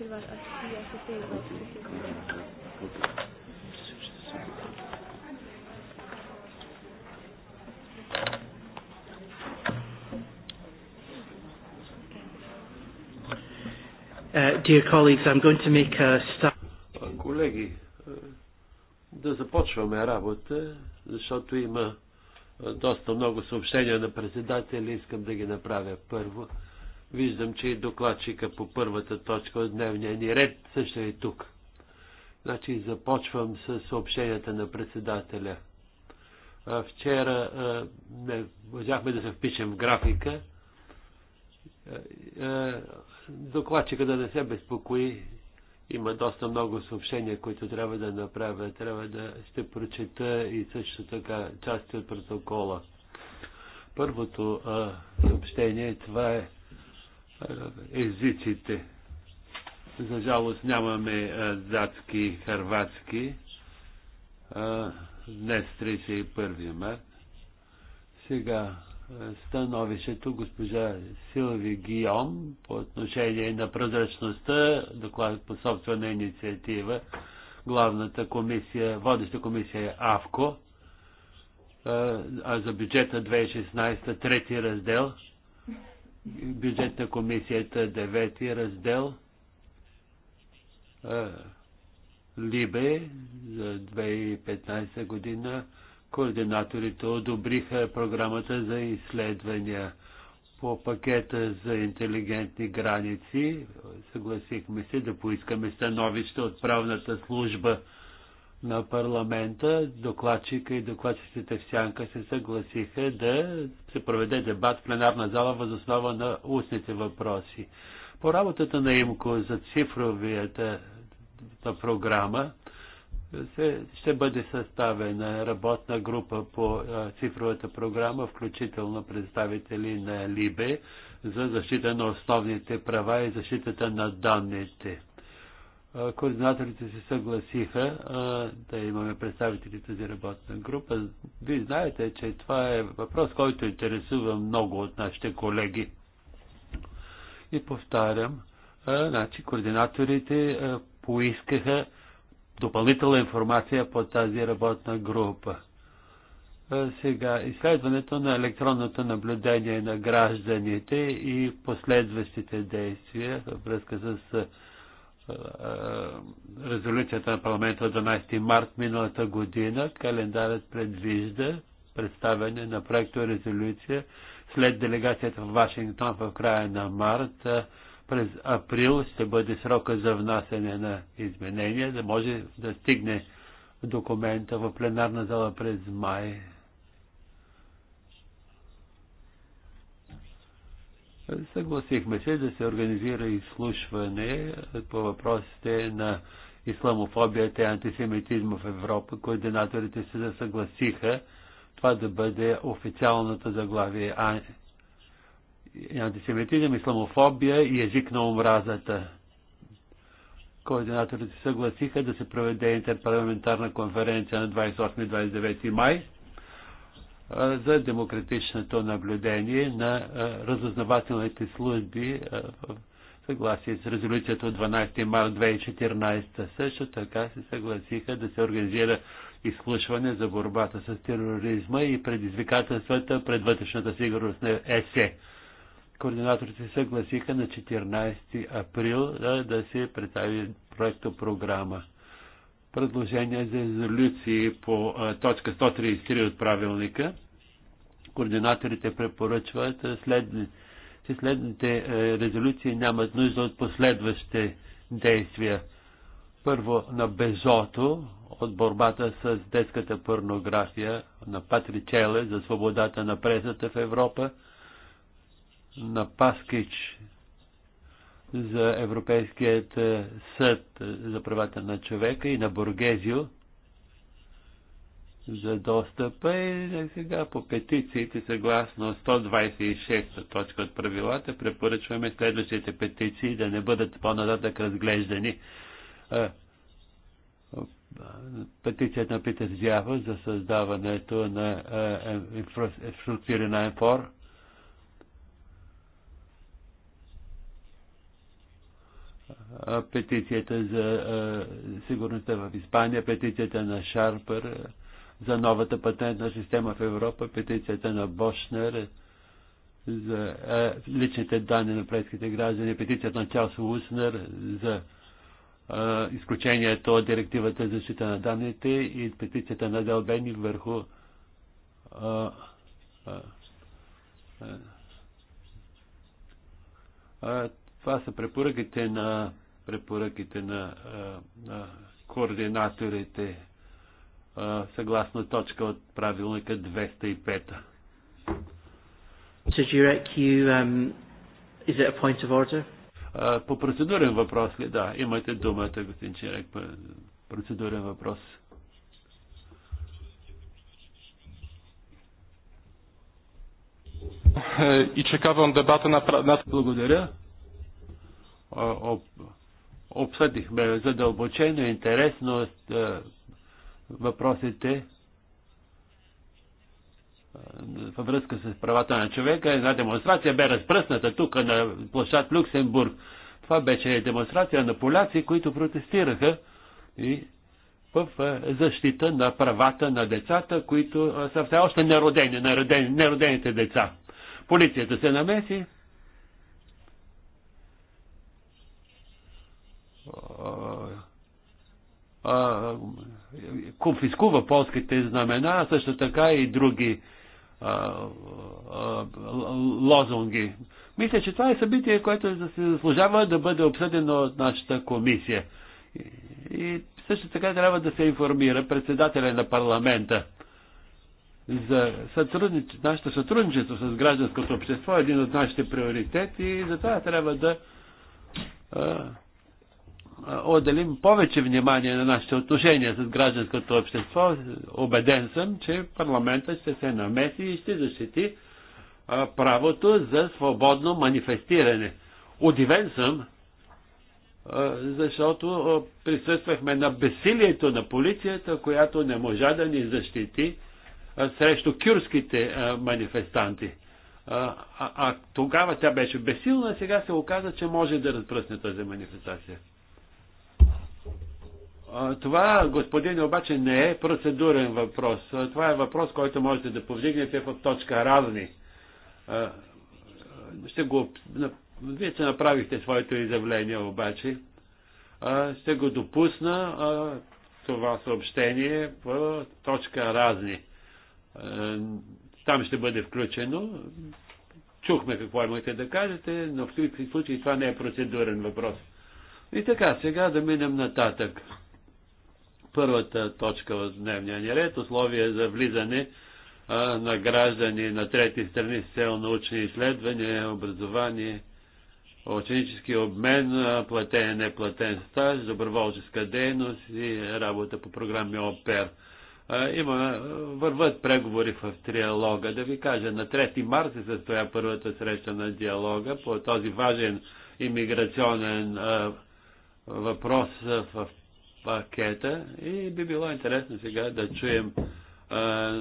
Uh, dear colleagues, I'm going to make a start. Колеги, е, да започваме работа, защото има е, доста много съобщения на председателя, искам да ги направя първо. Виждам, че и докладчика по първата точка от дневния ни ред също е тук. Значи започвам с съобщенията на председателя. Вчера не можахме да се впишем в графика. Докладчика да не се безпокои. Има доста много съобщения, които трябва да направя. Трябва да ще прочета и също така части от протокола. Първото съобщение, това е е, езиците. За жалост нямаме е, датски, харватски. Е, днес 31 март. Сега становището госпожа Силви Гиом по отношение на прозрачността, доклад по собствена инициатива, главната комисия, водеща комисия е АВКО, а за бюджета 2016 трети раздел – бюджетна комисията, девети раздел Либе за 2015 година. Координаторите одобриха програмата за изследвания по пакета за интелигентни граници. Съгласихме се да поискаме становище от правната служба на парламента, докладчика и докладчиците в сянка се съгласиха да се проведе дебат в пленарна зала възоснова на устните въпроси. По работата на ИМКО за цифровията програма се, ще бъде съставена работна група по цифровата програма, включително представители на ЛИБЕ за защита на основните права и защитата на данните координаторите се съгласиха да имаме представители тази работна група. Вие знаете, че това е въпрос, който интересува много от нашите колеги. И повтарям, значи координаторите поискаха допълнителна информация по тази работна група. Сега, изследването на електронното наблюдение на гражданите и последващите действия във връзка с е, е, резолюцията на парламента от 12 март миналата година. Календарът предвижда представяне на проекта резолюция след делегацията в Вашингтон в края на март. Е, през април ще бъде срока за внасене на изменения, да може да стигне документа в пленарна зала през май Съгласихме се да се организира изслушване по въпросите на исламофобията и антисемитизма в Европа. Координаторите се да съгласиха това да бъде официалната заглавие антисемитизъм, исламофобия и език на омразата. Координаторите съгласиха да се проведе интерпарламентарна конференция на 28-29 май за демократичното наблюдение на разузнавателните служби в съгласие с резолюцията от 12 март 2014. Също така се съгласиха да се организира изслушване за борбата с тероризма и предизвикателствата пред вътрешната сигурност на ЕСЕ. Координаторите съгласиха на 14 април да, да се представи проекто програма предложения за резолюции по точка 133 от правилника. Координаторите препоръчват следните, че следните резолюции нямат нужда от последващи действия. Първо на Безото от борбата с детската порнография, на Патричеле за свободата на пресата в Европа, на Паскич за Европейският е, съд е, за правата на човека и на Боргезио за достъпа и е, сега по петициите съгласно 126 точка от правилата препоръчваме следващите петиции да не бъдат по-нататък разглеждани. Петицията на Питер Дява за създаването на инфраструктурен инфор петицията за сигурността в Испания, петицията на Шарпер за новата патентна система в Европа, петицията на Бошнер за личните данни на предските граждани, петицията на Чарлз Уснер за изключението от директивата за защита на данните и петицията на Делбени върху а, а, а, това са препоръките на, препоръките на, на координаторите съгласно точка от правилника 205. So Jurek, you, um, is it a point of order? Uh, по процедурен въпрос ли? Да, имате думата, господин Чирек. Процедурен въпрос. Е, и чекавам дебата на... Благодаря обсъдихме задълбочено, интересно е, въпросите във връзка с правата на човека. Една демонстрация бе разпръсната тук на площад Люксембург. Това беше демонстрация на поляци, които протестираха и в защита на правата на децата, които са все още неродени неродените деца. Полицията се намеси, конфискува полските знамена, а също така и други а, а, лозунги. Мисля, че това е събитие, което се заслужава да бъде обсъдено от нашата комисия. И, също така трябва да се информира председателя на парламента за сътруднич... нашето сътрудничество с гражданското общество е един от нашите приоритети и за това трябва да отделим повече внимание на нашите отношения с гражданското общество, убеден съм, че парламентът ще се намеси и ще защити правото за свободно манифестиране. Удивен съм, защото присъствахме на бесилието на полицията, която не можа да ни защити срещу кюрските манифестанти. А, а, а тогава тя беше бесилна, сега се оказа, че може да разпръсне тази манифестация. Това, господин, обаче не е процедурен въпрос. Това е въпрос, който можете да повдигнете в точка равни. Ще го... Вие се направихте своето изявление, обаче. Ще го допусна това съобщение в точка разни. Там ще бъде включено. Чухме какво имате да кажете, но в всички случаи това не е процедурен въпрос. И така, сега да минем нататък първата точка от дневния ни ред, условия за влизане а, на граждани на трети страни с цел научни изследвания, образование, ученически обмен, платен и неплатен стаж, доброволческа дейност и работа по програми ОПЕР. Има, върват преговори в триалога. Да ви кажа, на 3 марта се състоя първата среща на диалога по този важен иммиграционен въпрос в пакета и би било интересно сега да чуем а,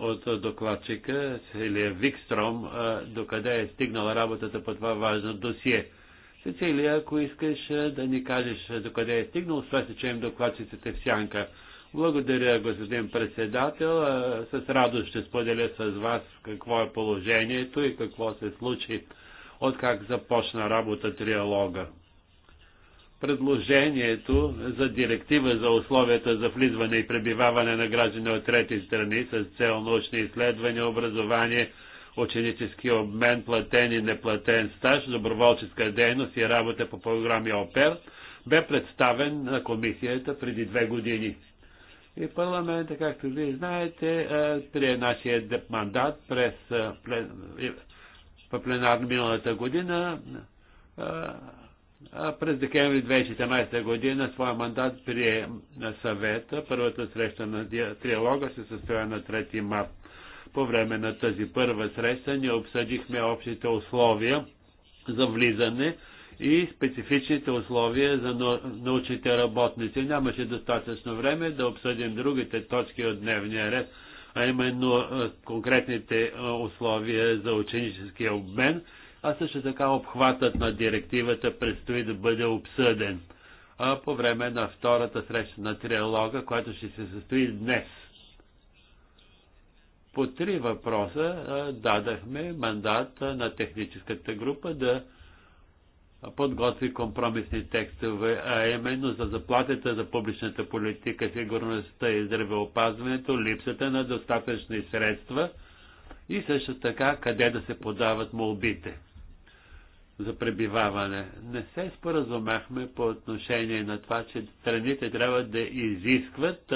от докладчика Селия Викстром а, докъде е стигнала работата по това важно досие. Сицилия, ако искаш да ни кажеш докъде е стигнал, това се чуем докладчиците в сянка. Благодаря, господин председател. С радост ще споделя с вас какво е положението и какво се случи, откак започна работа триалога предложението за директива за условията за влизване и пребиваване на граждани от трети страни с цел научни изследвания, образование, ученически обмен, платен и неплатен стаж, доброволческа дейност и работа по програми ОПЕР, бе представен на комисията преди две години. И парламента, както вие знаете, при нашия мандат през плен... по пленарно миналата година през декември 2017 година своя мандат прие на съвета. Първата среща на триалога се състоя на 3 март. По време на тази първа среща ние обсъдихме общите условия за влизане и специфичните условия за научните работници. Нямаше достатъчно време да обсъдим другите точки от дневния ред, а именно конкретните условия за ученическия обмен а също така обхватът на директивата предстои да бъде обсъден по време на втората среща на триалога, която ще се състои днес. По три въпроса дадахме мандат на техническата група да подготви компромисни текстове, а именно за заплатата за публичната политика, сигурността и здравеопазването, липсата на достатъчни средства и също така къде да се подават молбите за пребиваване. Не се споразумяхме по отношение на това, че страните трябва да изискват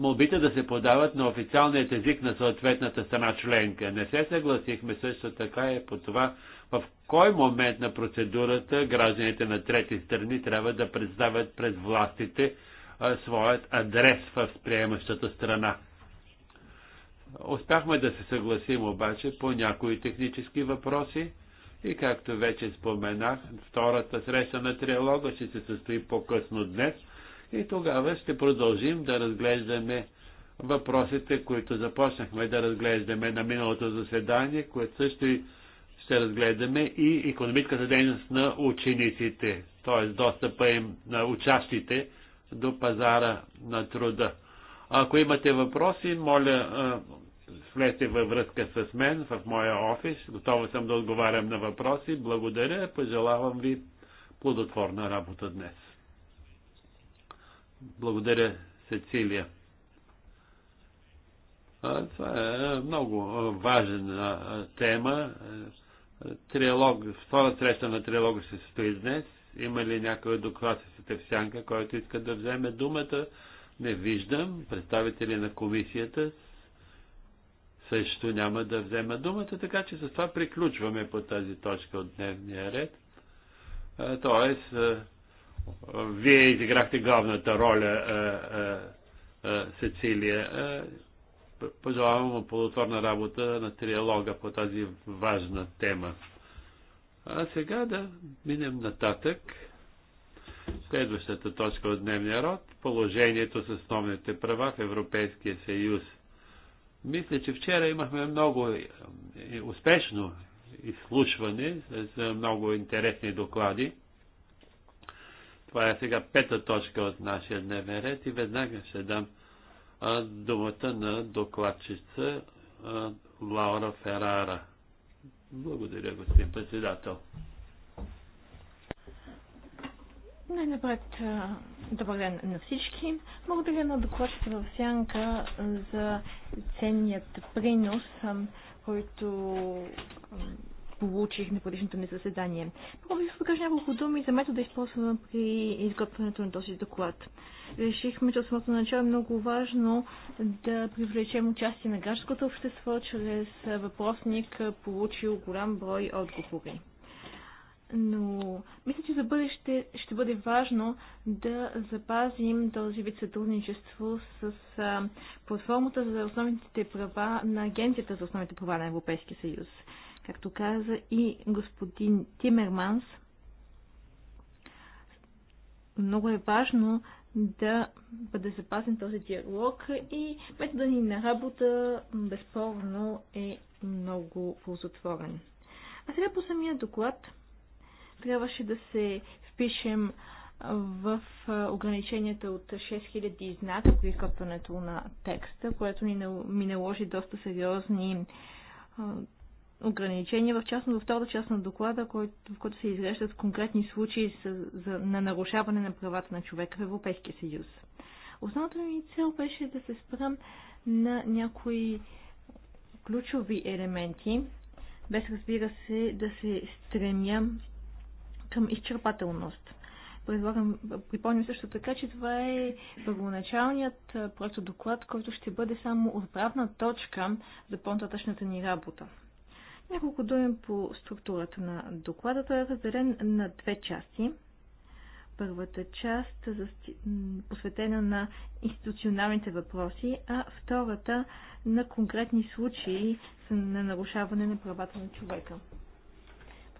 молбите да се подават на официалният език на съответната страна членка. Не се съгласихме също така и по това, в кой момент на процедурата гражданите на трети страни трябва да представят пред властите а, своят адрес в приемащата страна. Успяхме да се съгласим обаче по някои технически въпроси, и както вече споменах, втората среща на триалога ще се състои по-късно днес и тогава ще продължим да разглеждаме въпросите, които започнахме да разглеждаме на миналото заседание, което също и ще разгледаме и економическата дейност на учениците, т.е. достъпа им на учащите до пазара на труда. Ако имате въпроси, моля, влезте във връзка с мен в моя офис. Готова съм да отговарям на въпроси. Благодаря. Пожелавам ви плодотворна работа днес. Благодаря, Сецилия. Това е, е много е, важна е, тема. Триалог, втора среща на триалога ще се стои днес. Има ли някой доклад в сянка, който иска да вземе думата? Не виждам. Представители на комисията също няма да взема думата, така че с това приключваме по тази точка от дневния ред. Тоест, вие изиграхте главната роля, Сецилия. Пожелавам му работа на триалога по тази важна тема. А сега да минем нататък. Следващата точка от дневния род – положението с основните права в Европейския съюз – мисля, че вчера имахме много е, е, успешно изслушване с много интересни доклади. Това е сега пета точка от нашия дневен ред и веднага ще дам думата на докладчица Лаура Ферара. Благодаря, господин председател. Най-напред, добър ден на всички. Благодаря на докладчите в Сянка за ценният принос, който получих на предишното ми заседание. Първо ви покажа няколко думи за метода, използван при изготвянето на този доклад. Решихме, че от самото начало е много важно да привлечем участие на гражданското общество чрез въпросник, получил голям брой отговори но мисля, че за бъдеще ще бъде важно да запазим този вид сътрудничество с платформата за основните права на Агенцията за основните права на Европейския съюз. Както каза и господин Тимерманс, много е важно да бъде запазен този диалог и метода ни на работа безспорно е много ползотворен. А сега по самия доклад – трябваше да се впишем в ограниченията от 6000 знака при изкъпването на текста, което ми наложи доста сериозни ограничения, в частност във втората част на доклада, в който се изреждат конкретни случаи на нарушаване на правата на човека в Европейския съюз. Основната ми цел беше да се спрам на някои ключови елементи, без разбира се да се стремям към изчерпателност. Предлагам, припомням също така, че това е първоначалният проект доклад, който ще бъде само отправна точка за по-нататъчната ни работа. Няколко думи по структурата на доклада. Той е разделен на две части. Първата част е посветена на институционалните въпроси, а втората на конкретни случаи на нарушаване на правата на човека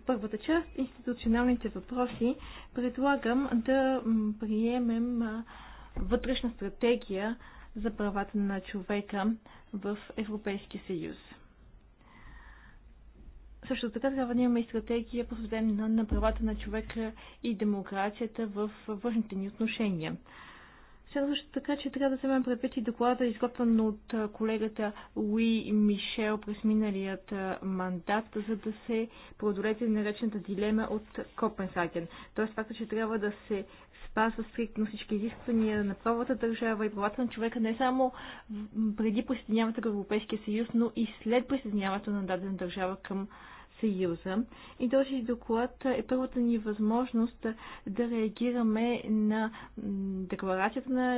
първата част, институционалните въпроси, предлагам да приемем вътрешна стратегия за правата на човека в Европейския съюз. Също така трябва да имаме и стратегия посветена на правата на човека и демокрацията в външните ни отношения. Следващо така, че трябва да имам предвид и доклада, изготвен от колегата Луи Мишел през миналият мандат, за да се преодолете наречената дилема от Копенхаген. Тоест факта, че трябва да се спазва стриктно всички изисквания на правата държава и правата на човека не само преди присъединяването към Европейския съюз, но и след присъединяването на дадена държава към Съюза. И този доклад е първата ни възможност да реагираме на декларацията на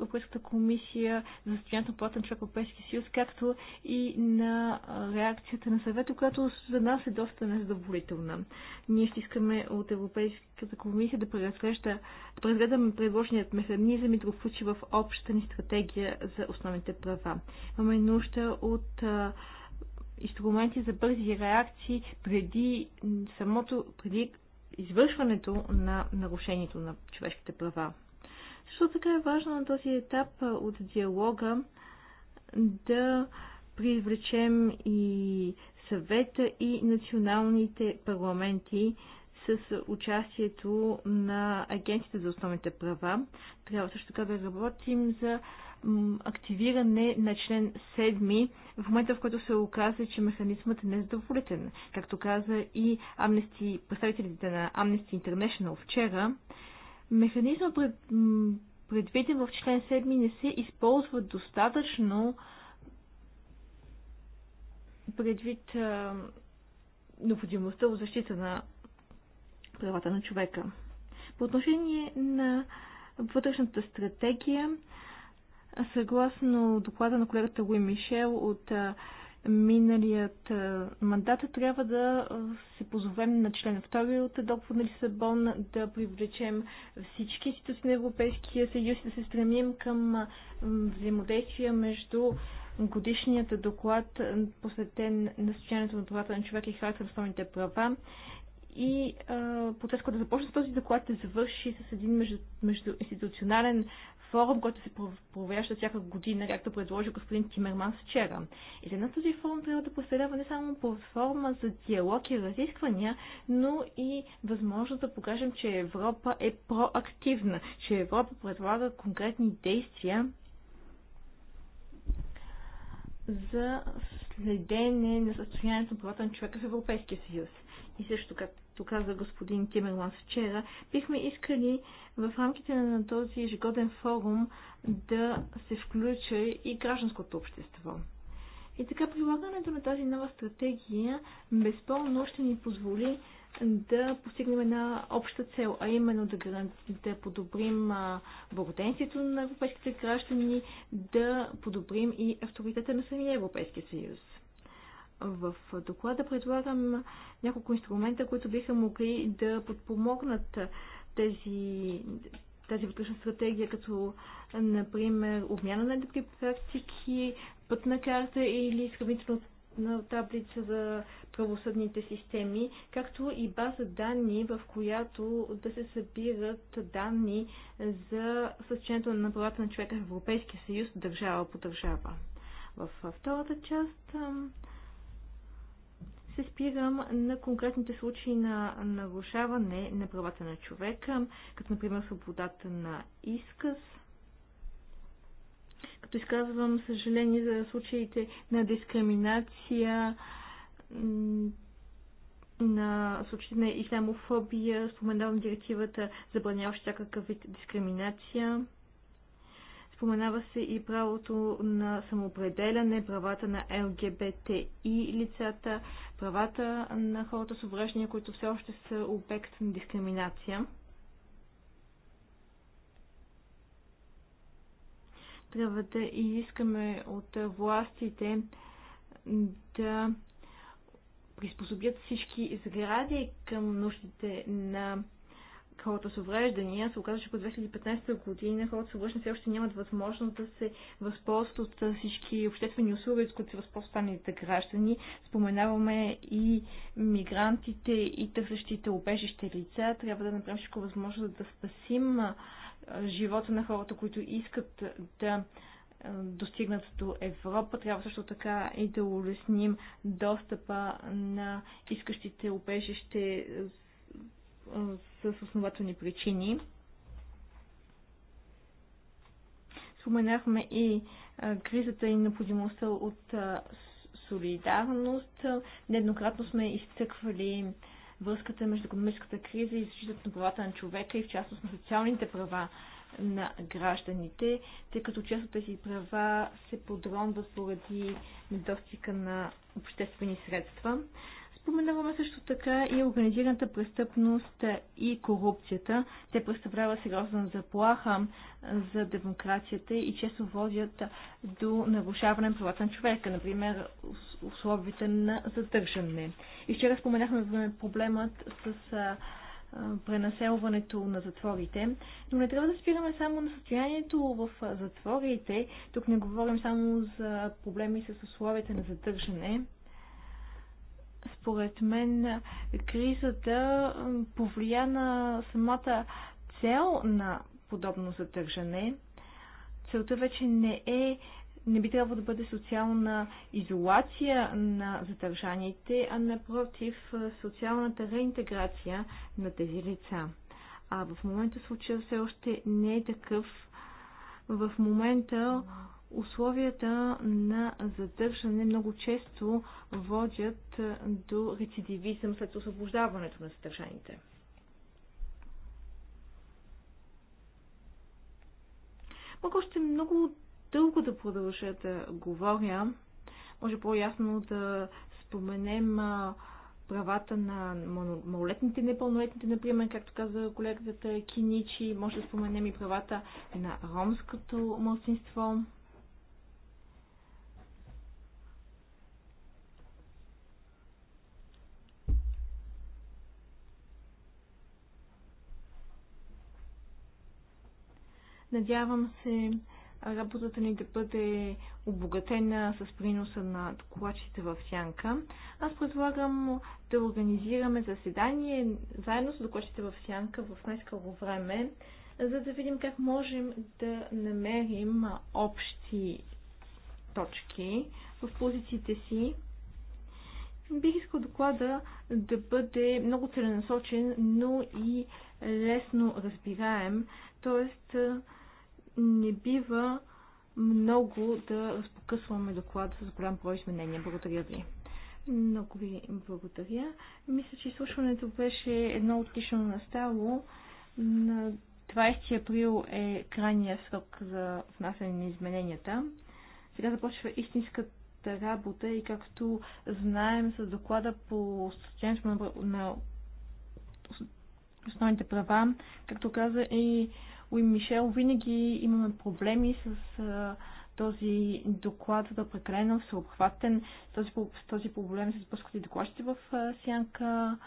Европейската комисия за състоянието на платен човек човек Европейския съюз, както и на реакцията на съвета, която за нас е доста незадоволителна. Ние ще искаме от Европейската комисия да преразглежда, да преразгледаме предложеният механизъм и да го включи в общата ни стратегия за основните права. Имаме нужда от инструменти за бързи реакции преди самото, преди извършването на нарушението на човешките права. Също така е важно на този етап от диалога да привлечем и съвета и националните парламенти с участието на Агенцията за основните права. Трябва също така да работим за активиране на член 7 в момента, в който се оказа, че механизмът е незадоволителен. Както каза и Amnesty, представителите на Amnesty International вчера, механизмът пред, предвиден в член 7 не се използва достатъчно предвид а, необходимостта от защита на правата на човека. По отношение на вътрешната стратегия, Съгласно доклада на колегата Луи Мишел от миналият мандат, трябва да се позовем на член 2 от договор на Лисабон, да привлечем всички институции на Европейския съюз и да се стремим към взаимодействие между годишният доклад, посветен на състоянието на правата на човека и характер на основните права. И процес, който да започне с този доклад, да завърши с един между, междуинституционален форум, който се проверяща всяка година, както предложи господин Тимерман вчера. И за нас този форум трябва да последва не само платформа за диалог и разисквания, но и възможност да покажем, че Европа е проактивна, че Европа предлага конкретни действия за следене на състоянието на правата на човека в Европейския съюз. И също, както както каза господин Тимерланс вчера, бихме искали в рамките на този ежегоден форум да се включи и гражданското общество. И така прилагането на тази нова стратегия безспорно ще ни позволи да постигнем една обща цел, а именно да, да подобрим благоденствието на европейските граждани, да подобрим и авторитета на самия Европейския съюз. В доклада предлагам няколко инструмента, които биха могли да подпомогнат тези, тази вътрешна стратегия, като, например, обмяна на добри практики, пътна карта или сравнително на таблица за правосъдните системи, както и база данни, в която да се събират данни за състоянието на правата на човека в Европейския съюз държава по държава. В втората част се спирам на конкретните случаи на нарушаване на правата на човека, като например свободата на изказ, като изказвам съжаление за случаите на дискриминация, на случаите на исламофобия, споменавам директивата, забраняваща всякакъв вид дискриминация. Споменава се и правото на самоопределяне, правата на ЛГБТ и лицата, правата на хората с увреждания, които все още са обект на дискриминация. Трябва да искаме от властите да приспособят всички сгради към нуждите на хората с увреждания, се оказа, че по 2015 година хората с увреждания все още нямат възможност да се възползват от всички обществени услуги, с които се възползват останалите граждани. Споменаваме и мигрантите, и търсещите обежище лица. Трябва да направим всичко възможно да спасим живота на хората, които искат да достигнат до Европа. Трябва също така и да улесним достъпа на искащите обежище с основателни причини. Споменахме и кризата и необходимостта от солидарност. Неднократно сме изтъквали връзката между економическата криза и защитата на правата на човека и в частност на социалните права на гражданите, тъй като част от тези права се подронват поради недостига на обществени средства. Споменаваме също така и организираната престъпност и корупцията. Те представляват сериозна заплаха за демокрацията и често водят до нарушаване на правата на човека, например условията на задържане. И вчера споменахме проблемът с пренаселването на затворите, но не трябва да спираме само на състоянието в затворите. Тук не говорим само за проблеми с условията на задържане, според мен кризата повлия на самата цел на подобно задържане. Целта вече не е не би трябвало да бъде социална изолация на задържаните, а напротив е, социалната реинтеграция на тези лица. А в момента случая все още не е такъв. В момента условията на задържане много често водят до рецидивизъм след освобождаването на задържаните. Мога още много дълго да продължа да говоря. Може по-ясно да споменем правата на малолетните, непълнолетните, например, както каза колегата Киничи, може да споменем и правата на ромското младсинство. Надявам се работата ни да бъде обогатена с приноса на докладчите в Сянка. Аз предлагам да организираме заседание заедно с докладчите в Сянка в най-скоро време, за да видим как можем да намерим общи точки в позициите си. Бих искал доклада да бъде много целенасочен, но и лесно разбираем, т.е не бива много да разпокъсваме доклада с голям брой изменения. Благодаря ви. Много ви благодаря. Мисля, че изслушването беше едно отлично настало. На 20 април е крайния срок за внасяне на измененията. Сега започва истинската работа и както знаем с доклада по състоянието на основните права, както каза и Луи Мишел винаги имаме проблеми с а, този доклад да е прекалено всеобхватен. С този, с този проблем се сблъскват и в а, сянка,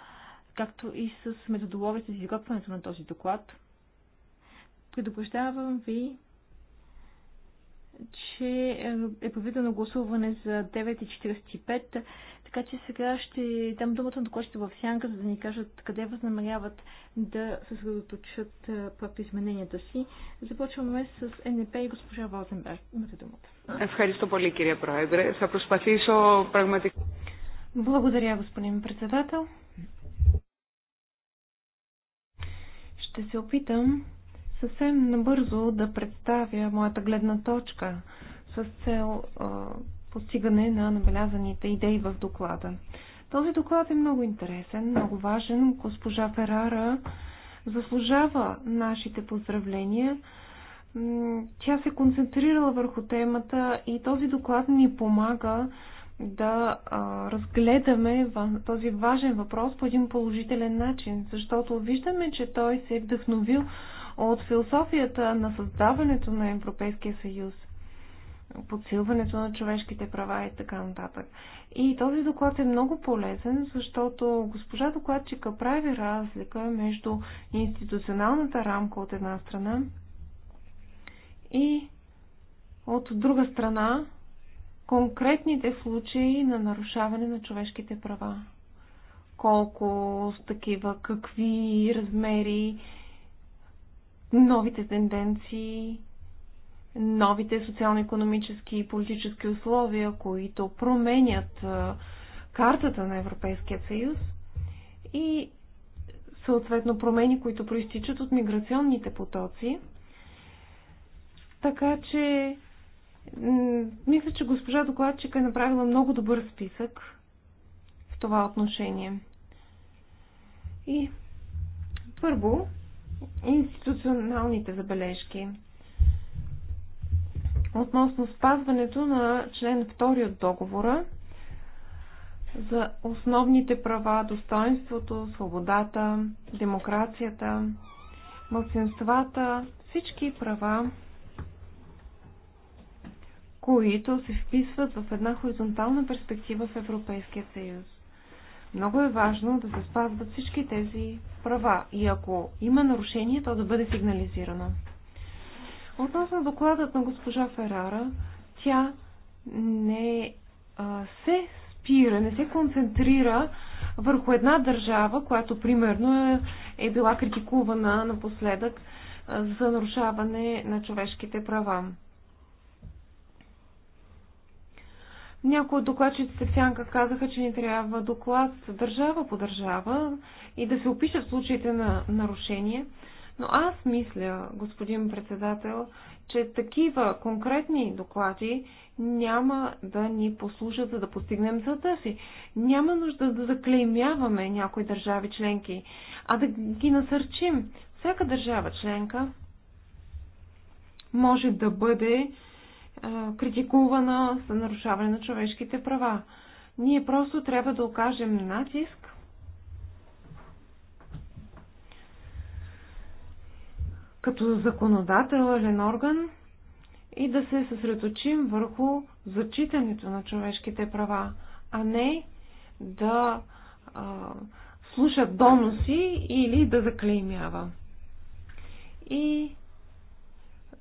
както и с методологията за изготвянето на този доклад. Предупреждавам ви, че е проведено гласуване за 9.45 така че сега ще дам думата на докладчите в сянка, за да ни кажат къде възнамеряват да съсредоточат измененията си. Започваме с НП и госпожа Возенберг. Имате думата. Ευχαριστώ πολύ, κυρία Πρόεδρε. Θα προσπαθήσω πραγματικά. Благодаря, господин председател. Ще се опитам съвсем набързо да представя моята гледна точка с цел постигане на набелязаните идеи в доклада. Този доклад е много интересен, много важен. Госпожа Ферара заслужава нашите поздравления. Тя се концентрирала върху темата и този доклад ни помага да а, разгледаме този важен въпрос по един положителен начин, защото виждаме, че той се е вдъхновил от философията на създаването на Европейския съюз подсилването на човешките права и така нататък. И този доклад е много полезен, защото госпожа докладчика прави разлика между институционалната рамка от една страна и от друга страна конкретните случаи на нарушаване на човешките права. Колко с такива, какви размери, новите тенденции, новите социално-економически и политически условия, които променят картата на Европейския съюз и съответно промени, които проистичат от миграционните потоци. Така че мисля, че госпожа докладчика е направила много добър списък в това отношение. И първо, институционалните забележки относно спазването на член 2 от договора за основните права, достоинството, свободата, демокрацията, младсинствата, всички права, които се вписват в една хоризонтална перспектива в Европейския съюз. Много е важно да се спазват всички тези права и ако има нарушение, то да бъде сигнализирано. Относно докладът на госпожа Ферара, тя не а, се спира, не се концентрира върху една държава, която примерно е, е била критикувана напоследък за нарушаване на човешките права. Някои от докладчиците в Сянка казаха, че ни трябва доклад държава по държава и да се опишат случаите на нарушения. Но аз мисля, господин председател, че такива конкретни доклади няма да ни послужат за да постигнем целта си. Няма нужда да заклеймяваме някои държави членки, а да ги насърчим. Всяка държава членка може да бъде е, критикувана за нарушаване на човешките права. Ние просто трябва да окажем натиск като законодателен орган и да се съсредоточим върху зачитането на човешките права, а не да а, слушат доноси или да заклеймява. И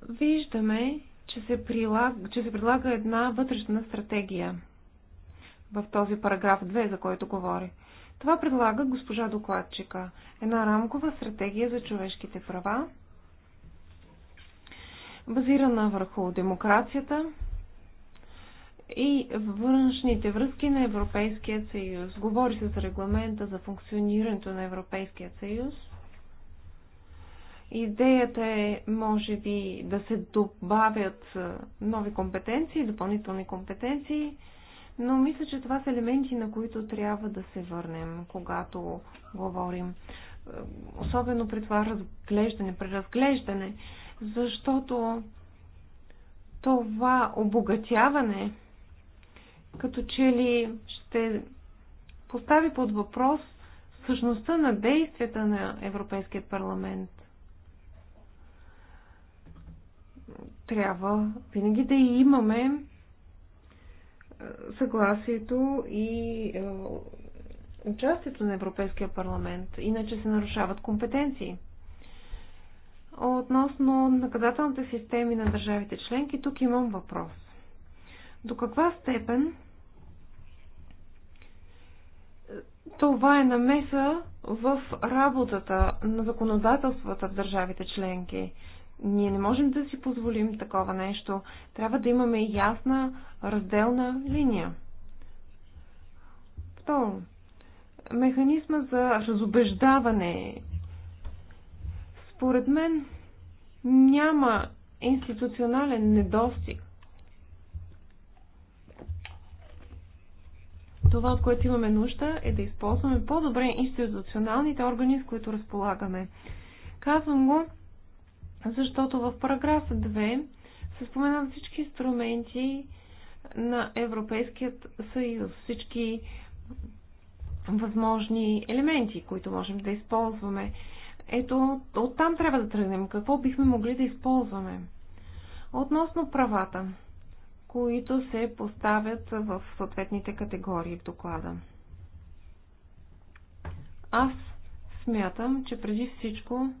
виждаме, че се, прилага, че се прилага една вътрешна стратегия в този параграф 2, за който говори. Това предлага госпожа докладчика. Една рамкова стратегия за човешките права, базирана върху демокрацията и външните връзки на Европейския съюз. Говори се за регламента за функционирането на Европейския съюз. Идеята е, може би, да се добавят нови компетенции, допълнителни компетенции, но мисля, че това са елементи, на които трябва да се върнем, когато говорим. Особено при това разглеждане, преразглеждане защото това обогатяване като че ли ще постави под въпрос същността на действията на Европейския парламент. Трябва винаги да имаме е, съгласието и е, участието на Европейския парламент, иначе се нарушават компетенции относно наказателните системи на държавите членки, тук имам въпрос. До каква степен това е намеса в работата на законодателствата в държавите членки? Ние не можем да си позволим такова нещо. Трябва да имаме ясна разделна линия. Второ, механизма за разобеждаване според мен няма институционален недостиг. Това, от което имаме нужда, е да използваме по-добре институционалните органи, с които разполагаме. Казвам го, защото в параграф 2 се споменават всички инструменти на Европейският съюз, всички възможни елементи, които можем да използваме. Ето, оттам трябва да тръгнем. Какво бихме могли да използваме? Относно правата, които се поставят в съответните категории в доклада. Аз смятам, че преди всичко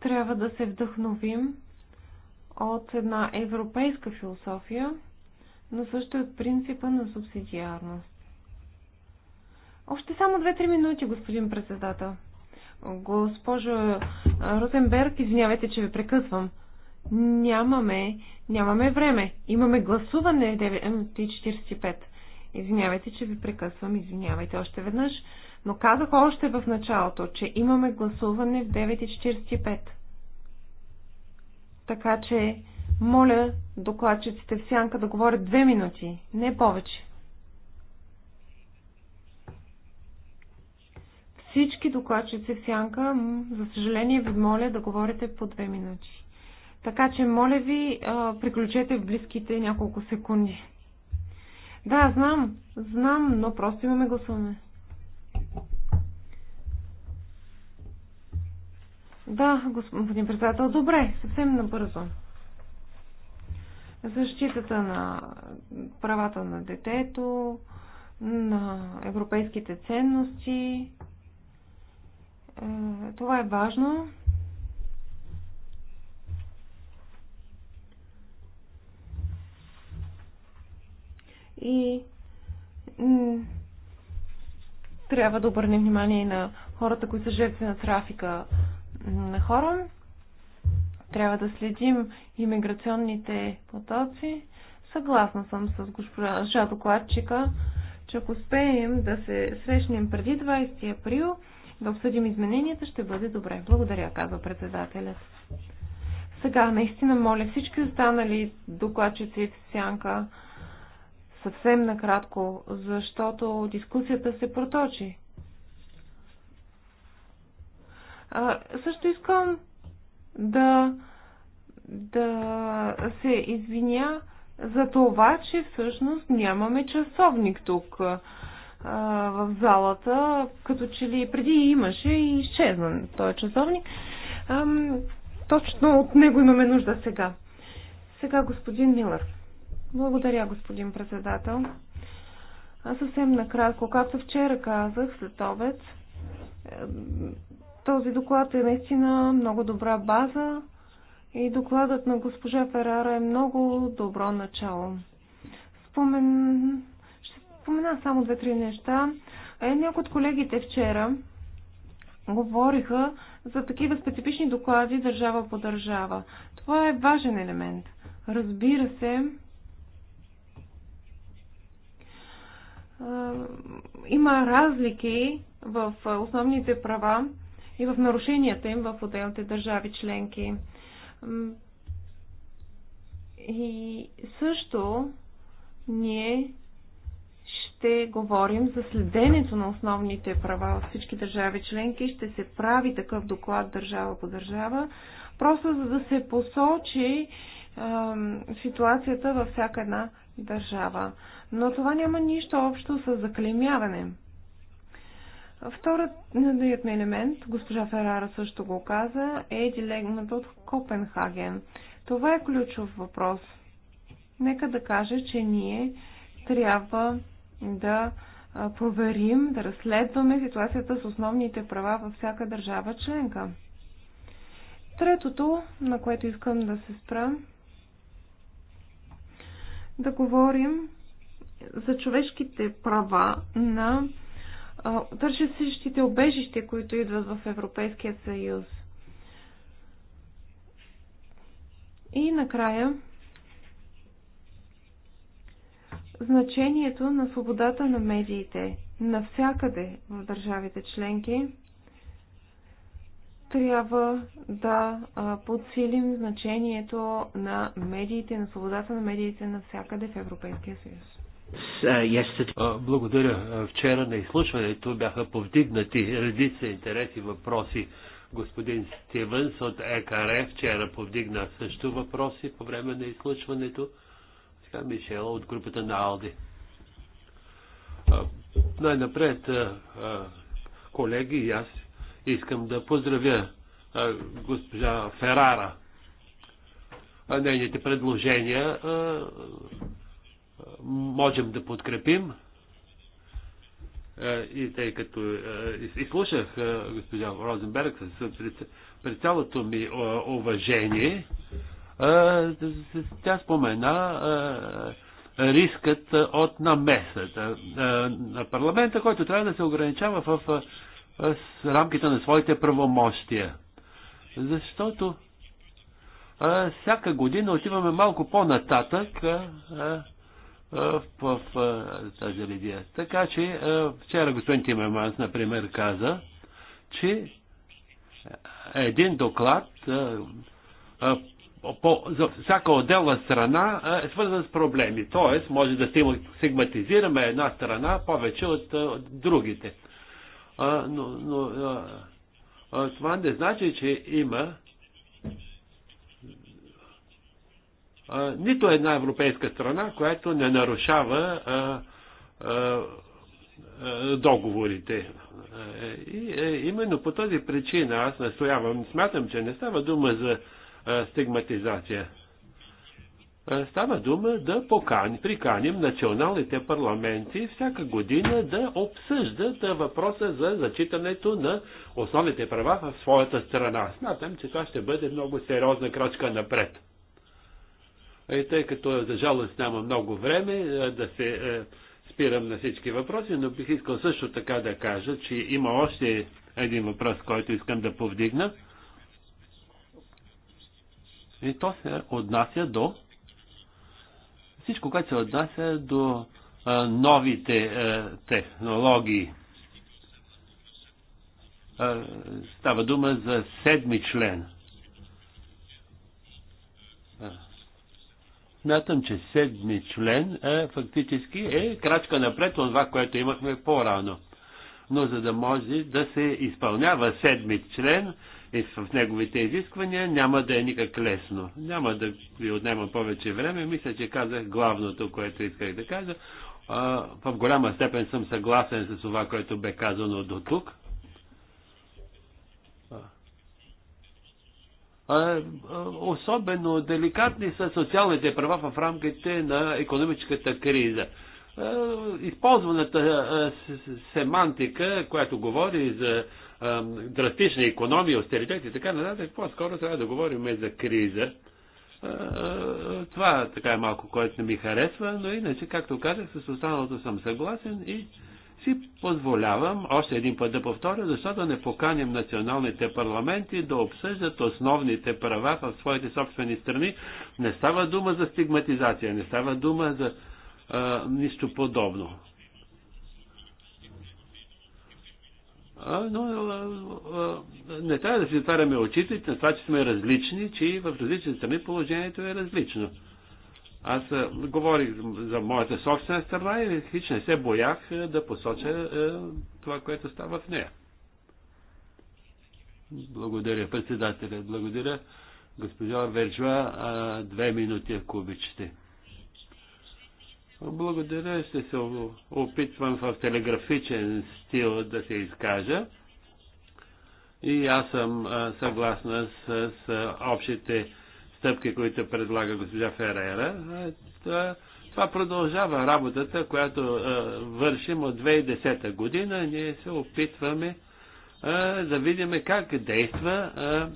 трябва да се вдъхновим от една европейска философия, но също и от принципа на субсидиарност. Още само 2-3 минути, господин председател. Госпожо Розенберг, извинявайте, че ви прекъсвам. Нямаме, нямаме време. Имаме гласуване 9.45. Извинявайте, че ви прекъсвам, извинявайте още веднъж. Но казах още в началото, че имаме гласуване в 9.45. Така че, моля докладчиците в сянка да говорят две минути, не повече. Всички докладчици в сянка, за съжаление, ви моля да говорите по две минути. Така че, моля ви, приключете в близките няколко секунди. Да, знам, знам, но просто имаме гласуване. Да, господин председател, добре, съвсем набързо. Защитата на правата на детето, на европейските ценности, е, това е важно. И трябва да обърнем внимание на хората, които са жертви на трафика на хора. Трябва да следим иммиграционните потоци. Съгласна съм с госпожа докладчика, че ако успеем да се срещнем преди 20 април, да обсъдим измененията, ще бъде добре. Благодаря, казва председателят. Сега, наистина, моля всички останали докладчици в сянка съвсем накратко, защото дискусията се проточи. А, също искам да, да се извиня за това, че всъщност нямаме часовник тук в залата, като че ли преди имаше и изчезна този часовник. точно от него имаме нужда сега. Сега господин Милър. Благодаря, господин председател. Аз съвсем накратко, както вчера казах, след обед, този доклад е наистина много добра база и докладът на госпожа Ферара е много добро начало. Спомен спомена само две-три неща. Е, някои от колегите вчера говориха за такива специфични доклади държава по държава. Това е важен елемент. Разбира се, има разлики в основните права и в нарушенията им в отделните държави членки. И също ние ще говорим за следенето на основните права от всички държави членки. Ще се прави такъв доклад държава по държава, просто за да се посочи ситуацията във всяка една държава. Но това няма нищо общо с заклемяване. Вторият ми елемент, госпожа Ферара също го каза, е дилегмата от Копенхаген. Това е ключов въпрос. Нека да кажа, че ние трябва да проверим, да разследваме ситуацията с основните права във всяка държава членка. Третото, на което искам да се спра, да говорим за човешките права на търсещите обежище, които идват в Европейския съюз. И накрая значението на свободата на медиите навсякъде в държавите членки. Трябва да подсилим значението на медиите, на свободата на медиите навсякъде в Европейския съюз. Благодаря. Вчера на изслушването бяха повдигнати редица интереси въпроси. Господин Стивенс от ЕКРФ, вчера повдигна също въпроси по време на изслушването. Сега Мишел от групата на Алди. Най-напред, колеги, и аз искам да поздравя госпожа Ферара. Нейните предложения можем да подкрепим. И тъй като изслушах госпожа Розенберг с пред цялото ми уважение, тя спомена рискът от намесата на парламента, който трябва да се ограничава в рамките на своите правомощия. Защото всяка година отиваме малко по-нататък в, в тази лидия. Така че вчера господин Тимерманс, например, каза, че един доклад по, за всяка отделна страна е свързан с проблеми. Тоест, може да сигматизираме една страна повече от, от другите. А, но но а, а, това не значи, че има а, нито една европейска страна, която не нарушава а, а, а договорите. Е, и е, именно по тази причина аз настоявам, смятам, че не става дума за стигматизация. Става дума да покани, приканим националните парламенти всяка година да обсъждат въпроса за зачитането на основните права в своята страна. Смятам, че това ще бъде много сериозна крачка напред. И тъй като за жалост няма много време да се спирам на всички въпроси, но бих искал също така да кажа, че има още един въпрос, който искам да повдигна – и то се отнася до всичко, което се отнася до а, новите а, технологии. А, става дума за седми член. Смятам, че седми член е, фактически е крачка напред от това, което имахме по-рано. Но за да може да се изпълнява седми член, и в неговите изисквания, няма да е никак лесно. Няма да ви отнема повече време. Мисля, че казах главното, което исках да кажа. А, в голяма степен съм съгласен с това, което бе казано до тук. А, особено деликатни са социалните права в рамките на економическата криза. А, използваната семантика, която говори за драстични економия, остеритет и така нататък, по-скоро трябва да говорим за криза. Това така е малко, което не ми харесва, но иначе, както казах, с останалото съм съгласен и си позволявам още един път да повторя, защо да не поканим националните парламенти да обсъждат основните права в своите собствени страни. Не става дума за стигматизация, не става дума за а, нищо подобно. но не трябва да си затваряме очите на това, че сме различни, че в различни страни положението е различно. Аз говорих за моята собствена страна и хич не се боях да посоча това, което става в нея. Благодаря, председателя. Благодаря, госпожа Вержва. Две минути, ако обичате. Благодаря, ще се опитвам в телеграфичен стил да се изкажа. И аз съм съгласна с, с общите стъпки, които предлага госпожа Ферера. Това, това продължава работата, която а, вършим от 2010 година. Ние се опитваме а, да видим как действа а,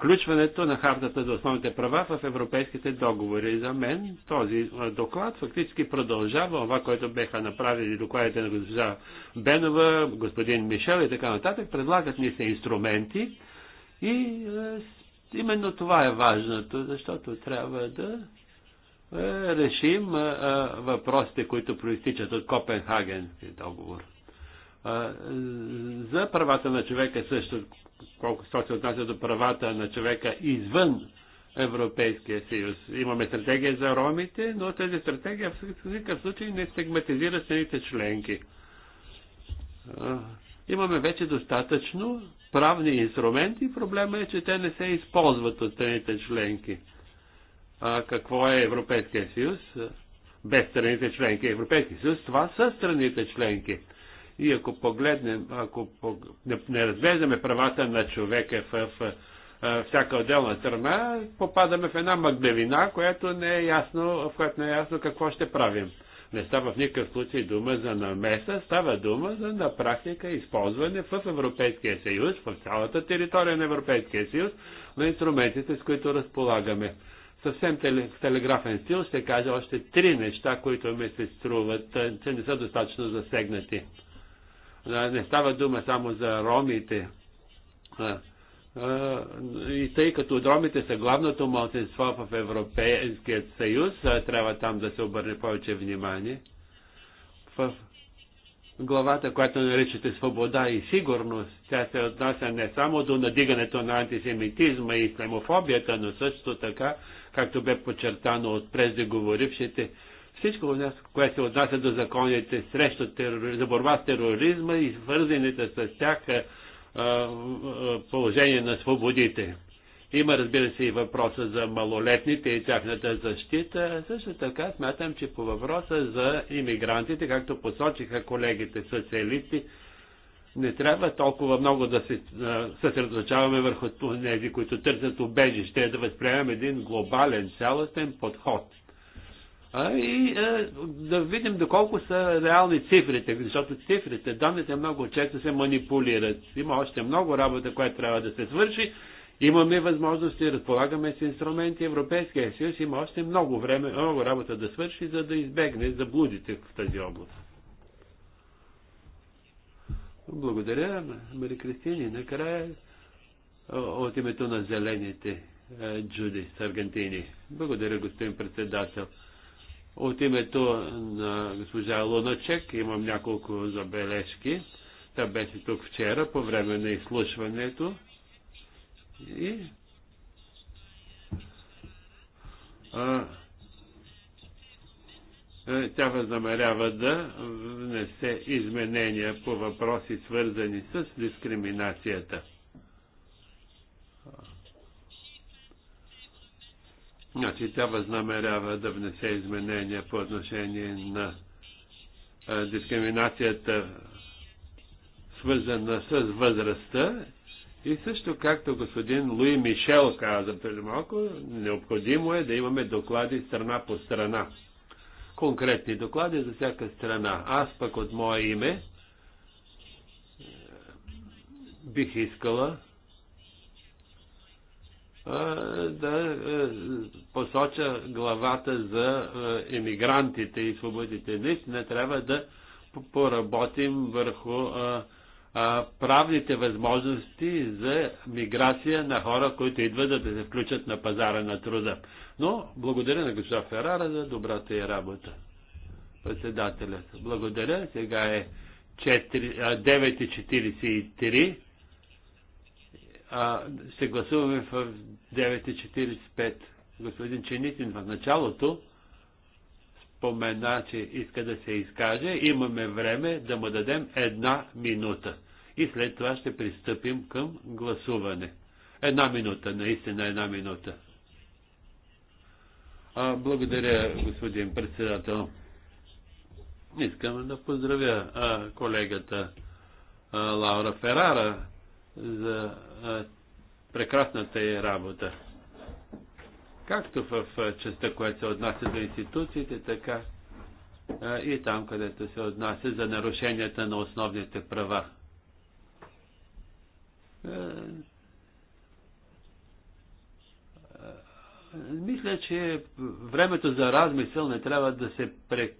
включването на хартата за основните права в европейските договори. За мен този доклад фактически продължава това, което беха направили докладите на госпожа Бенова, господин Мишел и така нататък. Предлагат ни се инструменти и именно това е важното, защото трябва да решим въпросите, които проистичат от Копенхаген договор за правата на човека също, колко сто се отнася до правата на човека извън Европейския съюз. Имаме стратегия за ромите, но тази стратегия в никакъв случай не стигматизира страните членки. Имаме вече достатъчно правни инструменти. Проблема е, че те не се използват от страните членки. А какво е Европейския съюз? Без страните членки. Европейския съюз това са страните членки. И ако погледнем, ако не разглеждаме правата на човека в всяка отделна страна, попадаме в една мъгневина, която не е ясно, в която не е ясно какво ще правим. Не става в никакъв случай дума за намеса, става дума за на практика използване в Европейския съюз, в цялата територия на Европейския съюз, на инструментите, с които разполагаме. Съвсем телеграфен стил ще кажа още три неща, които ми се струват, че не са достатъчно засегнати. Не става дума само за ромите. И тъй като ромите са главното малцинство в Европейският съюз, трябва там да се обърне повече внимание. В главата, която наричате свобода и сигурност, тя се отнася не само до надигането на антисемитизма и исламофобията, но също така, както бе подчертано от преждеговорившите, всичко, което се отнася до законите срещу терори... за борба с тероризма и свързаните с тях положение на свободите. Има, разбира се, и въпроса за малолетните и тяхната защита. Също така смятам, че по въпроса за иммигрантите, както посочиха колегите социалисти, не трябва толкова много да се съсредоточаваме върху тези, които търсят убежище, да възприемем един глобален, цялостен подход а, и а, да видим доколко са реални цифрите, защото цифрите, данните много често се манипулират. Има още много работа, която трябва да се свърши. Имаме възможности, разполагаме с инструменти. Европейския съюз има още много време, много работа да свърши, за да избегне заблудите в тази област. Благодаря, Мари Кристини. Накрая от името на зелените Джуди с Аргентини. Благодаря, господин председател. От името на госпожа Луначек имам няколко забележки. Тя беше тук вчера по време на изслушването. И а, е, тя възнамерява да внесе изменения по въпроси, свързани с дискриминацията. Значи тя възнамерява да внесе изменения по отношение на дискриминацията, свързана с възрастта и също както господин Луи Мишел каза преди малко, необходимо е да имаме доклади страна по страна. Конкретни доклади за всяка страна. Аз пък от мое име бих искала да посоча главата за емигрантите и свободите. Наистина трябва да поработим върху правните възможности за миграция на хора, които идват да се включат на пазара на труда. Но благодаря на госпожа Ферара за добрата и работа. Председателят. Благодаря. Сега е 9.43 а, ще гласуваме в 9.45. Господин Ченитин в началото спомена, че иска да се изкаже. Имаме време да му дадем една минута. И след това ще пристъпим към гласуване. Една минута, наистина една минута. А, благодаря, господин председател. Искам да поздравя а, колегата а, Лаура Ферара за прекрасната й работа. Както в частта, която се отнася за институциите, така и там, където се отнася за нарушенията на основните права. Мисля, че времето за размисъл не трябва да се пре...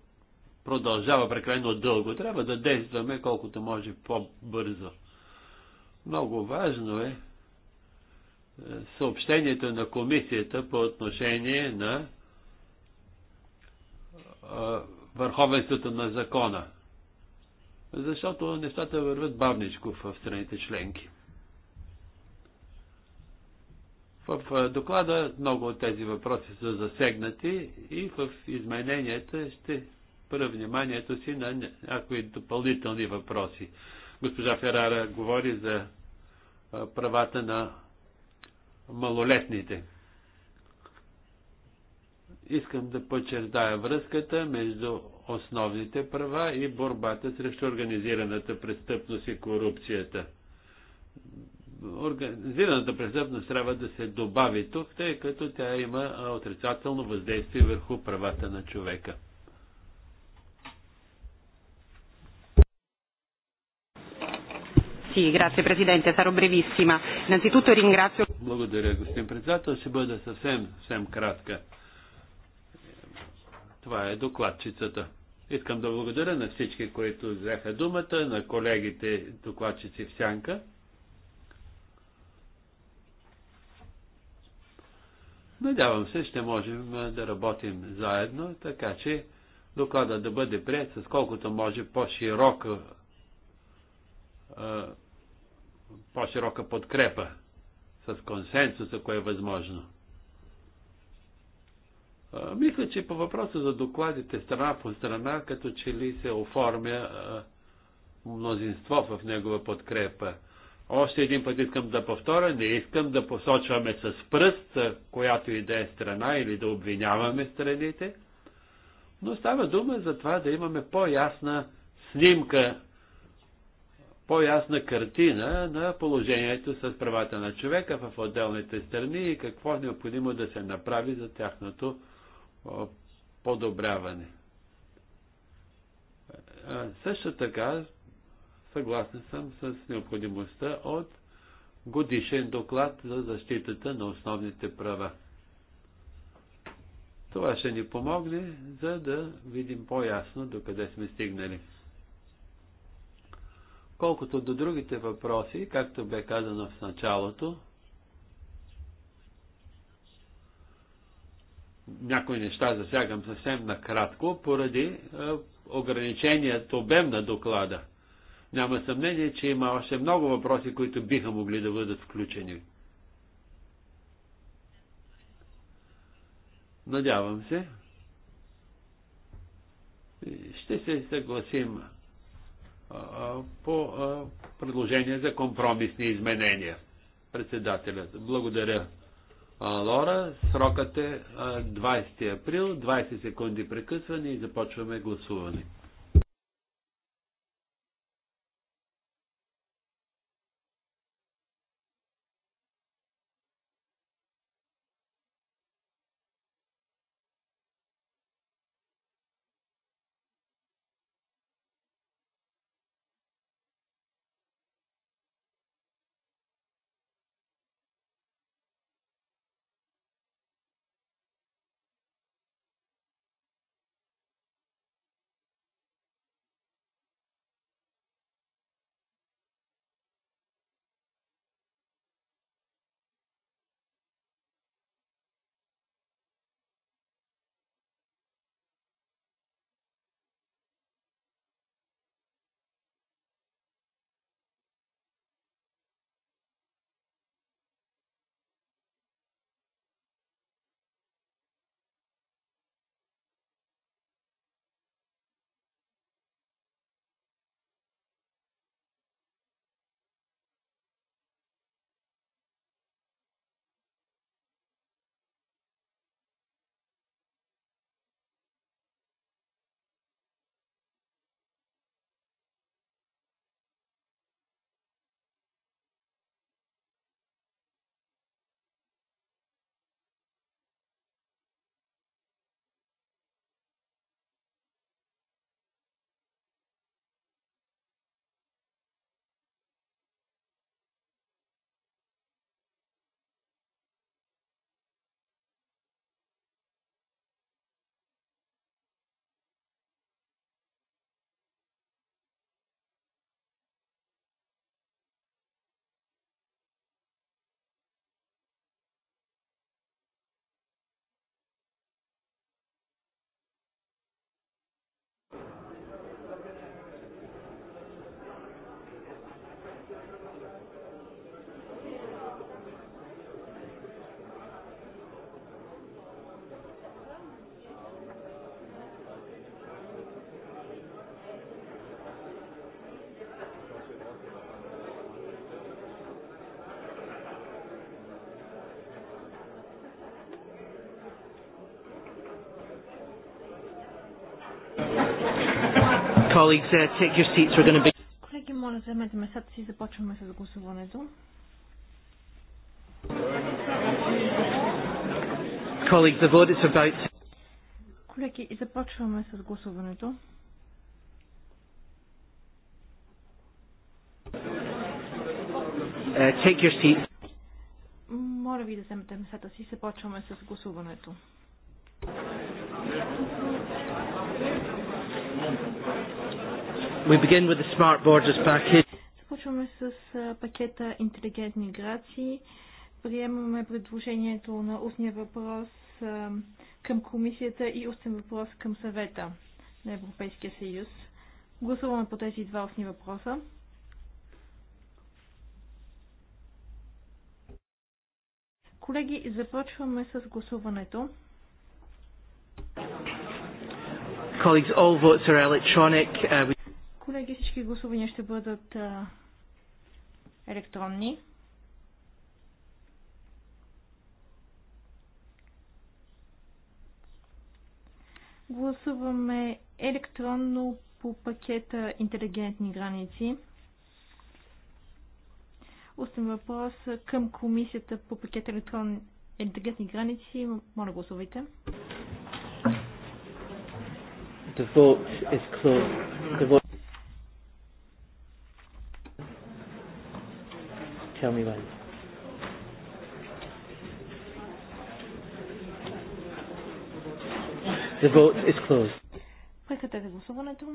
продължава прекалено дълго. Трябва да действаме колкото може по-бързо. Много важно е, е съобщението на комисията по отношение на е, върховенството на закона. Защото нещата върват бавничко в страните членки. В е, доклада много от тези въпроси са засегнати и в измененията ще пръв вниманието си на някои допълнителни въпроси. Госпожа Ферара говори за правата на малолетните. Искам да подчертая връзката между основните права и борбата срещу организираната престъпност и корупцията. Организираната престъпност трябва да се добави тук, тъй като тя има отрицателно въздействие върху правата на човека. Sì, grazie Presidente, sarò brevissima. Innanzitutto ringrazio... Благодаря, господин председател. Ще бъда съвсем, съвсем кратка. Това е докладчицата. Искам да благодаря на всички, които взеха думата, на колегите докладчици в Сянка. Надявам се, ще можем да работим заедно, така че доклада да бъде прият с колкото може по-широка по-широка подкрепа с консенсуса, кое е възможно. Мисля, че по въпроса за докладите страна по страна, като че ли се оформя мнозинство в негова подкрепа. Още един път искам да повторя, не искам да посочваме с пръст, която и да е страна, или да обвиняваме страните, но става дума за това да имаме по-ясна снимка по-ясна картина на положението с правата на човека в отделните страни и какво е необходимо да се направи за тяхното подобряване. Също така, съгласен съм с необходимостта от годишен доклад за защитата на основните права. Това ще ни помогне, за да видим по-ясно докъде сме стигнали. Колкото до другите въпроси, както бе казано в началото, някои неща засягам съвсем накратко, поради е, ограниченият обем на доклада. Няма съмнение, че има още много въпроси, които биха могли да бъдат включени. Надявам се. Ще се съгласим по предложение за компромисни изменения. Председателят. Благодаря. Лора, срокът е 20 април, 20 секунди прекъсване и започваме гласуване. colleagues, uh, take your seats. We're going to be... Колеги, моля, вземете местата си и започваме с гласуването. Colleagues, the vote is about... Колеги, започваме с гласуването. Uh, take your seats. Моля ви да вземете местата си. Започваме с гласуването. We begin with the Smart Borders package. Започваме с пакета интелигентни миграции. Приемаме предложението на устния въпрос към комисията и устен въпрос към съвета на Европейския съюз. Гласуваме по тези два устни въпроса. Колеги, започваме с гласуването. Colleagues, all votes are electronic. Uh, we колеги, всички гласувания ще бъдат електронни. Гласуваме електронно по пакета интелигентни граници. Остан въпрос към комисията по пакет електронни интелигентни граници. Моля гласувайте. The vote is closed. The vote... Tell me about it. The vote is closed. Прекратете гласуването.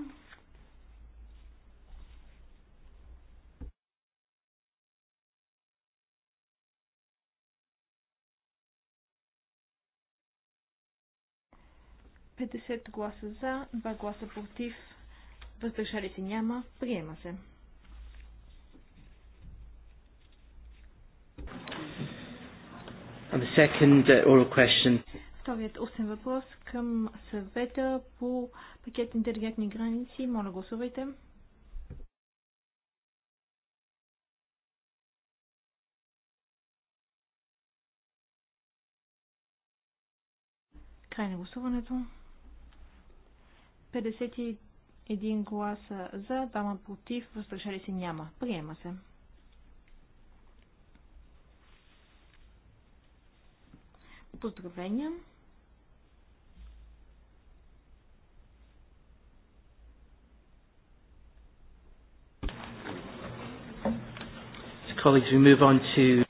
Петдесет гласа за, два гласа против, въздържали се няма, приема се. Uh, Вторият устен въпрос към съвета по пакет интелигентни граници. Моля, гласувайте. Край на гласуването. 51 гласа за, 2 против, въздържали се няма. Приема се. Поздравления! Colleagues, we move on to...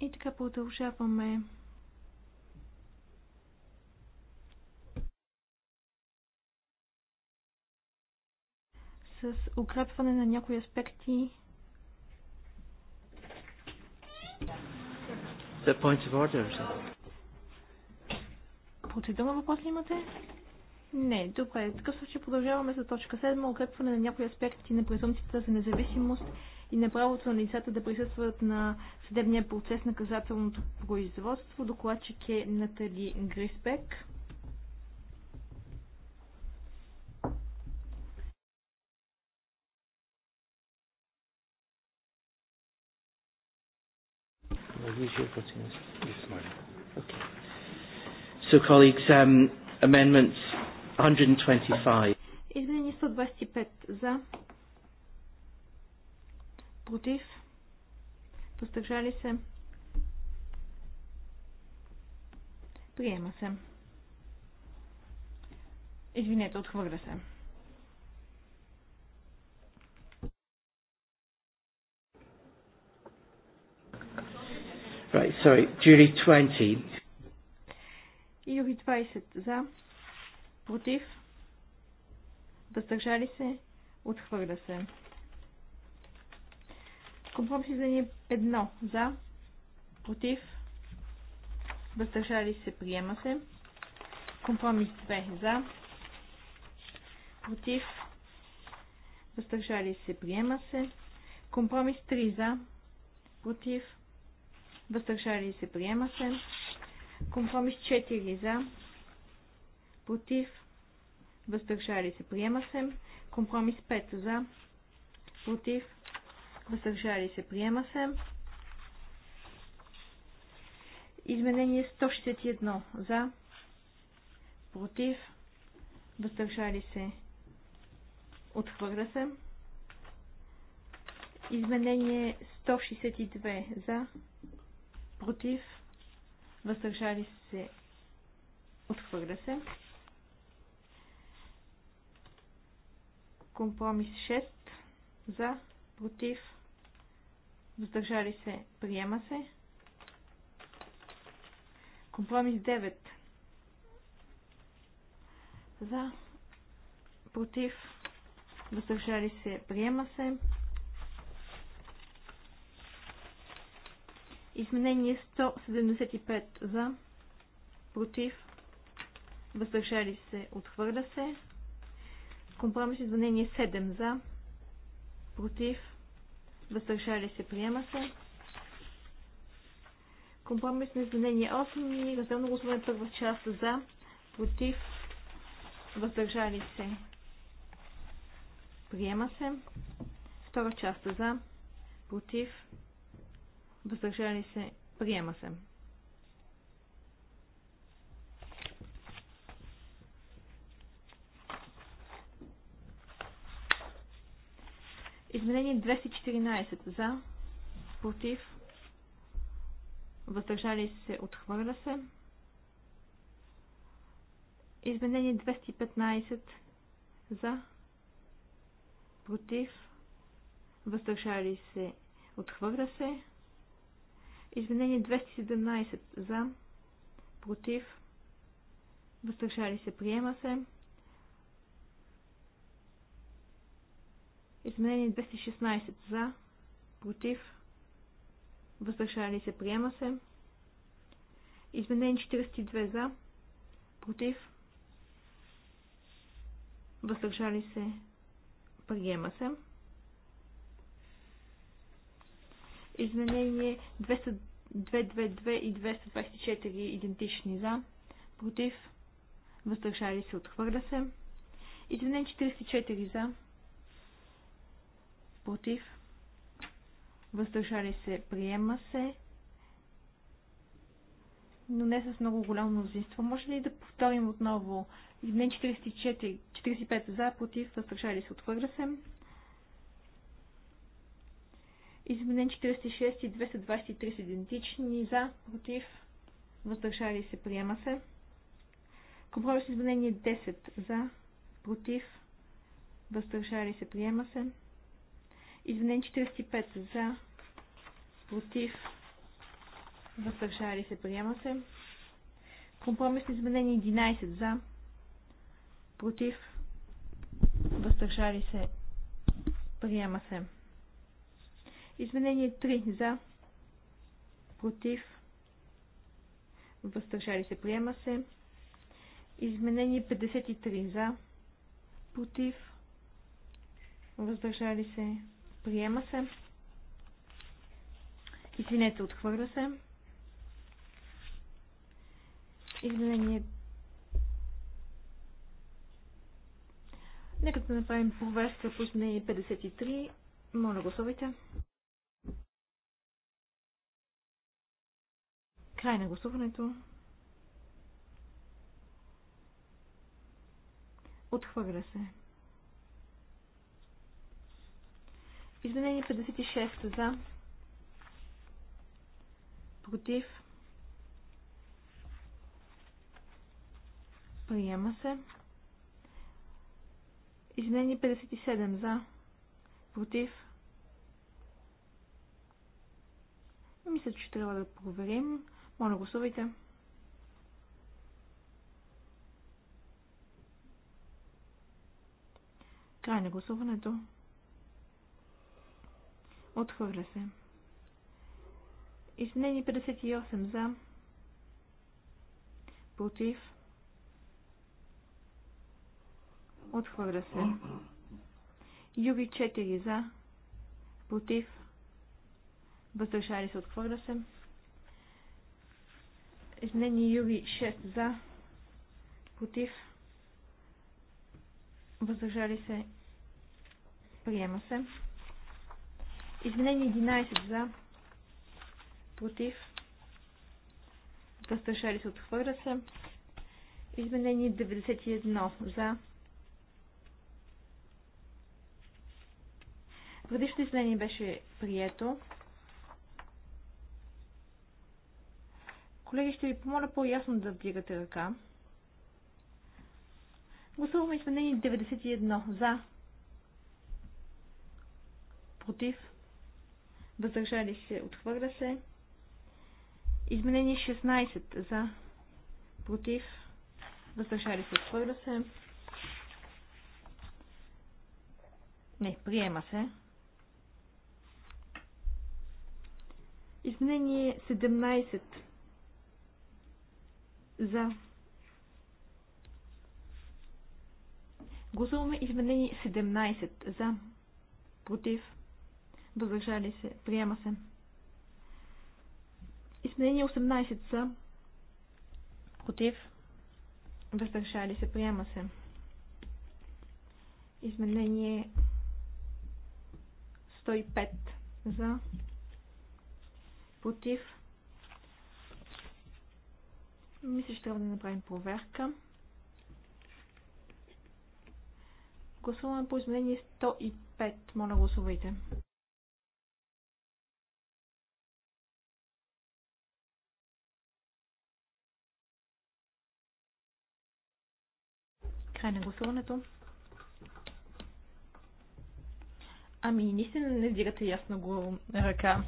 И така продължаваме с укрепване на някои аспекти The point of order. въпрос ли имате? Не, добре. В такъв случай продължаваме за точка 7. Укрепване на някои аспекти на презумцията за независимост и на правото на лицата да присъстват на съдебния процес наказателното производство. Докладчик е Натали Гриспек. who's your voting Yes, mine. Okay. So, colleagues, um, amendments 125. Приема се. Извинете, отхвърля се. Right, sorry, jury 20. Юри 20 за, против, въздържали се, отхвърля се. Компромис ни 1 за, против, въздържали се, приема се. Компромис 2 за, против, въздържали се, приема се. Компромис 3 за, против, въздържали се, приема се. Компромис 4 за, против, въздържали се, приема се. Компромис 5 за, против, въздържали се, приема се. Изменение 161 за, против, въздържали се, отхвърля се. Изменение 162 за, против, въздържали се, отхвърля се. Компромис 6 за, против, въздържали се, приема се. Компромис 9 за, против, въздържали се, приема се. Изменение 175 за, против, въздържали се, отхвърля се. Компромисно изменение 7 за, против, въздържали се, приема се. Компромисно изменение 8 и разделно гласуване първа част за, против, въздържали се, приема се. Втора част за, против, въздържали се, приема се. Изменение 214 за, против, въздържали се, отхвърля се. Изменение 215 за, против, въздържали се, отхвърля се. Изменение 217 за, против, въздържали се, приема се. Изменение 216 за, против, въздържали се, приема се. Изменение 42 за, против, въздържали се, приема се. Изменение 222 и 224 идентични за, против, въздържали се, отхвърля се. Изменение 44 за, против, въздържали се, приема се, но не с много голямо мнозинство. Може ли да повторим отново? Изменение 44, 45 за, против, въздържали се, отхвърля се. Изменен 46 и 223 са идентични. За, против, въздържали се, приема се. Компромис изменение 10 за, против, въздържали се, приема се. Изменен 45 за, против, въздържали се, приема се. Компромис изменение 11 за, против, въздържали се, приема се. Изменение 3 за, против, въздържали се, приема се. Изменение 53 за, против, въздържали се, приема се. Извинете, отхвърля се. Изменение. Нека да направим проверка по изменение 53. Моля, гласувайте. Край на гласуването. Отхвърля се. Изменение 56 за. Против. Приема се. Изменение 57 за. Против. Мисля, че трябва да проверим. Моля, гласувайте. Край на гласуването. Отхвърля се. Изменени 58 за. Против. Отхвърля се. Юби 4 за. Против. Въздържали се. Отхвърля се. Изменение Юри 6 за, против, въздържали се, приема се. Изменение 11 за, против, въздържали се, отхвърля се. Изменение 91 за. Предишното изменение беше прието. Колеги, ще ви помоля по-ясно да вдигате ръка. Гласуваме изменение 91. За. Против. Въздържали се. Отхвърля се. Изменение 16. За. Против. Въздържали се. Отхвърля се. Не, приема се. Изменение 17 за. Гласуваме изменение 17 за. Против. Въздържали се. Приема се. Изменение 18 за. Против. Въздържали се. Приема се. Изменение 105 за. Против мисля, че трябва да направим проверка. Гласуваме по изменение 105. Моля, гласувайте. Край на гласуването. Ами, наистина не вдигате ясно го ръка.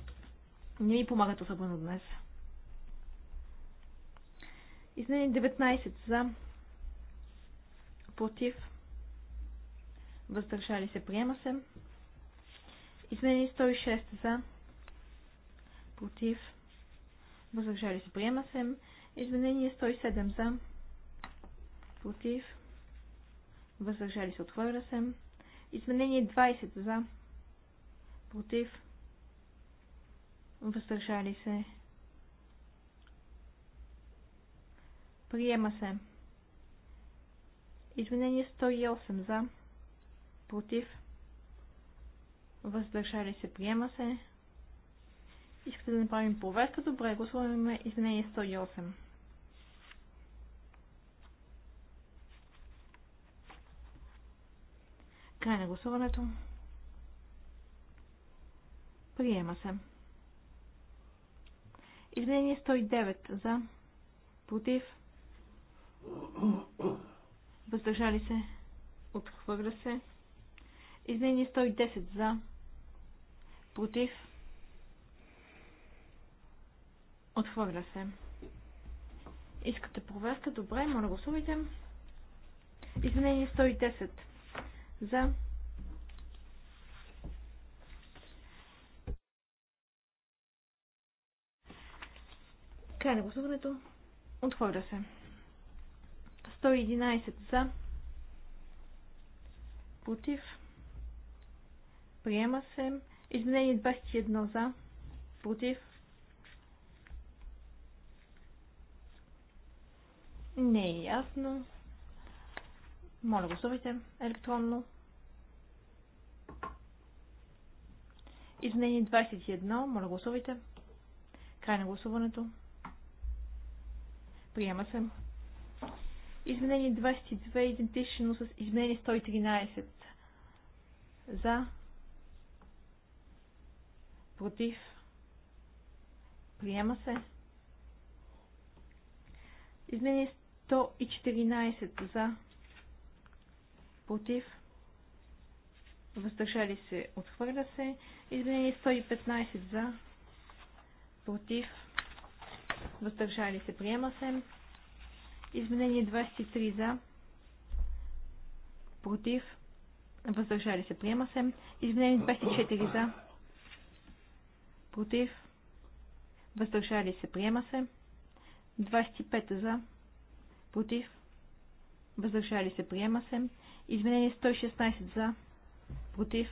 Не ми помагат особено днес. Изнени 19 за. Против. Въздържали се. Приема се. Изнени 106 за. Против. Въздържали се. Приема се. Изменение 107 за. Против. Въздържали се. Отхвърля се. Изменение 20 за. Против. Въздържали се. Приема се. Изменение 108 за. Против. Въздържали се. Приема се. Искате да направим проверка? Добре, гласуваме изменение 108. Край на гласуването. Приема се. Изменение 109 за. Против. Въздържали се. Отхвърля се. Изнени 110 за. Против. Отхвърля се. Искате проверка? Добре, моля гласувайте. Изменение 110 за. Край на гласуването. Отхвърля се. 111 за. Против. Приема се. Изменение 21 за. Против. Не е ясно. Моля, гласувайте електронно. Изменение 21. Моля, гласувайте. Край на гласуването. Приема се. Изменение 22 е идентично с изменение 113. За. Против. Приема се. Изменение 114 за. Против. Въздържали се. Отхвърля се. Изменение 115 за. Против. Въздържали се. Приема се. Изменение 23 за. Против. Въздържали се. Приема се. Изменение 24 за. Против. Въздържали се. Приема се. 25 за. Против. Въздържали се. Приема се. Изменение 116 за. Против.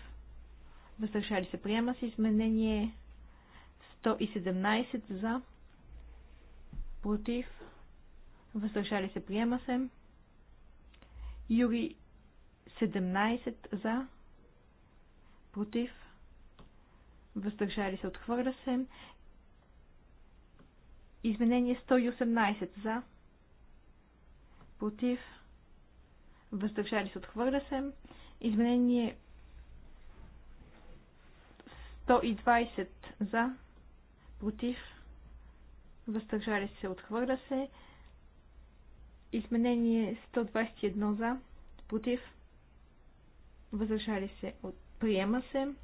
Въздържали се. Приема се. Изменение 117 за. Против въздържали се, приема се. Юри 17 за, против, въздържали се, отхвърля се. Изменение 118 за, против, въздържали се, отхвърля се. Изменение 120 за, против, въздържали се, отхвърля се. Изменение 121 за, против, възражали се, от, приема се.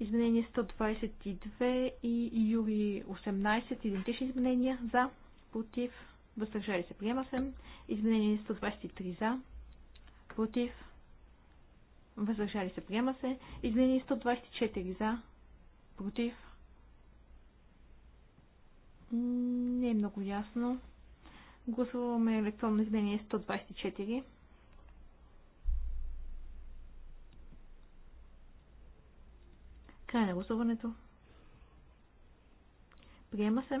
Изменение 122 и Юри 18, идентични изменения за, против, възражали се, приема се. Изменение 123 за, против, възражали се, приема се. Изменение 124 за, против. Не е много ясно. Гласуваме електронно изменение 124. Край на гласуването. Приема се.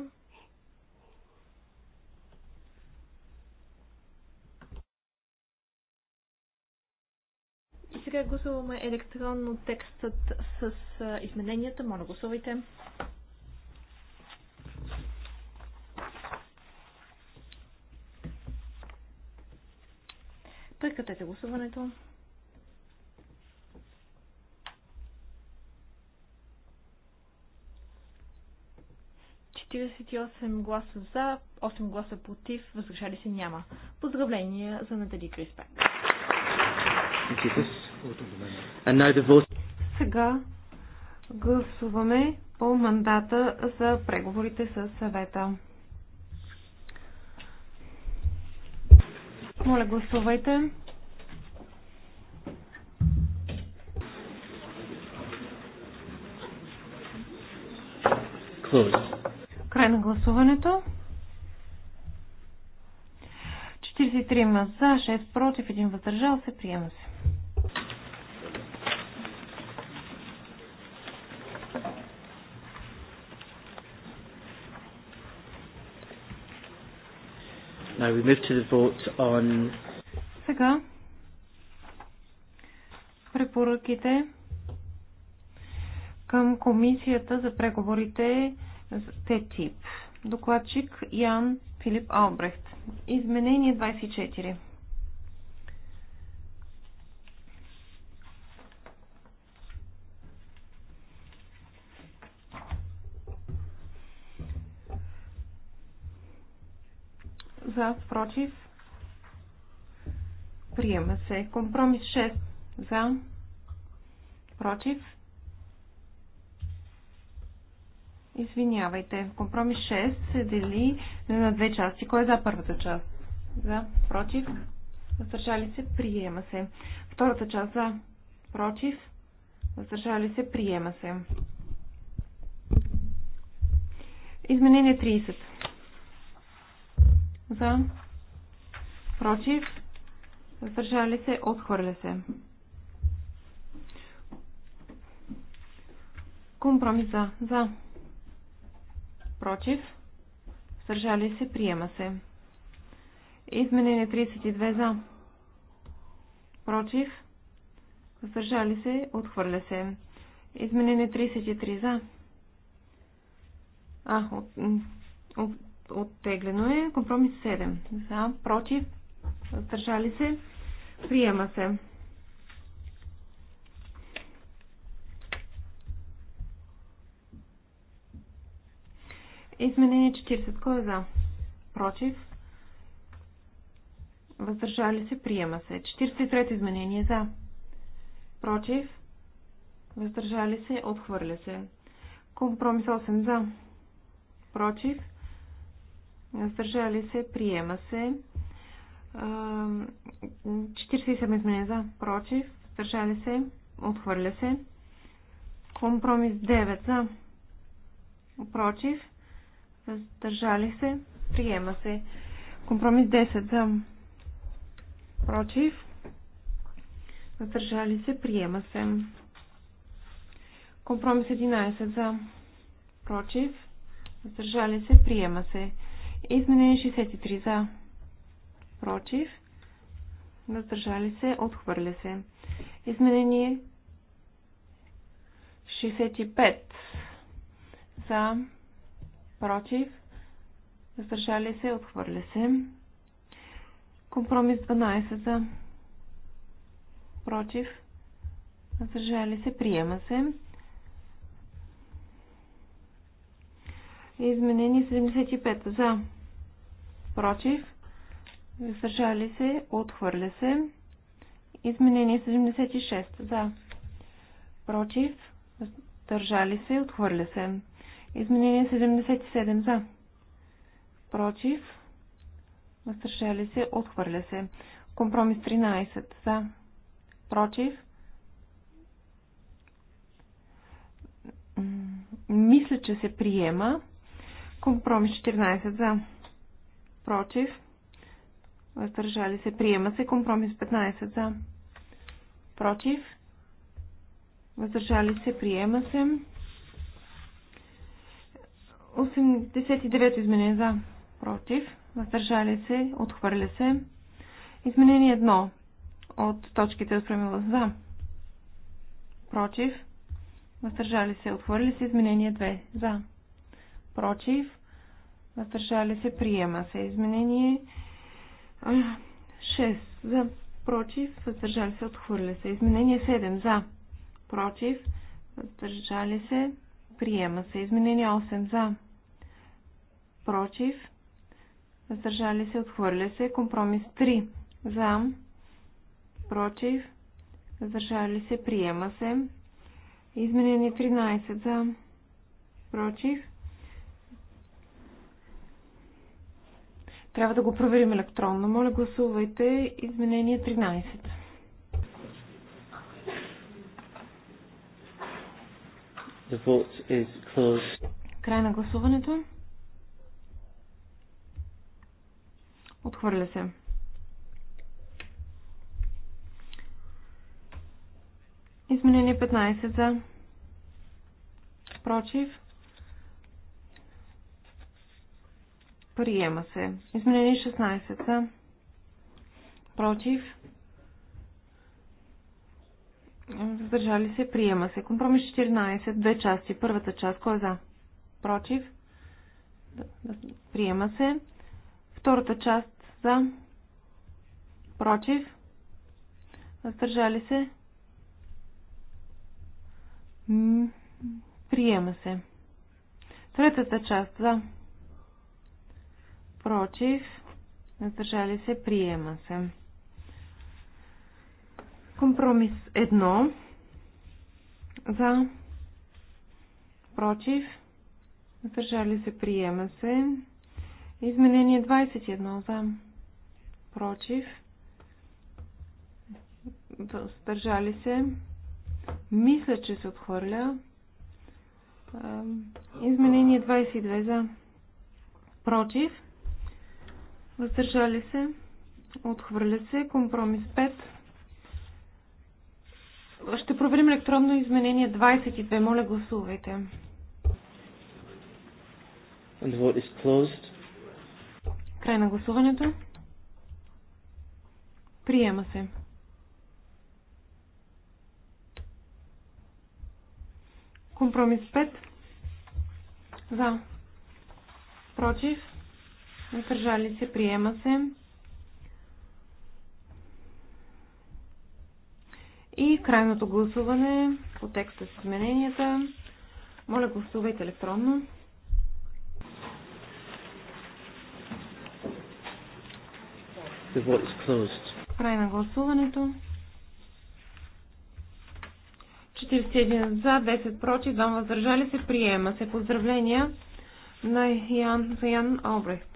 И сега гласуваме електронно текстът с измененията. Моля, гласувайте. Прекратете гласуването. гласа за, 8 гласа против, възражали се няма. Поздравления за Натали Криспек. Сега гласуваме по мандата за преговорите с съвета. Моля, гласувайте. Край на гласуването. 43 за, 6 против, 1 въздържал се, приема се. Now we move to the vote on... Сега препоръките към комисията за преговорите с ТТИП. Докладчик Ян Филип Албрехт. Изменение 24. за, против. Приема се. Компромис 6 за, против. Извинявайте. Компромис 6 се дели на две части. Кой е за първата част? За, против. Въздържали се, приема се. Втората част за, против. Въздържали се, приема се. Изменение 30. За. Против. Въздържали се. Отхвърля се. Компромиса. За. Против. Въздържали се. Приема се. Изменение 32 за. Против. Въздържали се. Отхвърля се. Изменение 33 за. А, от, от, Оттеглено е. Компромис 7. За, против, въздържали се. Приема се. Изменение 40. Кой е за? Против. Въздържали се. Приема се. 43 изменение за. Против. Въздържали се. Отхвърля се. Компромис 8 за. Против. Сдържали се. Приема се. 47 изменения за. Против. Сдържали се. Отхвърля се. Компромис 9 за. Против. Сдържали се. Приема се. Компромис 10 за. Против. Сдържали се. Приема се. Компромис 11 за. Против. Сдържали се. Приема се. Изменение 63 за. Против. Въздържали се. Отхвърля се. Изменение 65 за. Против. Въздържали се. Отхвърля се. Компромис 12 за. Против. Въздържали се. Приема се. Изменение 75 за. Против. Въздържали се. Отхвърля се. Изменение 76 за. Против. Въздържали се. Отхвърля се. Изменение 77 за. Против. Въздържали се. Отхвърля се. Компромис 13 за. Против. Мисля, че се приема. Компромис 14 за. Против. Въздържали се. Приема се. Компромис 15 за. Против. Въздържали се. Приема се. 89 изменение за. Против. Въздържали се. Отхвърля се. Изменение 1 от точките от правила за. Против. Въздържали се. Отхвърли се. Изменение 2 за против, въздържали се, приема се. Изменение 6 за, против, въздържали се, отхвърля се. Изменение 7 за, против, въздържали се, приема се. Изменение 8 за, против, въздържали се, отхвърля се. Компромис 3 за, против, въздържали се, приема се. Изменение 13 за, против, Трябва да го проверим електронно. Моля, гласувайте изменение 13. The vote is closed. Край на гласуването. Отхвърля се. Изменение 15 за. Против. Приема се. Изменени 16 са. Против. Задържали се. Приема се. Компромис 14. Две части. Първата част. Кой е за? Против. Приема се. Втората част за. Против. Задържали се. Приема се. Третата част за против, въздържали се, приема се. Компромис 1 за, против, въздържали се, приема се. Изменение 21 за, против, въздържали се, мисля, че се отхвърля. Изменение 22 за, против, Въздържали се. Отхвърля се. Компромис 5. Ще проверим електронно изменение 22. Моля, гласувайте. And what is closed. Край на гласуването. Приема се. Компромис 5. За. Против. Въздържали се, приема се. И крайното гласуване по текста с измененията. Моля, гласувайте електронно. Край на гласуването. 41 за, 10 против, 2 въздържали се, приема се. Поздравления на Ян, Ян Обрехт.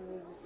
Hallelujah.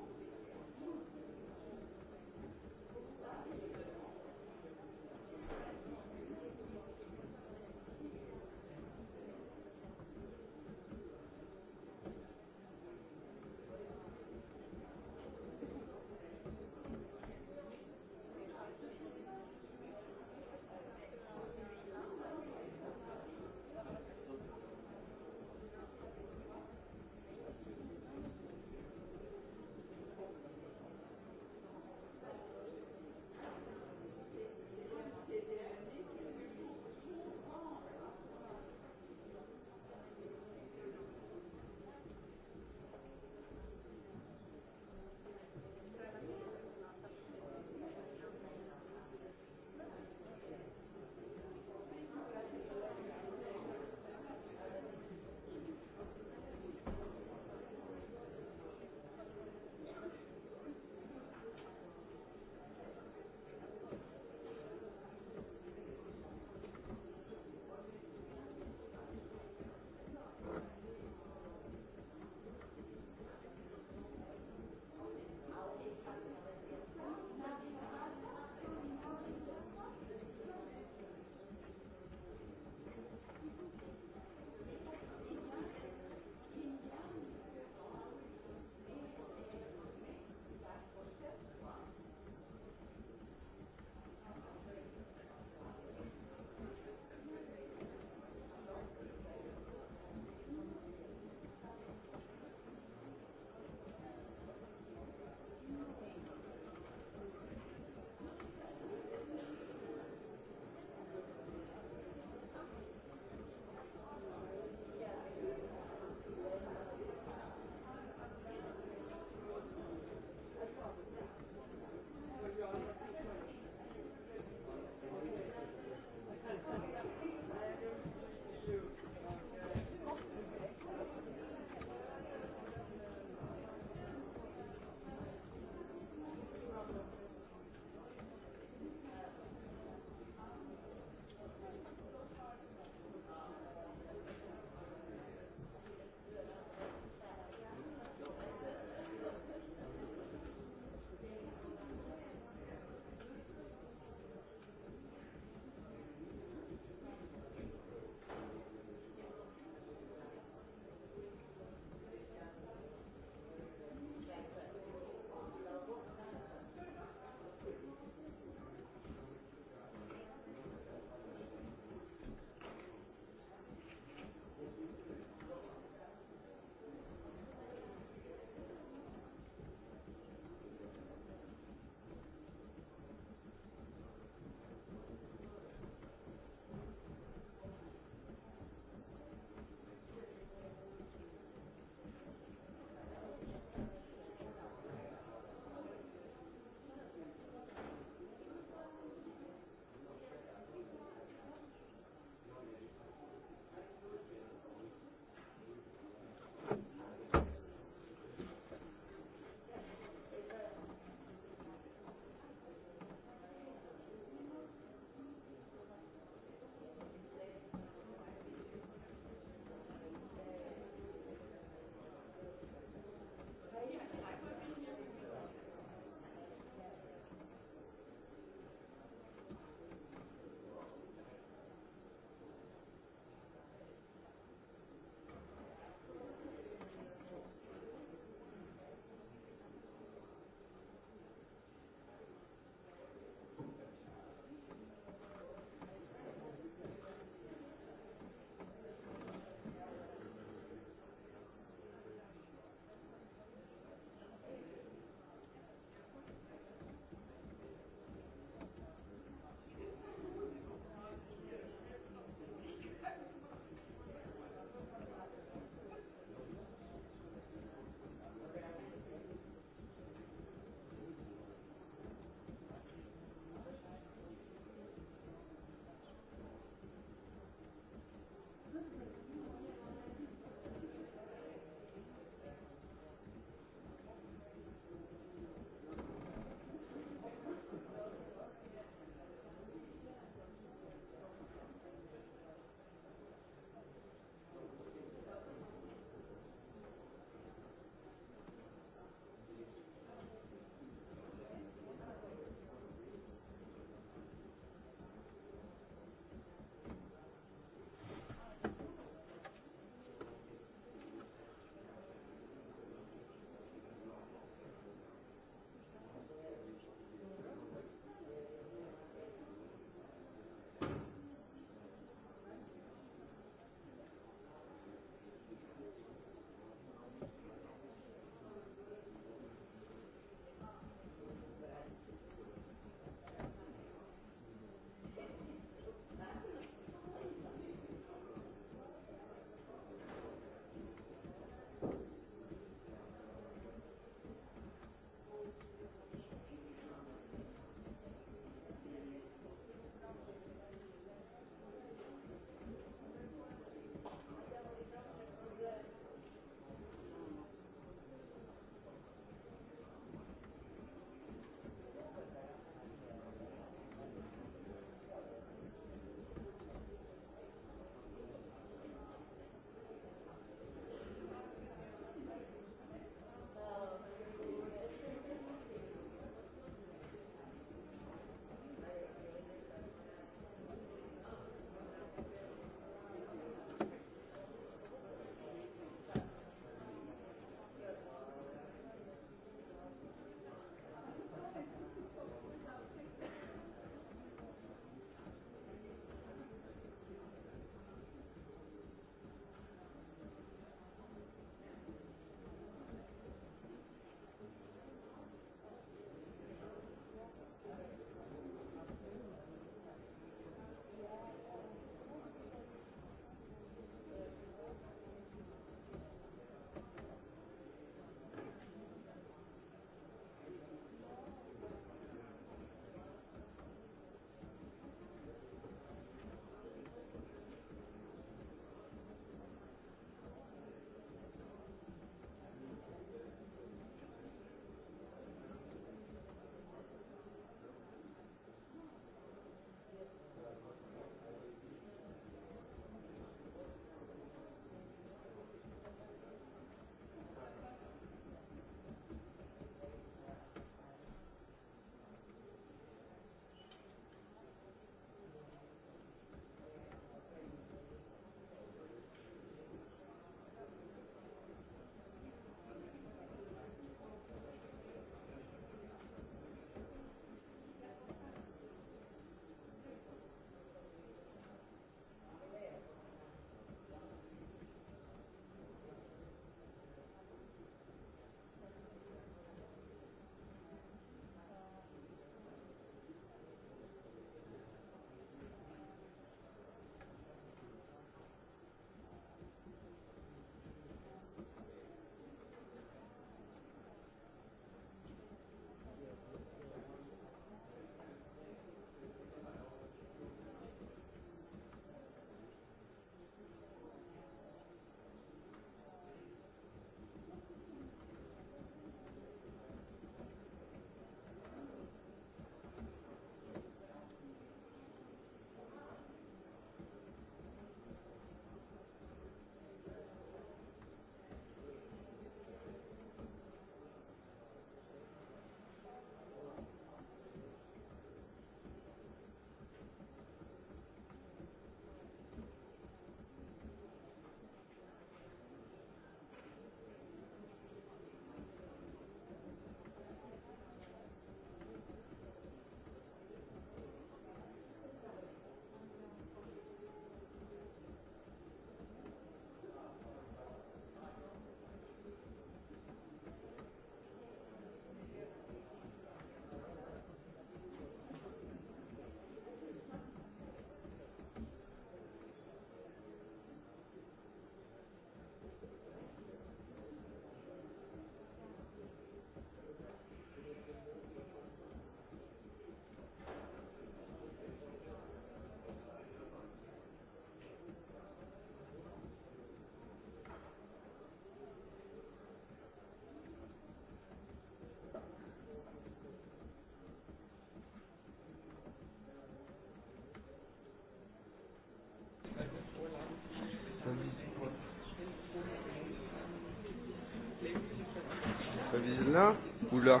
Ça vise là ou là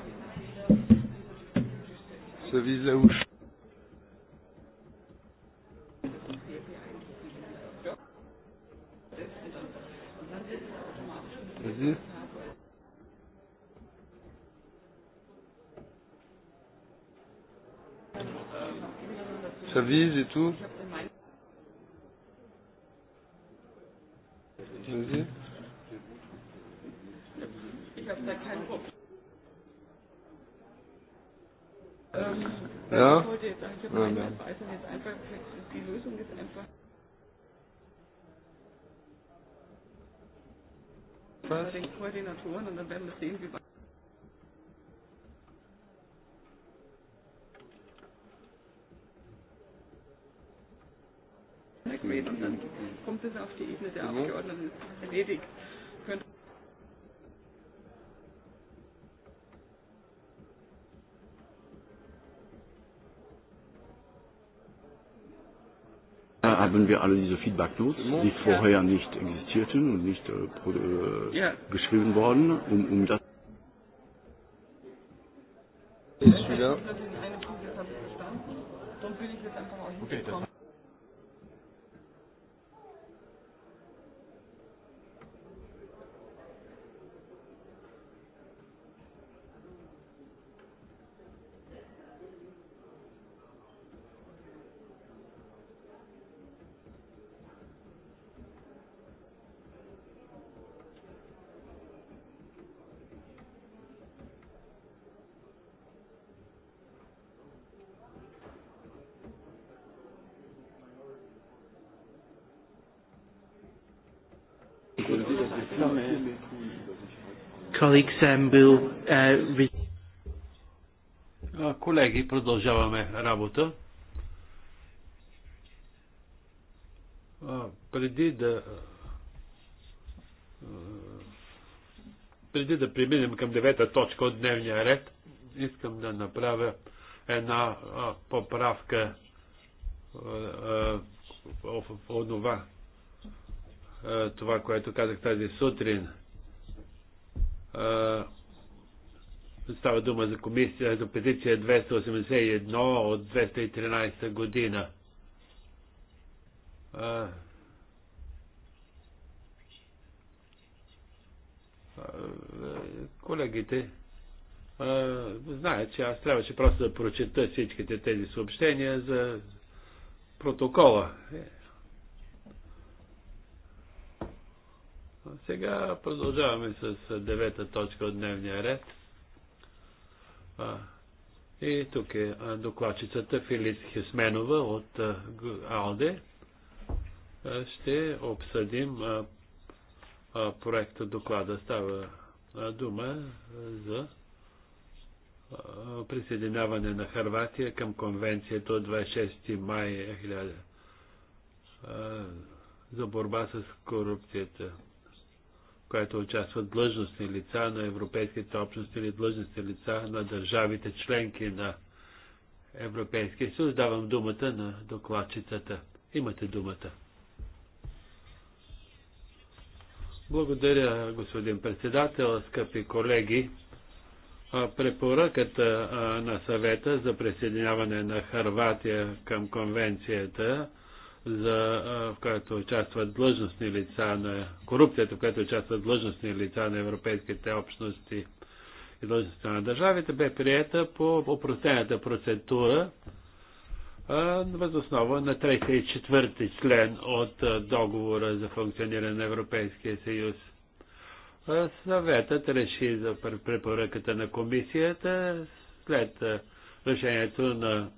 Ça vise là où je... Vas-y. Ça vise et tout Agenturen und dann werden wir sehen, wie weit. Und dann kommt es auf die Ebene der Abgeordneten erledigt. haben wir alle diese Feedback-Notes, die vorher nicht existierten und nicht äh, ja. geschrieben worden, um, um das. Ist wieder. Okay, das Colleagues, um, will uh, Колеги, продължаваме работа. преди да преди да преминем към девета точка от дневния ред, искам да направя една поправка в това, това, което казах тази сутрин – Става дума за комисия, за петиция 281 от 213 година. А, колегите а, знаят, че аз трябваше просто да прочета всичките тези съобщения за протокола. Сега продължаваме с девета точка от дневния ред. И тук е докладчицата Филис Хисменова от АЛДЕ. Ще обсъдим проекта доклада. Става дума за присъединяване на Харватия към конвенцията от 26 май 1000 за борба с корупцията която участват длъжностни лица на европейските общности или длъжностни лица на държавите членки на Европейския съюз. Давам думата на докладчицата. Имате думата. Благодаря, господин председател, скъпи колеги. Препоръката на съвета за присъединяване на Харватия към конвенцията за, в която участват длъжностни лица на корупцията, в която участват длъжностни лица на европейските общности и длъжността на държавите, бе приета по упростената процедура възоснова на 34-ти член от договора за функциониране на Европейския съюз. Съветът реши за препоръката на комисията след решението на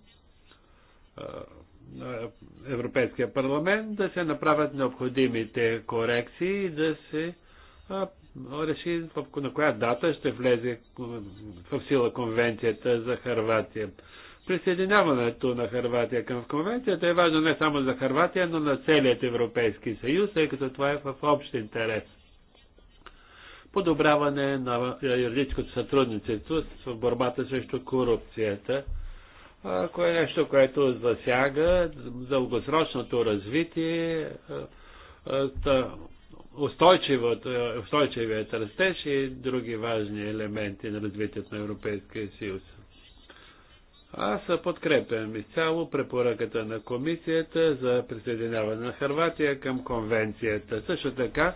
Европейския парламент да се направят необходимите корекции и да се реши на коя дата ще влезе в сила конвенцията за Харватия. Присъединяването на Харватия към конвенцията е важно не само за Харватия, но на целият Европейски съюз, тъй като това е в общ интерес. Подобряване на юридическото сътрудничество в борбата срещу корупцията – кое е нещо, което засяга дългосрочното развитие, устойчивият растеж и други важни елементи на развитието на Европейския съюз. Аз подкрепям изцяло препоръката на комисията за присъединяване на Харватия към конвенцията. Също така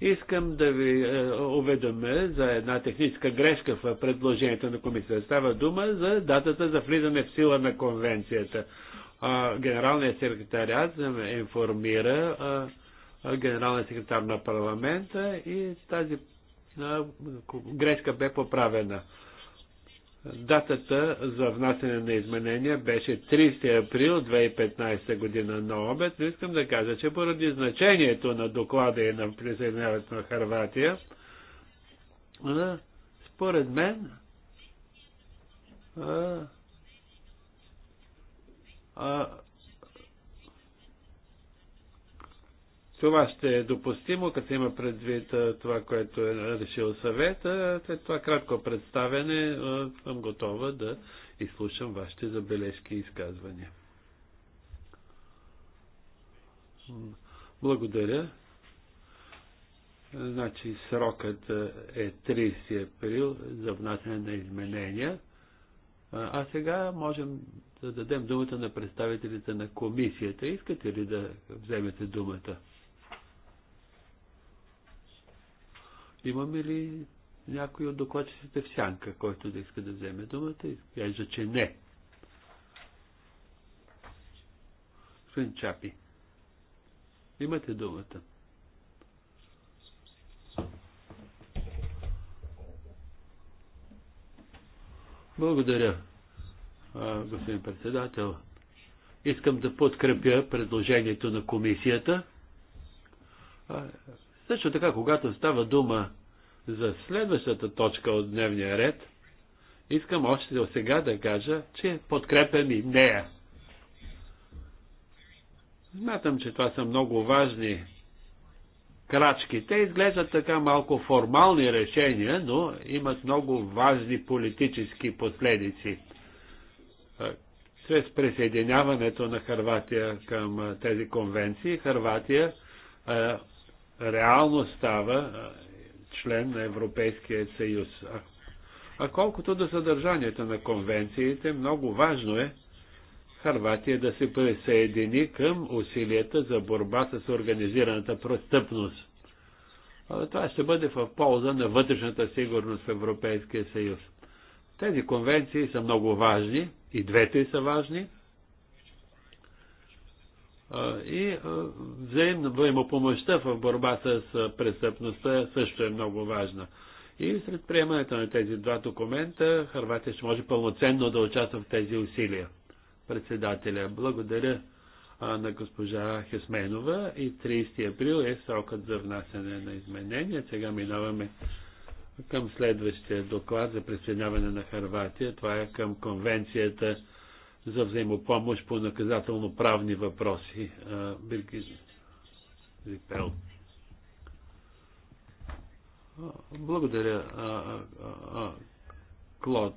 Искам да ви е, уведомя за една техническа грешка в предложението на комисията. Става дума за датата за влизане в сила на конвенцията. Генералният секретарят информира Генералният секретар на парламента и тази грешка бе поправена. Датата за внасяне на изменения беше 30 април 2015 година на обед, но искам да кажа, че поради значението на доклада и на присъединяването на Харватия, според мен, а, а, Това ще е допустимо, като има предвид това, което е решил съвета. След това кратко представяне съм готова да изслушам вашите забележки и изказвания. Благодаря. Значи срокът е 30 април за внасяне на изменения. А сега можем да дадем думата на представителите на комисията. Искате ли да вземете думата? Имаме ли някой от докладчиците в сянка, който да иска да вземе думата? Изглежда, че не. Господин Чапи, имате думата. Благодаря, господин председател. Искам да подкрепя предложението на комисията също така, когато става дума за следващата точка от дневния ред, искам още от сега да кажа, че подкрепям и нея. Смятам, че това са много важни крачки. Те изглеждат така малко формални решения, но имат много важни политически последици. Чрез присъединяването на Харватия към тези конвенции, Харватия реално става член на Европейския съюз. А, а колкото до съдържанието на конвенциите, много важно е Харватия да се присъедини към усилията за борба с организираната престъпност. Това ще бъде в полза на вътрешната сигурност в Европейския съюз. Тези конвенции са много важни, и двете са важни, и взаимно взаимопомощта в борба с престъпността също е много важна. И след приемането на тези два документа Харватия ще може пълноценно да участва в тези усилия. Председателя, благодаря на госпожа Хесменова и 30 април е срокът за внасяне на изменения. Сега минаваме към следващия доклад за присъединяване на Харватия. Това е към конвенцията за взаимопомощ по наказателно-правни въпроси. Бирки Зипел. Благодаря, Клод.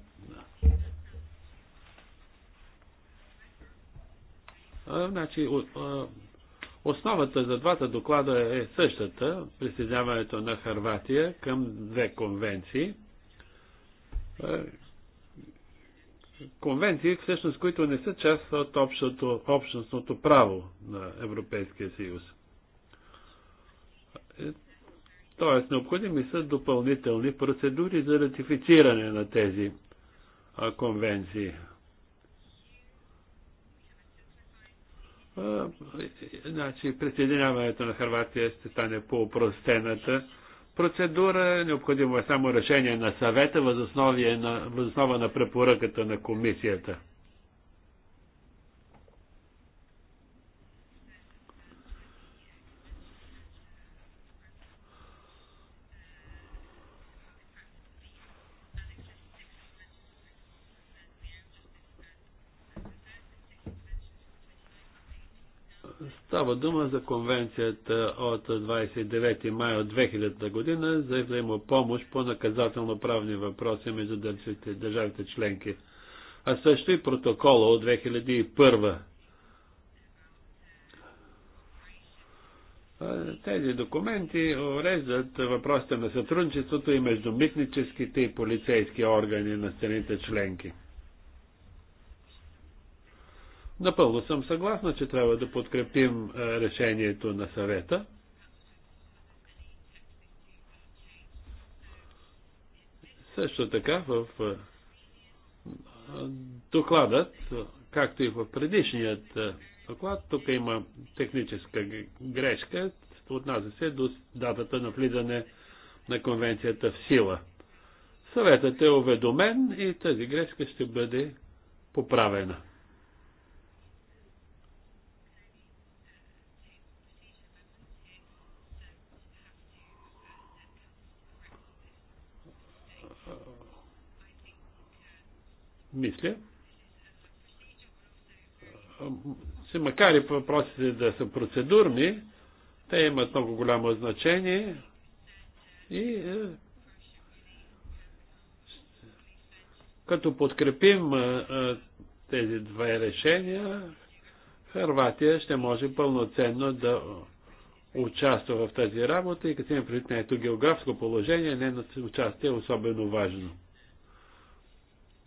Значи, основата за двата доклада е същата присъединяването на Харватия към две конвенции конвенции, всъщност, които не са част от общото, общностното право на Европейския съюз. Е, тоест, необходими са допълнителни процедури за ратифициране на тези а, конвенции. А, значи, присъединяването на Харватия ще стане по упростената процедура, необходимо е само решение на съвета възоснова на, на препоръката на комисията. Става дума за конвенцията от 29 май от 2000 година за взаимопомощ по наказателно-правни въпроси между държавите, членки, а също и протокола от 2001. Тези документи уреждат въпросите на сътрудничеството и между митническите и полицейски органи на страните членки. Напълно съм съгласна, че трябва да подкрепим е, решението на съвета. Също така в е, докладът, както и в предишният е, доклад, тук има техническа грешка, отнася се до датата на влизане на конвенцията в сила. Съветът е уведомен и тази грешка ще бъде поправена. мисля, се макар и въпросите да са процедурни, те имат много голямо значение и е, като подкрепим е, е, тези две решения, Харватия ще може пълноценно да участва в тази работа и като има предвид нето географско положение, нейното участие е особено важно.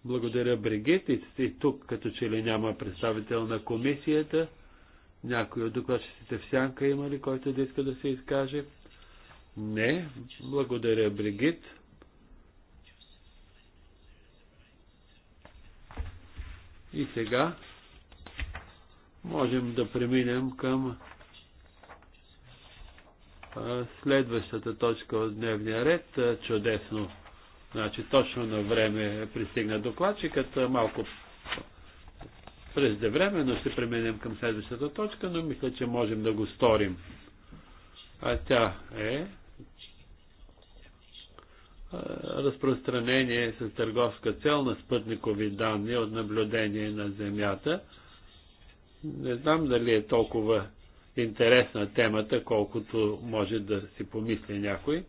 Благодаря, Бригит. И, тук, като че ли няма представител на комисията, някой от докладчиците в сянка има ли, който да иска да се изкаже? Не. Благодаря, Бригит. И сега можем да преминем към следващата точка от дневния ред. Чудесно! Значи точно на време пристигна докладчикът, малко но ще преминем към следващата точка, но мисля, че можем да го сторим. А тя е разпространение с търговска цел на спътникови данни от наблюдение на Земята. Не знам дали е толкова интересна темата, колкото може да си помисли някой.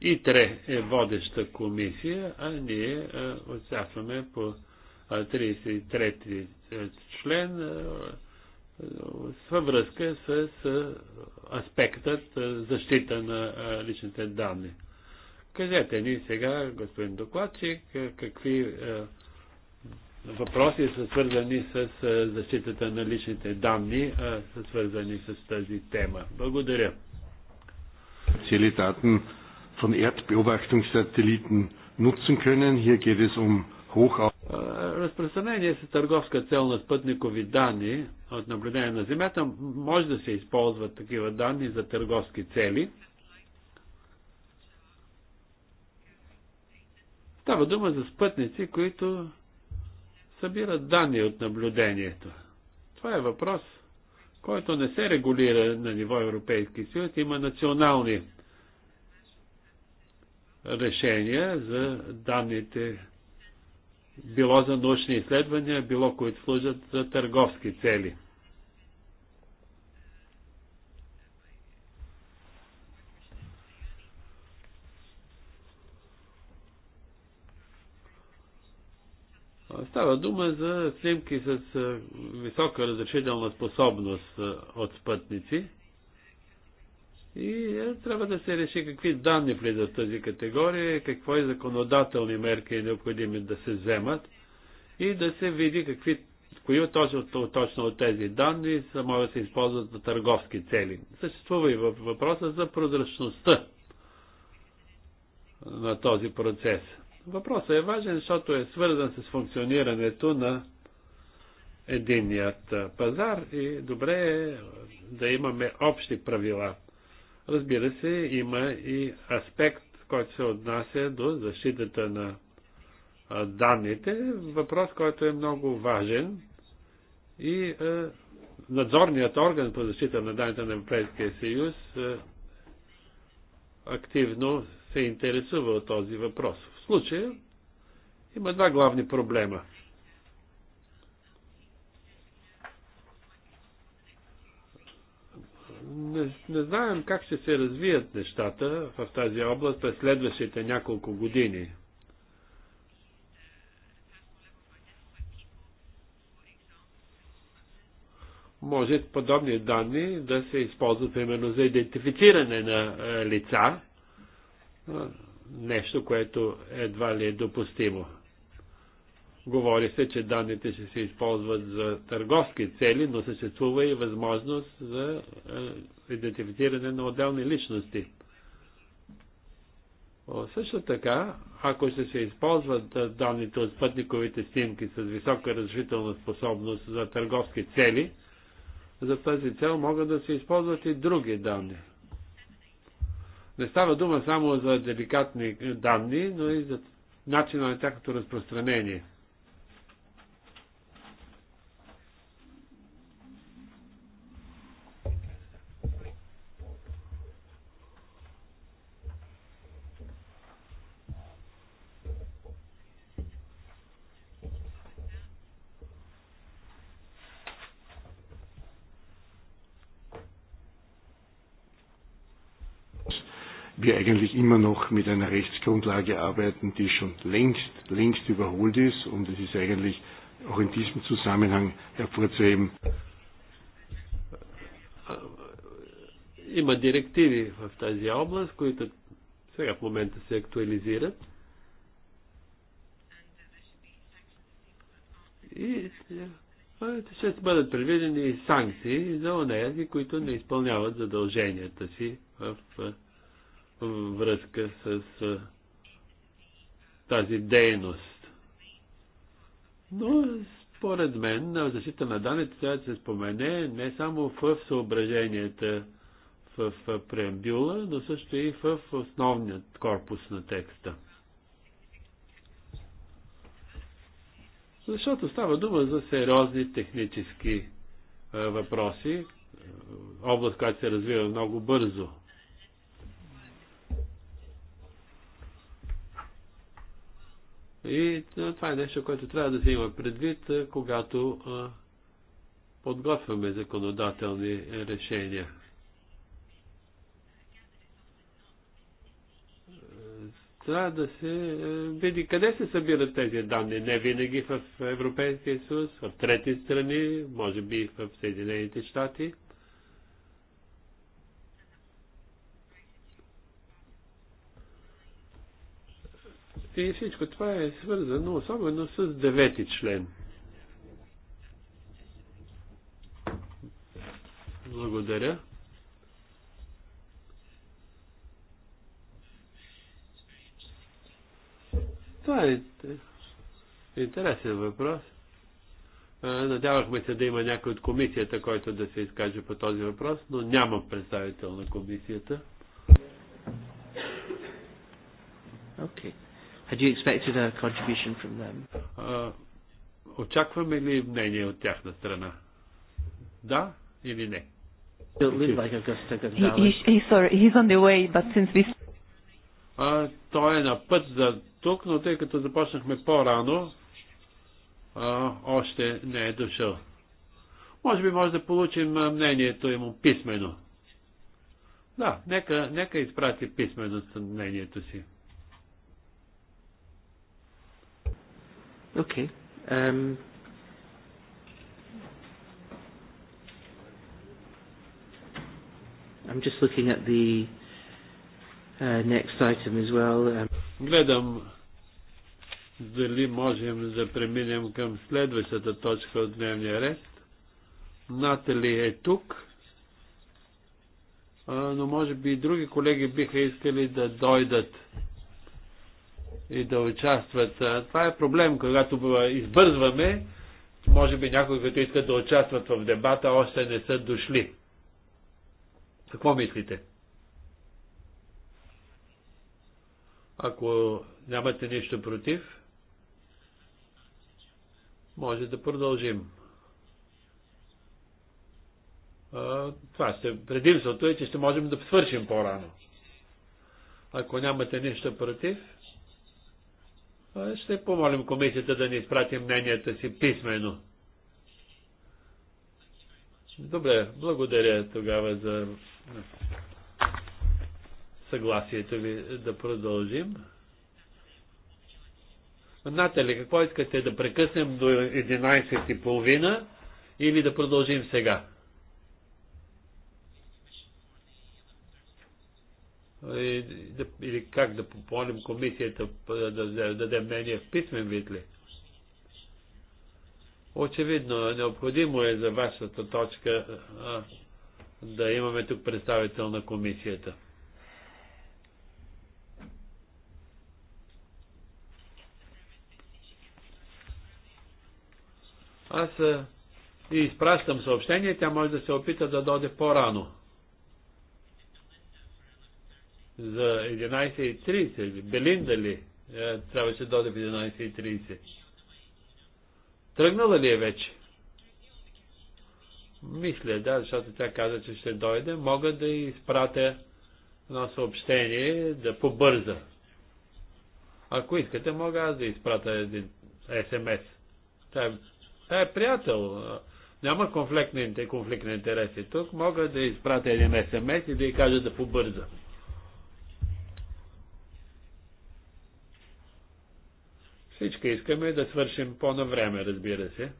ИТРЕ е водеща комисия, а ние участваме по 33 член във връзка с аспектът защита на личните данни. Кажете ни сега, господин докладчик, какви въпроси са свързани с защитата на личните данни, са свързани с тази тема. Благодаря von Erdbeobachtungssatelliten nutzen können. Hier geht es um hochauf. Е, разпространение с търговска цел на спътникови данни от наблюдение на Земята може да се използват такива данни за търговски цели. Става дума за спътници, които събират данни от наблюдението. Това е въпрос, който не се регулира на ниво Европейски съюз, има национални решения за данните, било за научни изследвания, било които служат за търговски цели. Става дума за снимки с висока разрешителна способност от спътници – и е, трябва да се реши какви данни влизат в тази категория, какво и законодателни мерки е необходими да се вземат и да се види какви, кои точно, точно от тези данни са, могат да се използват за търговски цели. Съществува и въпроса за прозрачността на този процес. Въпросът е важен, защото е свързан с функционирането на единният пазар и добре е да имаме общи правила Разбира се, има и аспект, който се отнася до защитата на данните. Въпрос, който е много важен и надзорният орган по защита на данните на Европейския съюз активно се интересува от този въпрос. В случая има два главни проблема – не, не знаем как ще се развият нещата в тази област през следващите няколко години. Може подобни данни да се използват примерно за идентифициране на е, лица, нещо, което едва ли е допустимо. Говори се, че данните ще се използват за търговски цели, но съществува и възможност за е, идентифициране на отделни личности. Също така, ако ще се използват е, данните от спътниковите снимки с висока разрешителна способност за търговски цели, за тази цел могат да се използват и други данни. Не става дума само за деликатни е, данни, но и за начина на тяхното разпространение – wir eigentlich immer noch mit einer Rechtsgrundlage arbeiten, die schon längst, längst überholt ist. Und es ist eigentlich auch in diesem Zusammenhang hervorzuheben. Има директиви в тази област, които сега в момента се актуализират. И ще бъдат предвидени санкции за онези, които не изпълняват задълженията си в връзка с тази дейност. Но според мен защита на данните трябва да се спомене не само в съображенията в преамбюла, но също и в основният корпус на текста. Защото става дума за сериозни технически въпроси, област, която се развива много бързо. И това е нещо, което трябва да се има предвид, когато подготвяме законодателни решения. Трябва да се види къде се събират тези данни. Не винаги в Европейския съюз, в трети страни, може би в Съединените щати. И всичко това е свързано особено с девети член. Благодаря. Това е интересен въпрос. Надявахме се да има някой от комисията, който да се изкаже по този въпрос, но няма представител на комисията. Okay. Had you expected a contribution from them? очакваме ли мнение от тяхна страна? Да или не? Like he, he, sorry, he's on the way, but since we... той е на път за тук, но тъй като започнахме по-рано, още не е дошъл. Може би може да получим мнението му писмено. Да, нека, нека изпрати писмено мнението си. Okay. Um, I'm just looking at the uh, next item as well. Um, Гледам дали можем да преминем към следващата точка от дневния ред. Натали е тук, но може би и други колеги биха искали да дойдат и да участват. Това е проблем, когато избързваме, може би някои, които искат да участват в дебата, още не са дошли. Какво мислите? Ако нямате нищо против, може да продължим. Това ще, предимството е, че ще можем да свършим по-рано. Ако нямате нищо против, е, ще помолим комисията да ни изпрати мненията си писменно. Добре, благодаря тогава за съгласието ви да продължим. Натали, какво искате да прекъснем до 11.30 или да продължим сега? Е, или как да помолим комисията е, да, да, да даде мнение в писмен вид ли? Очевидно, необходимо е за вашата точка а, е, да имаме тук представител на комисията. Аз а, и изпращам съобщение, тя може да се опита да дойде по-рано за 11.30. Белинда ли трябваше да дойде в 11.30? Тръгнала ли е вече? Мисля, да, защото тя каза, че ще дойде. Мога да изпратя едно съобщение, да побърза. Ако искате, мога аз да изпратя един СМС. Тя е, тя е приятел. Няма конфликт на, конфликт на интереси тук. Мога да изпратя един СМС и да й кажа да побърза. Всички искаме да свършим по-навреме, разбира се.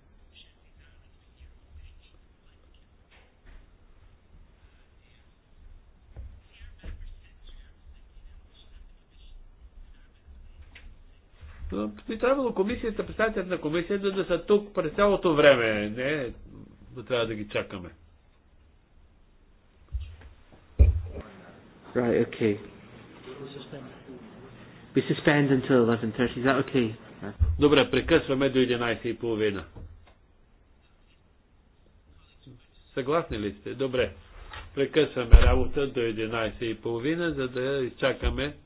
Но би трябвало комисията, представителят на комисията да са тук през цялото време. Не, да трябва да ги чакаме. Right, okay. We suspend until 11.30, is that okay? Добре, прекъсваме до 11.30. Съгласни ли сте? Добре. Прекъсваме работа до 11.30, за да изчакаме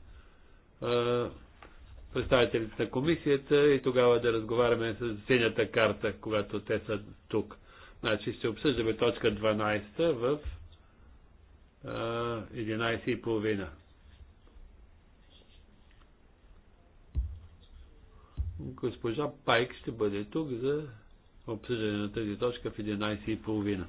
представителите на комисията и тогава да разговаряме с синята карта, когато те са тук. Значи ще обсъждаме точка 12 в 11.30. Госпожа Пайк ще бъде тук за обсъждане на тази точка в 11.30.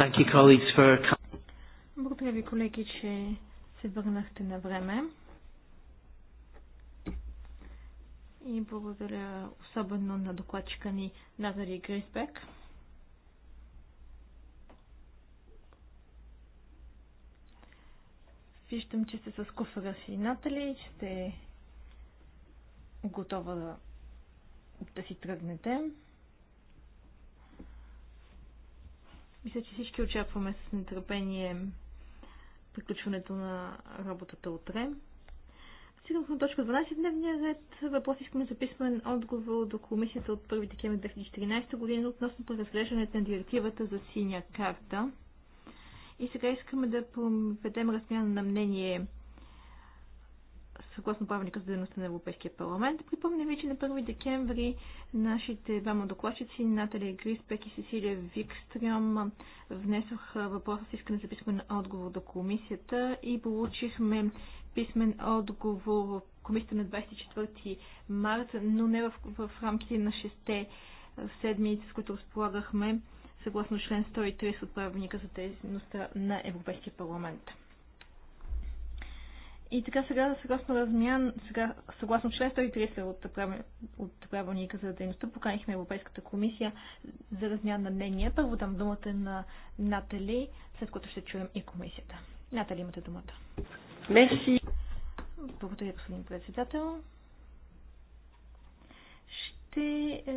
Thank you, colleagues, for... Благодаря ви, колеги, че се върнахте на време. И благодаря особено на докладчика ни Назари Грисбек. Виждам, че сте с куфара си, Натали, че сте готова да, да си тръгнете. Мисля, че всички очакваме с нетърпение приключването на работата утре. Стигнахме точка 12 дневния ред. Въпрос искаме за писмен отговор до комисията от 1 декември 2014 година относно преразглеждането на директивата за синя карта. И сега искаме да проведем размяна на мнение съгласно правилника за дейността на Европейския парламент. Припомня ви, че на 1 декември нашите двама докладчици, Наталия Гриспек и Сесилия Викстрям, внесох въпроса с искане за писмен отговор до комисията и получихме писмен отговор в комисията на 24 марта, но не в, в рамките на 6 седмици, с които разполагахме съгласно член 130 от правилника за дейността на Европейския парламент. И така сега, съгласно размян, сега, съгласно член 130 от, правилника за дейността, поканихме Европейската комисия за размяна на мнение. Първо дам думата на Натали, след което ще чуем и комисията. Натали, имате думата. Меси. Благодаря, господин председател. Ще е,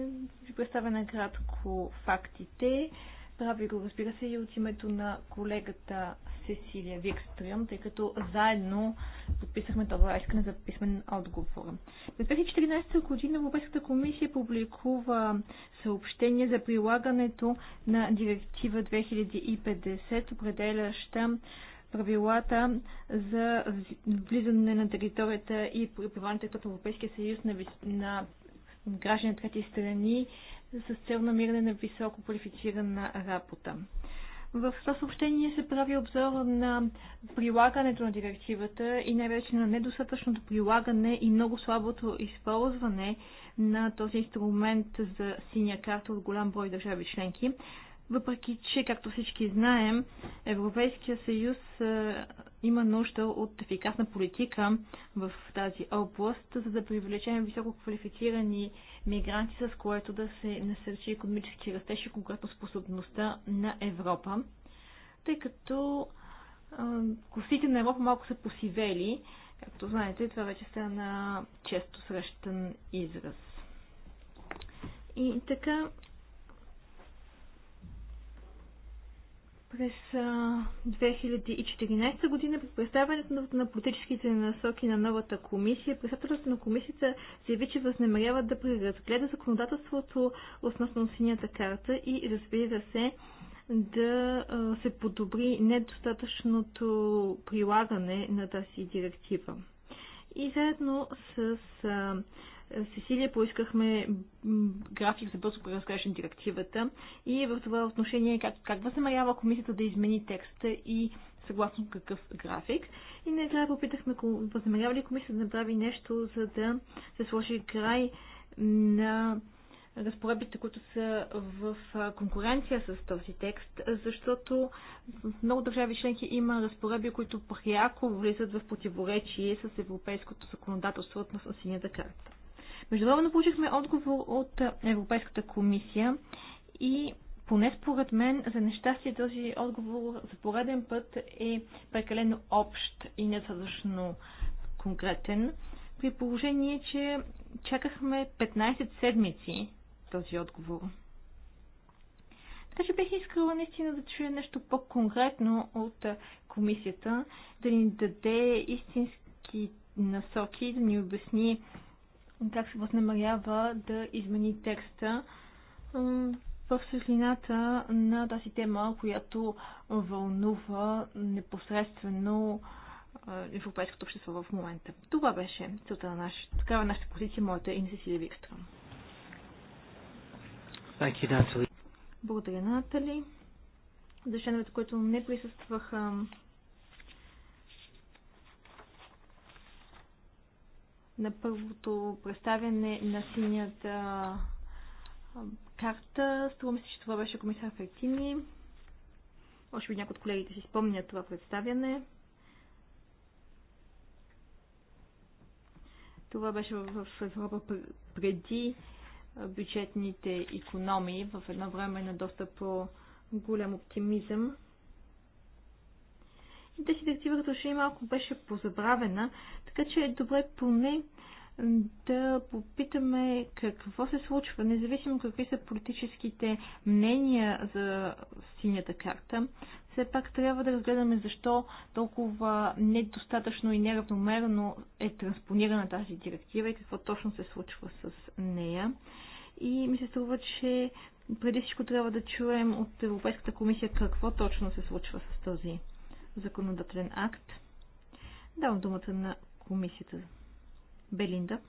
ви представя накратко фактите. Прави го, разбира се, и от името на колегата Сесилия Викстрюм, тъй като заедно подписахме това искане за писмен отговор. През 2014 година Европейската комисия публикува съобщение за прилагането на директива 2050, определяща правилата за влизане на територията и пребиваването като Европейския съюз на, на граждани трети страни с цел намиране на високо квалифицирана работа. В това съобщение се прави обзор на прилагането на директивата и най-вече на недостатъчното прилагане и много слабото използване на този инструмент за синя карта от голям брой държави членки. Въпреки, че, както всички знаем, Европейския съюз има нужда от ефикасна политика в тази област, за да привлечем високо квалифицирани мигранти, с което да се насърчи економически растеж и конкретно способността на Европа, тъй като косите на Европа малко са посивели. Както знаете, това вече стана често срещан израз. И така, През 2014 година при представянето на политическите насоки на новата комисия, председателството на комисията заяви, че възнамерява да преразгледа законодателството относно синята карта и разбира се да се подобри недостатъчното прилагане на тази директива. И заедно с Сесилия поискахме график за бързо на директивата и в това отношение как, как възнамерява комисията да измени текста и съгласно какъв график. И трябва попитахме, възнамерява ли комисията да направи нещо, за да се сложи край на разпоредбите, които са в конкуренция с този текст, защото в много държави членки има разпоредби, които пряко влизат в противоречие с европейското законодателство относно синята карта. Междувременно получихме отговор от Европейската комисия и поне според мен, за нещастие този отговор за пореден път е прекалено общ и недостатъчно конкретен, при положение, че чакахме 15 седмици този отговор. Така че бих искала наистина да чуя нещо по-конкретно от комисията, да ни даде истински насоки, да ни обясни как се възнамерява да измени текста в светлината на тази тема, която вълнува непосредствено европейското общество в момента. Това беше целта на нашата, такава е нашата позиция, моята и Сесилия Викстрам. Благодаря, Натали. За членовете, които не присъстваха на първото представяне на синята карта. Струва се, че това беше комисар Фертини. Може би някои от колегите си спомнят това представяне. Това беше в Европа преди бюджетните економии, в едно време на доста по-голям оптимизъм. Тази директива като е малко беше позабравена, така че е добре поне да попитаме какво се случва, независимо какви са политическите мнения за синята карта. Все пак трябва да разгледаме защо толкова недостатъчно и неравномерно е транспонирана тази директива и какво точно се случва с нея. И ми се струва, че преди всичко трябва да чуем от Европейската комисия какво точно се случва с този законодателен акт. Давам думата на комисията. Белинда.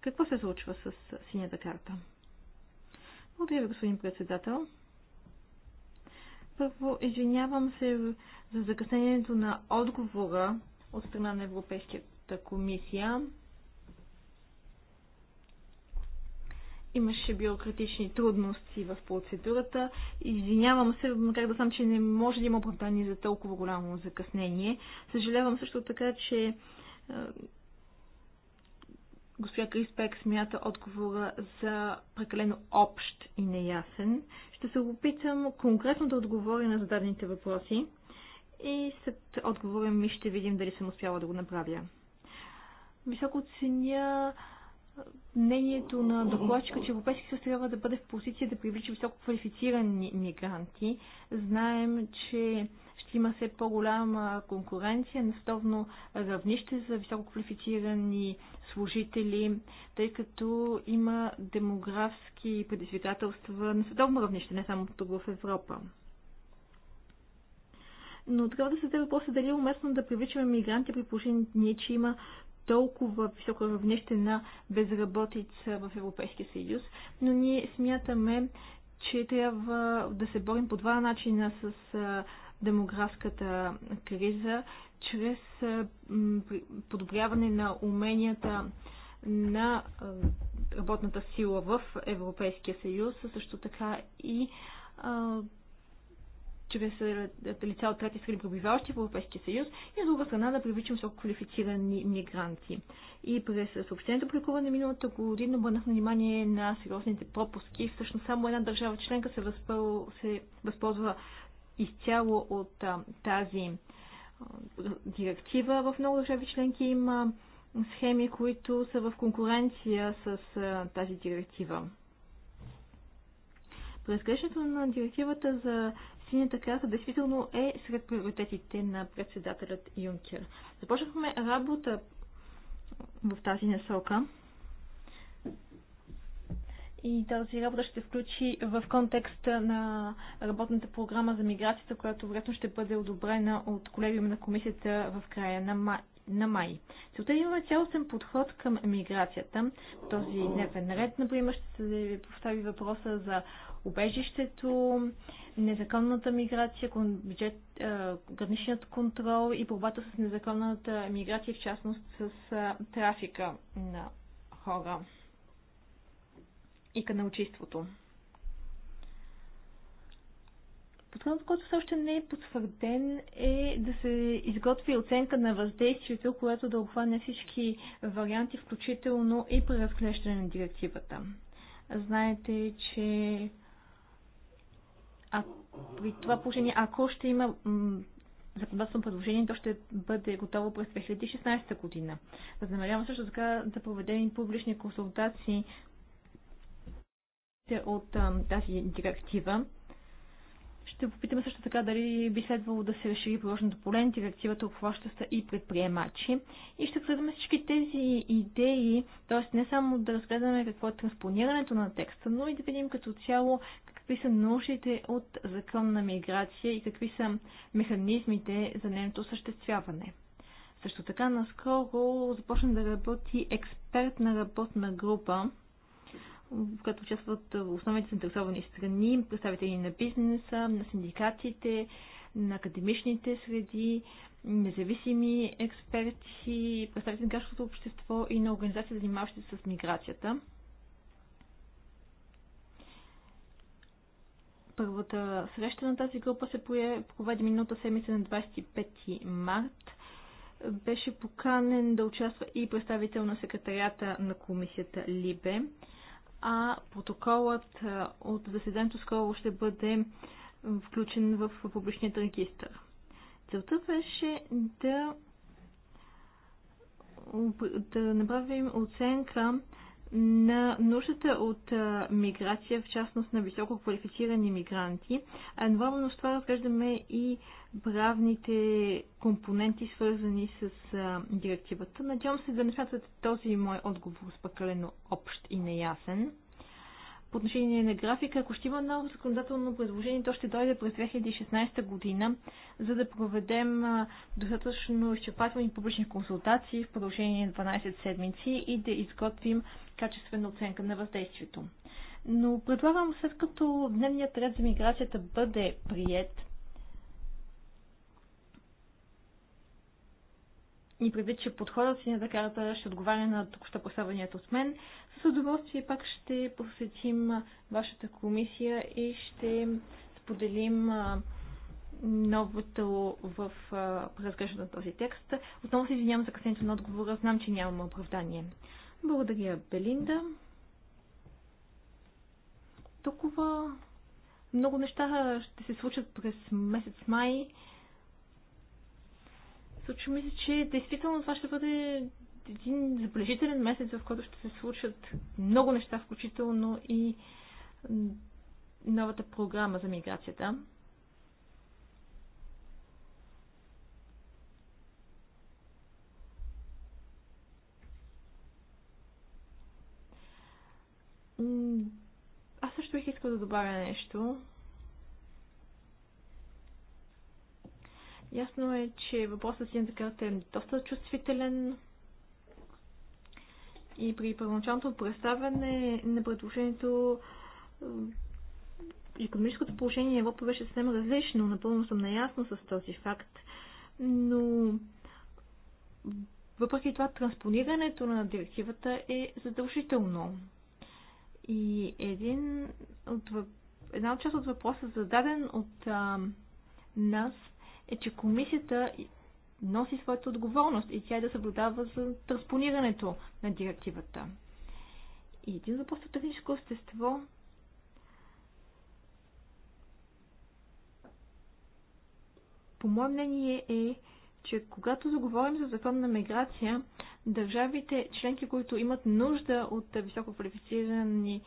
Какво се случва с синята карта? Благодаря ви, господин председател. Първо, извинявам се за закъснението на отговора от страна на Европейската комисия. Имаше бюрократични трудности в процедурата. Извинявам се, макар да знам, че не може да има оправдание за толкова голямо закъснение. Съжалявам също така, че госпожа Пек смята отговора за прекалено общ и неясен. Ще се опитам конкретно да отговоря на зададените въпроси и след отговора ми ще видим дали съм успяла да го направя. Високо ценя мнението на докладчика, че Европейски съюз трябва да бъде в позиция да привлича високо квалифицирани мигранти. Знаем, че ще има все по-голяма конкуренция на световно равнище за високо квалифицирани служители, тъй като има демографски предизвикателства на световно равнище, не само тук в Европа. Но трябва да се зададе въпроса дали е уместно да привличаме мигранти при положение, че има толкова високо равнище на безработица в Европейския съюз, но ние смятаме, че трябва да се борим по два начина с демографската криза, чрез подобряване на уменията на работната сила в Европейския съюз, също така и чрез лица от трети страни, пребиваващи в Европейския съюз, и от друга страна да високо квалифицирани мигранти. И през съобщението, публикуване миналата година, обърнах внимание на сериозните пропуски. Всъщност само една държава членка се, възпъл, се възползва изцяло от а, тази а, директива. В много държави членки има схеми, които са в конкуренция с а, тази директива. Преразглеждането на директивата за синята краса действително е сред приоритетите на председателят Юнкер. Започнахме работа в тази насока. И тази работа ще включи в контекста на работната програма за миграцията, която вероятно ще бъде одобрена от колегиума на комисията в края на май на май. Целта имаме цялостен подход към миграцията. Този дневен ред, например, ще се постави въпроса за убежището, незаконната миграция, бюджет, граничният контрол и борбата с незаконната миграция, в частност с трафика на хора и каналчиството. Подходът, който все още не е потвърден, е да се изготви оценка на въздействието, което да обхване всички варианти, включително и преразглеждане на директивата. Знаете, че а при това положение, ако ще има законодателно предложение, то ще бъде готово през 2016 година. Възнамерявам също така да проведем публични консултации от тази директива. Ще попитаме също така дали би следвало да се разшири приложеното поле на директивата, обхващаща и предприемачи. И ще обсъдим всички тези идеи, т.е. не само да разгледаме какво е транспонирането на текста, но и да видим като цяло какви са нуждите от закон на миграция и какви са механизмите за нейното осъществяване. Също така наскоро започна да работи експертна работна група, в която участват основните заинтересовани страни, представители на бизнеса, на синдикатите, на академичните среди, независими експерти, представители на гражданското общество и на организации, занимаващи се с миграцията. Първата среща на тази група се проведе минута седмица на 25 март. Беше поканен да участва и представител на секретарията на комисията Либе, а протоколът от заседанието скоро ще бъде включен в публичният регистр. Целта беше да да направим оценка на нуждата от миграция, в частност на високо квалифицирани мигранти. Едновременно с това разглеждаме и правните компоненти, свързани с директивата. Надявам се да не смятате този мой отговор спакалено общ и неясен по отношение на графика, ако ще има ново законодателно предложение, то ще дойде през 2016 година, за да проведем достатъчно изчерпателни публични консултации в продължение на 12 седмици и да изготвим качествена оценка на въздействието. Но предлагам, след като дневният ред за миграцията бъде прият, и предвид, че подходът си на да ще отговаря на току-що поставеният от мен, с удоволствие пак ще посетим вашата комисия и ще споделим новото в разглеждането на този текст. Отново се извинявам за късенето на отговора. Знам, че нямам оправдание. Благодаря, Белинда. Толкова много неща ще се случат през месец май случи, мисля, че действително това ще бъде един забележителен месец, в който ще се случат много неща, включително и новата програма за миграцията. Аз също бих искал да добавя нещо. Ясно е, че въпросът си на е доста чувствителен. И при първоначалното представяне на предложението економическото положение на Европа беше съвсем различно. Напълно съм наясно с този факт. Но въпреки това транспонирането на директивата е задължително. И един от, една от част от въпроса зададен от а, нас е, че комисията носи своята отговорност и тя е да съблюдава за транспонирането на директивата. И един за просто техническо естество по мое мнение е, че когато заговорим за закон на миграция, държавите членки, които имат нужда от висококвалифицирани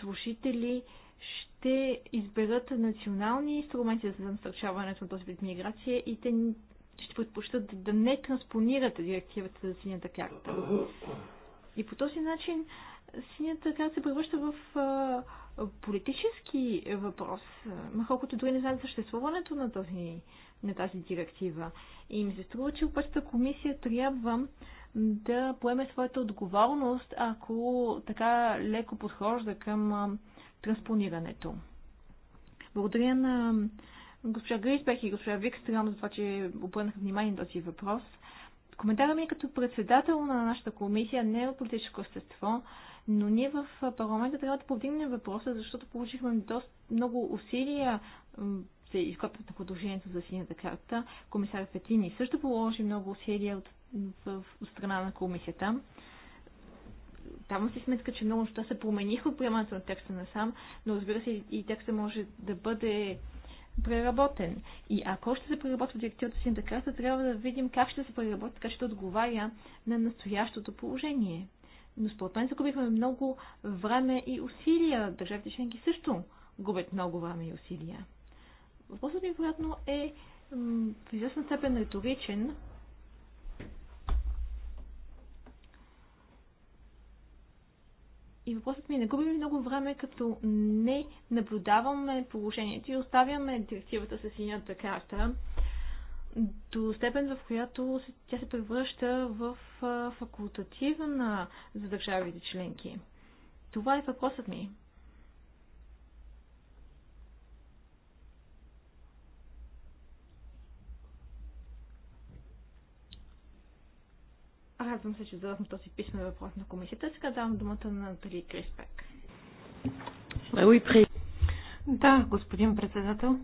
служители, ще ще изберат национални инструменти за насърчаването на този вид миграция и те ще предпочитат да, не транспонират директивата за синята карта. И по този начин синята карта се превръща в а, политически въпрос, колкото дори не знаят съществуването на, този, на тази директива. И ми се струва, че Европейската комисия трябва да поеме своята отговорност, ако така леко подхожда към транспонирането. Благодаря на госпожа Грисбех и госпожа Викстрам за това, че обърнах внимание на този въпрос. Коментарът ми е като председател на нашата комисия не е от политическо естество, но ние в парламента трябва да повдигнем въпроса, защото получихме доста много усилия за изкопят на продължението за синята карта. Комисар Фетини също положи много усилия от, в, в страна на комисията давам си сметка, че много неща се промениха от приемането на текста насам, но разбира се и текста може да бъде преработен. И ако ще се преработва директивата си на така, трябва да видим как ще се преработи, така ще отговаря на настоящото положение. Но според мен загубихме много време и усилия. Държавите членки също губят много време и усилия. Въпросът ми, вероятно, е в известна степен риторичен, И въпросът ми е, не губим ли много време, като не наблюдаваме положението и оставяме директивата с синята карта до степен, в която тя се превръща в факултативна за държавите членки? Това е въпросът ми. Радвам се, че задавам този писмен въпрос на комисията. Сега давам думата на Натали Криспек. Е, да, господин председател.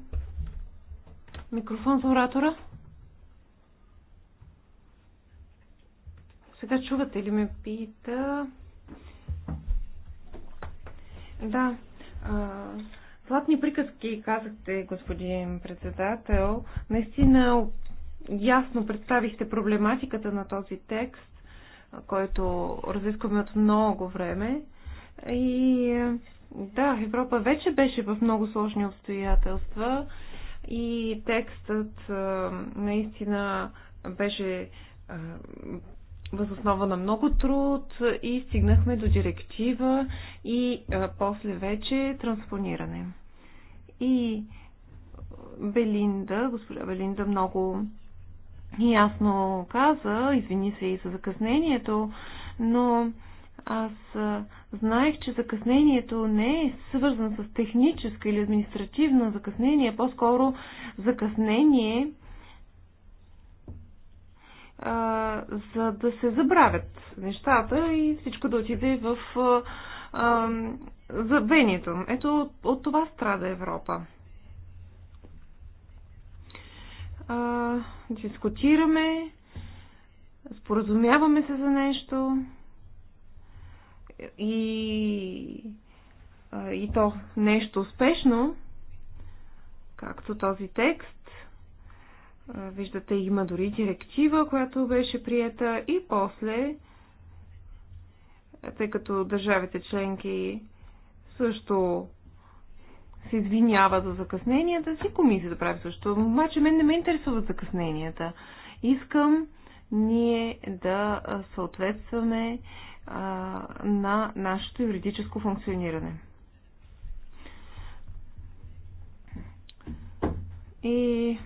Микрофон за оратора. Сега чувате ли ме пита? Да. златни приказки казахте, господин председател. Наистина ясно представихте проблематиката на този текст, който разискваме от много време. И да, Европа вече беше в много сложни обстоятелства и текстът наистина беше възоснова на много труд и стигнахме до директива и после вече транспониране. И Белинда, госпожа Белинда много ясно каза, извини се и за закъснението, но аз знаех, че закъснението не е свързано с техническо или административно закъснение, по-скоро закъснение а, за да се забравят нещата и всичко да отиде в а, забвението. Ето от, от това страда Европа. а, дискутираме, споразумяваме се за нещо и, а, и то нещо успешно, както този текст. А, виждате, има дори директива, която беше приета и после, тъй като държавите членки също се извинява за закъсненията си, комисията прави също. Обаче мен не ме интересуват закъсненията. Искам ние да съответстваме а, на нашето юридическо функциониране. И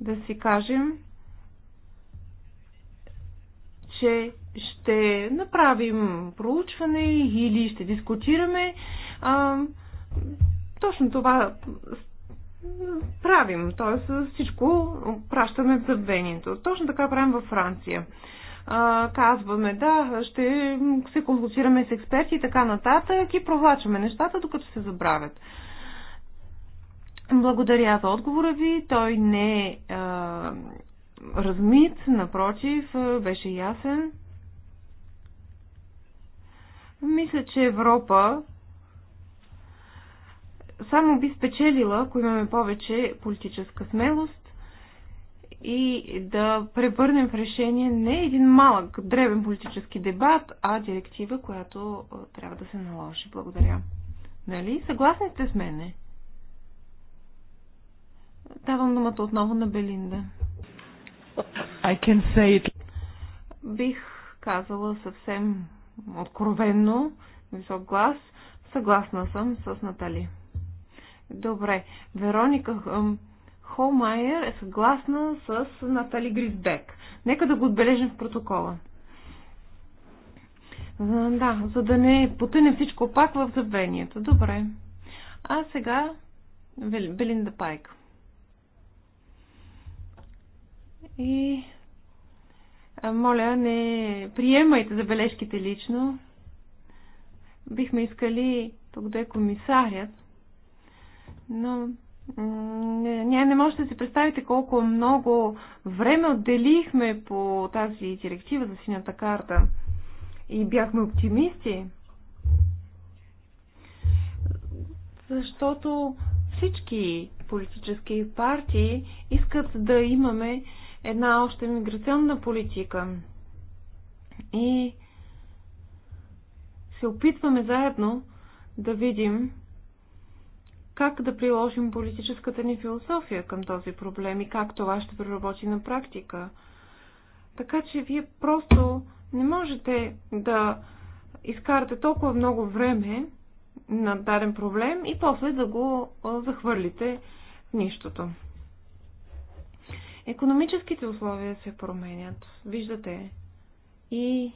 да си кажем, че ще направим проучване или ще дискутираме а, точно това правим. Тоест всичко пращаме в забвението. Точно така правим във Франция. Казваме, да, ще се консултираме с експерти и така нататък и провлачваме нещата, докато се забравят. Благодаря за отговора ви. Той не е размит, напротив, беше ясен. Мисля, че Европа само би спечелила, ако имаме повече политическа смелост и да превърнем в решение не един малък, древен политически дебат, а директива, която е, трябва да се наложи. Благодаря. Нали? Съгласни сте с мене? Давам думата отново на Белинда. I can say it. Бих казала съвсем откровенно, висок глас. Съгласна съм с Натали. Добре. Вероника Холмайер е съгласна с Натали Гризбек. Нека да го отбележим в протокола. Да, за да не потъне всичко пак в забвението. Добре. А сега Белинда Пайк. И моля, не приемайте забележките лично. Бихме искали тук да е комисарят, но ние не можете да си представите колко много време отделихме по тази директива за синята карта. И бяхме оптимисти. Защото всички политически партии искат да имаме една още миграционна политика. И се опитваме заедно да видим как да приложим политическата ни философия към този проблем и как това ще преработи на практика. Така че вие просто не можете да изкарате толкова много време на даден проблем и после да го захвърлите в нищото. Економическите условия се променят, виждате, и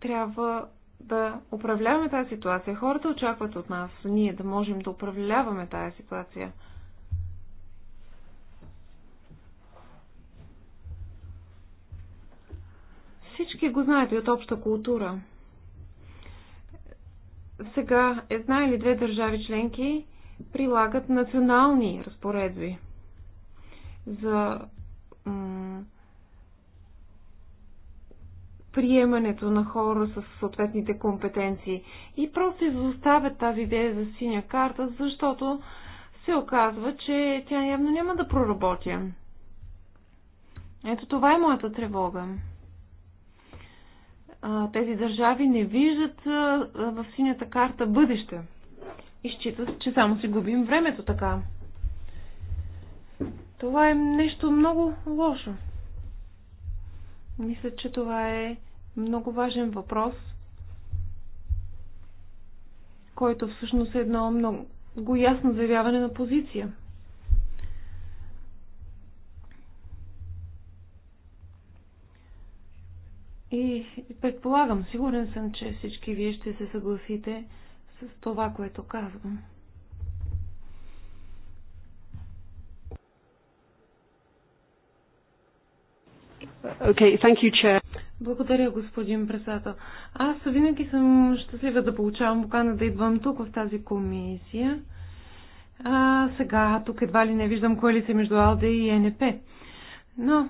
трябва да управляваме тази ситуация. Хората очакват от нас, ние да можем да управляваме тази ситуация. Всички го знаят и от обща култура. Сега една или две държави членки прилагат национални разпоредби за приемането на хора с съответните компетенции. И просто изоставят тази идея за синя карта, защото се оказва, че тя явно няма да проработя. Ето това е моята тревога. Тези държави не виждат в синята карта бъдеще. И считат, че само си губим времето така. Това е нещо много лошо. Мисля, че това е много важен въпрос, който всъщност е едно много ясно заявяване на позиция. И предполагам, сигурен съм, че всички вие ще се съгласите с това, което казвам. Okay, thank you, Chair. Благодаря, господин председател. Аз винаги съм щастлива да получавам покана да идвам тук в тази комисия. А, сега тук едва ли не виждам се между АЛДЕ и НП. Но,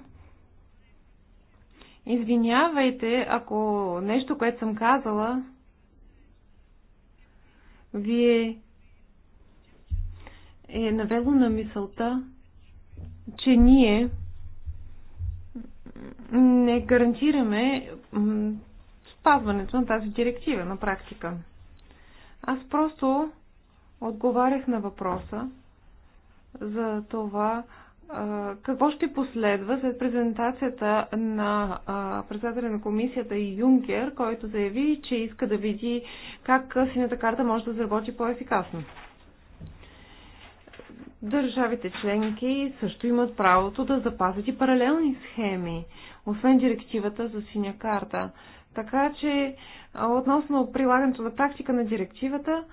извинявайте, ако нещо, което съм казала, вие е навело на мисълта, че ние не гарантираме спазването на тази директива на практика. Аз просто отговарях на въпроса за това какво ще последва след презентацията на председателя на комисията и Юнкер, който заяви, че иска да види как синята карта може да заработи по-ефикасно държавите членки също имат правото да запазят и паралелни схеми, освен директивата за синя карта. Така че, относно прилагането на практика на директивата,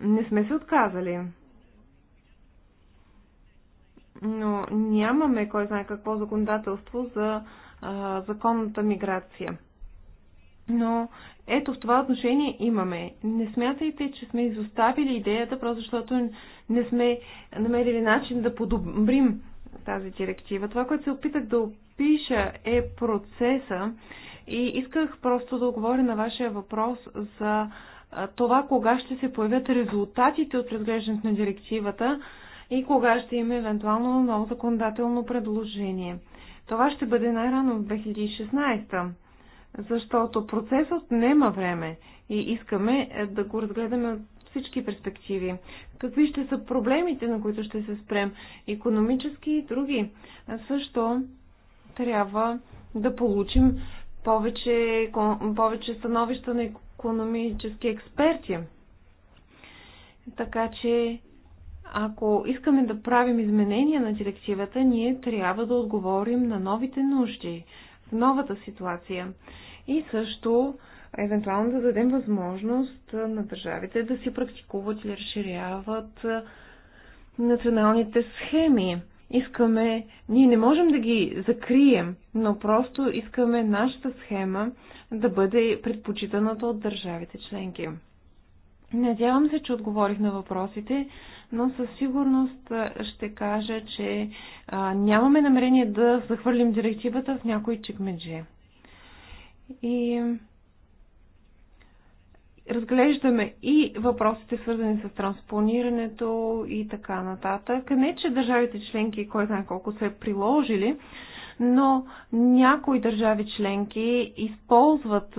не сме се отказали. Но нямаме кой знае какво законодателство за а, законната миграция. Но ето в това отношение имаме. Не смятайте, че сме изоставили идеята, просто защото не сме намерили начин да подобрим тази директива. Това, което се опитах да опиша е процеса и исках просто да отговоря на вашия въпрос за това кога ще се появят резултатите от разглеждането на директивата и кога ще има евентуално ново законодателно предложение. Това ще бъде най-рано в 2016 защото процесът нема време и искаме е, да го разгледаме от всички перспективи. Какви ще са проблемите, на които ще се спрем, економически и други. също трябва да получим повече, повече становища на економически експерти. Така че, ако искаме да правим изменения на директивата, ние трябва да отговорим на новите нужди, новата ситуация. И също, евентуално да дадем възможност на държавите да си практикуват или разширяват националните схеми. Искаме, ние не можем да ги закрием, но просто искаме нашата схема да бъде предпочитаната от държавите членки. Надявам се, че отговорих на въпросите но със сигурност ще кажа, че а, нямаме намерение да захвърлим директивата в някой чекмедже. И разглеждаме и въпросите свързани с транспонирането и така нататък. Не, че държавите членки, кой знае колко са приложили, но някои държави членки използват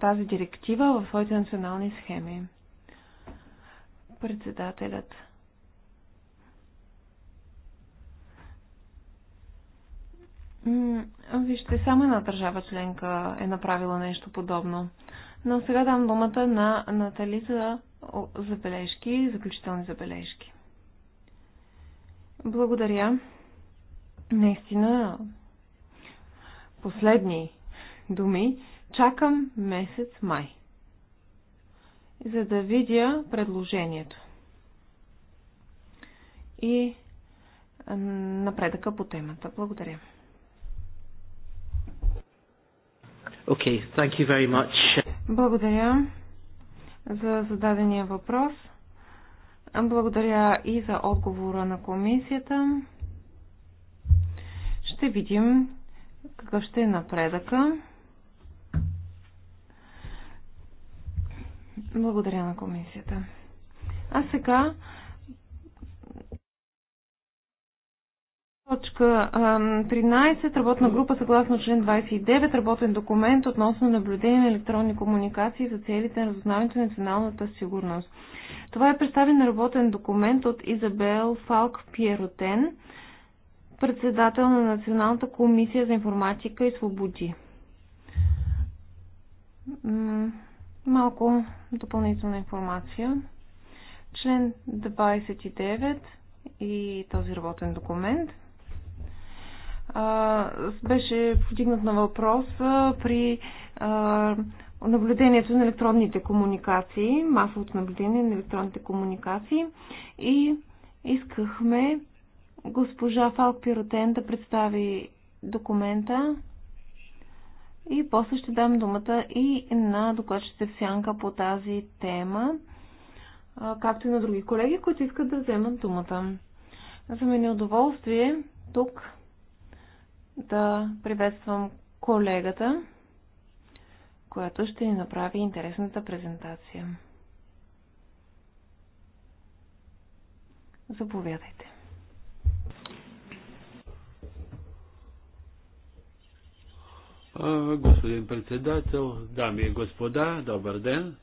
тази директива в своите национални схеми. Председателят. Вижте, само една държава членка е направила нещо подобно. Но сега дам думата на Натали за забележки, заключителни забележки. Благодаря. Наистина, последни думи. Чакам месец май, за да видя предложението и напредъка по темата. Благодаря. Okay, thank you very much. Благодаря за зададения въпрос. Благодаря и за отговора на комисията. Ще видим какъв ще е напредъка. Благодаря на комисията. А сега Точка 13. Работна група съгласно член 29. Работен документ относно наблюдение на електронни комуникации за целите на разузнаването на националната сигурност. Това е представен работен документ от Изабел Фалк Пьеротен, председател на Националната комисия за информатика и свободи. Малко допълнителна информация. Член 29 и този работен документ беше повдигнат на въпрос при наблюдението на електронните комуникации, масовото наблюдение на електронните комуникации и искахме госпожа Фалк Пиротен да представи документа и после ще дам думата и на докладчите в сянка по тази тема, както и на други колеги, които искат да вземат думата. За мен е удоволствие тук да приветствам колегата, която ще ни направи интересната презентация. Заповядайте. Господин председател, дами и господа, добър ден.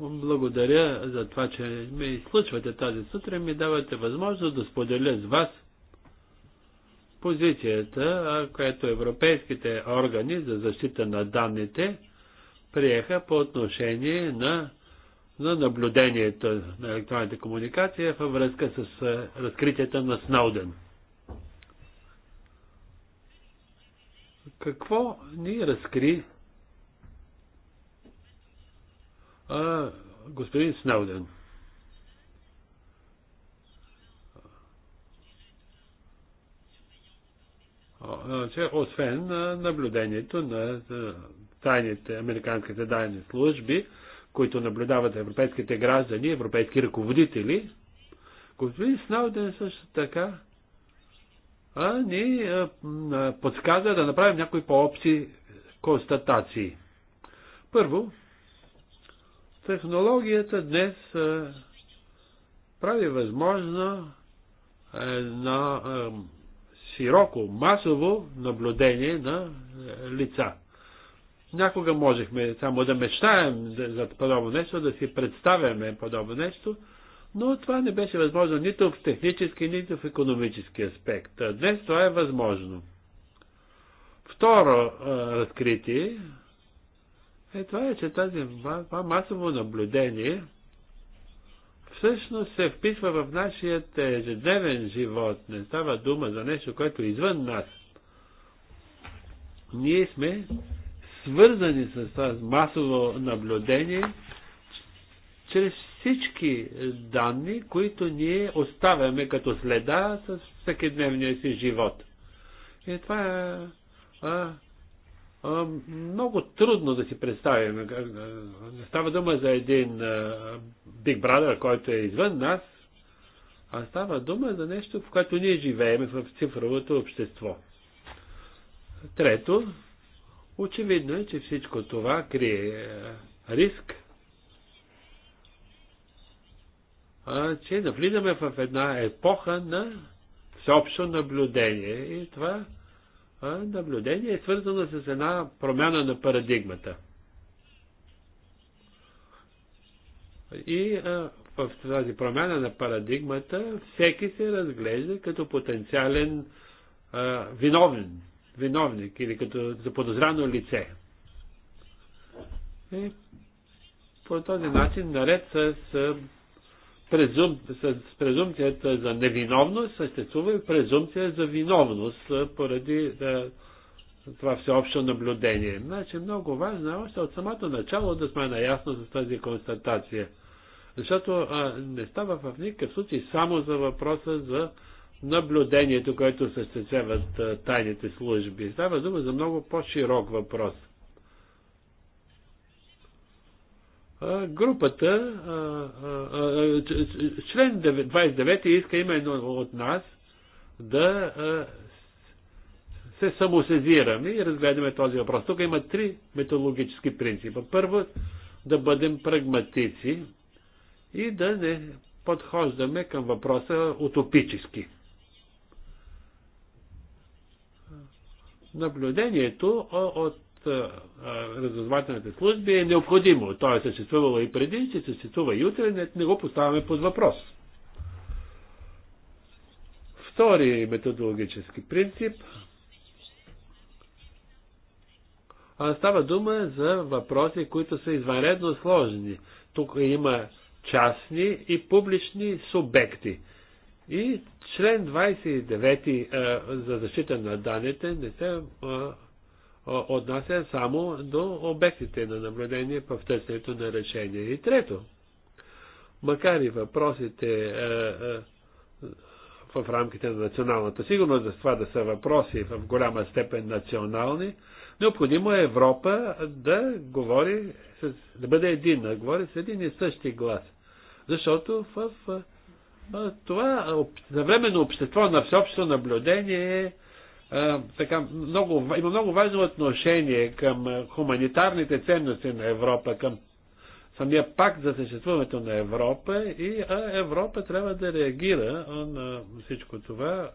Благодаря за това, че ме изслушвате тази сутрин, ми давате възможност да споделя с вас позицията, която европейските органи за защита на данните приеха по отношение на, на наблюдението на електронните комуникации във връзка с разкритията на Сноуден. Какво ни разкри а, господин Сноуден? че освен е, наблюдението на е, тайните, американските тайни служби, които наблюдават европейските граждани, европейски ръководители, господин Снауден също така а, ни а, е, подсказа да направим някои по-общи констатации. Първо, технологията днес а, прави възможно на широко, масово наблюдение на е, лица. Някога можехме само да мечтаем за подобно нещо, да си представяме подобно нещо, но това не беше възможно нито в технически, нито в економически аспект. Днес това е възможно. Второ а, е, разкритие е това, е, че тази, това масово наблюдение – всъщност се вписва в нашия ежедневен живот. Не става дума за нещо, което е извън нас. Ние сме свързани с това масово наблюдение чрез всички данни, които ние оставяме като следа с всекидневния си живот. И това е а, много трудно да си представим. Става дума за един Big Brother, който е извън нас, а става дума за нещо, в което ние живеем в цифровото общество. Трето, очевидно е, че всичко това крие риск, че навлизаме в една епоха на всеобщо наблюдение и това наблюдение е свързано с една промяна на парадигмата. И а, в тази промяна на парадигмата всеки се разглежда като потенциален а, виновен, виновник или като заподозрано лице. И по този начин, наред с презум, с презумцията за невиновност съществува и презумция за виновност поради да, това всеобщо наблюдение. Значи много важно е още от самото начало да сме наясно с тази констатация. Защото а, не става в никакъв случай само за въпроса за наблюдението, което съществяват тайните служби. Става дума за много по-широк въпрос. групата, член 29 иска именно от нас да се самосезираме и разгледаме този въпрос. Тук има три методологически принципа. Първо, да бъдем прагматици и да не подхождаме към въпроса утопически. Наблюдението от разузнавателните служби е необходимо. То е съществувало и преди, ще съществува и утре, не, не го поставяме под въпрос. Втори методологически принцип а става дума за въпроси, които са извънредно сложни. Тук има частни и публични субекти. И член 29 а, за защита на данните не се а, отнася само до обектите на наблюдение в търсенето на решение. И трето, макар и въпросите е, е, в рамките на националната сигурност, за това да са въпроси в голяма степен национални, необходимо е Европа да говори, с, да бъде един, да говори с един и същи глас. Защото в, в, в това съвременно общество на всеобщо наблюдение е така, много, има много важно отношение към хуманитарните ценности на Европа, към самия пакт за съществуването на Европа и а Европа трябва да реагира на всичко това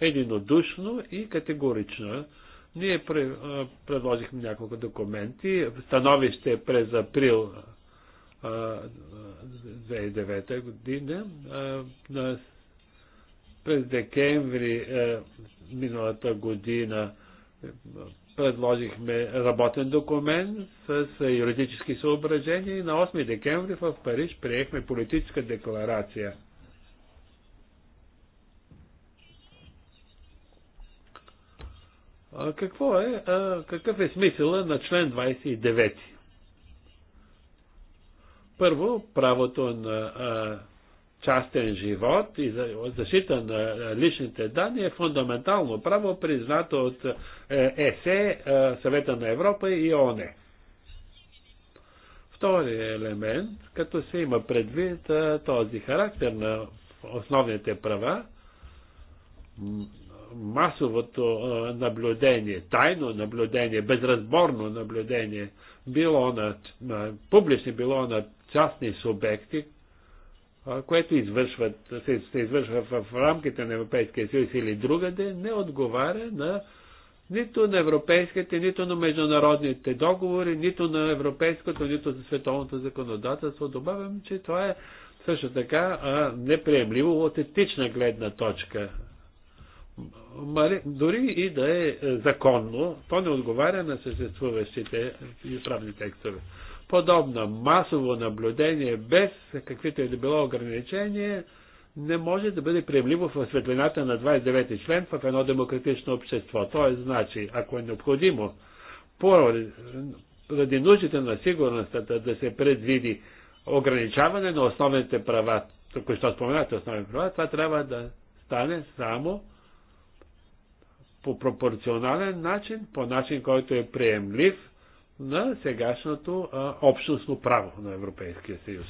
единодушно и категорично. Ние предложихме няколко документи, становище през април 2009 година на през декември е, миналата година е, предложихме работен документ с е, юридически съображения и на 8 декември в Париж приехме политическа декларация. А какво е, а, какъв е смисъла на член 29? Първо, правото на а, частен живот и защита на личните данни е фундаментално право, признато от е, ЕСЕ, е, Съвета на Европа и ОНЕ. Втори елемент, като се има предвид е, този характер на основните права, масовото наблюдение, тайно наблюдение, безразборно наблюдение, било на, на публични, било на частни субекти, което извършват, се, се извършва в рамките на Европейския съюз или другаде, не отговаря на нито на европейските, нито на международните договори, нито на европейското, нито на световното законодателство. Добавям, че това е също така а, неприемливо от етична гледна точка. Мари, дори и да е, е законно, то не отговаря на съществуващите правни текстове подобно масово наблюдение без каквито и да било ограничения не може да бъде приемливо в светлината на 29 ти член в едно демократично общество. Т.е. значи, ако е необходимо поради нуждите на сигурността да се предвиди ограничаване на основните права, тук ще споменате основните права, това трябва да стане само по пропорционален начин, по начин, който е приемлив на сегашното а, общностно право на Европейския съюз.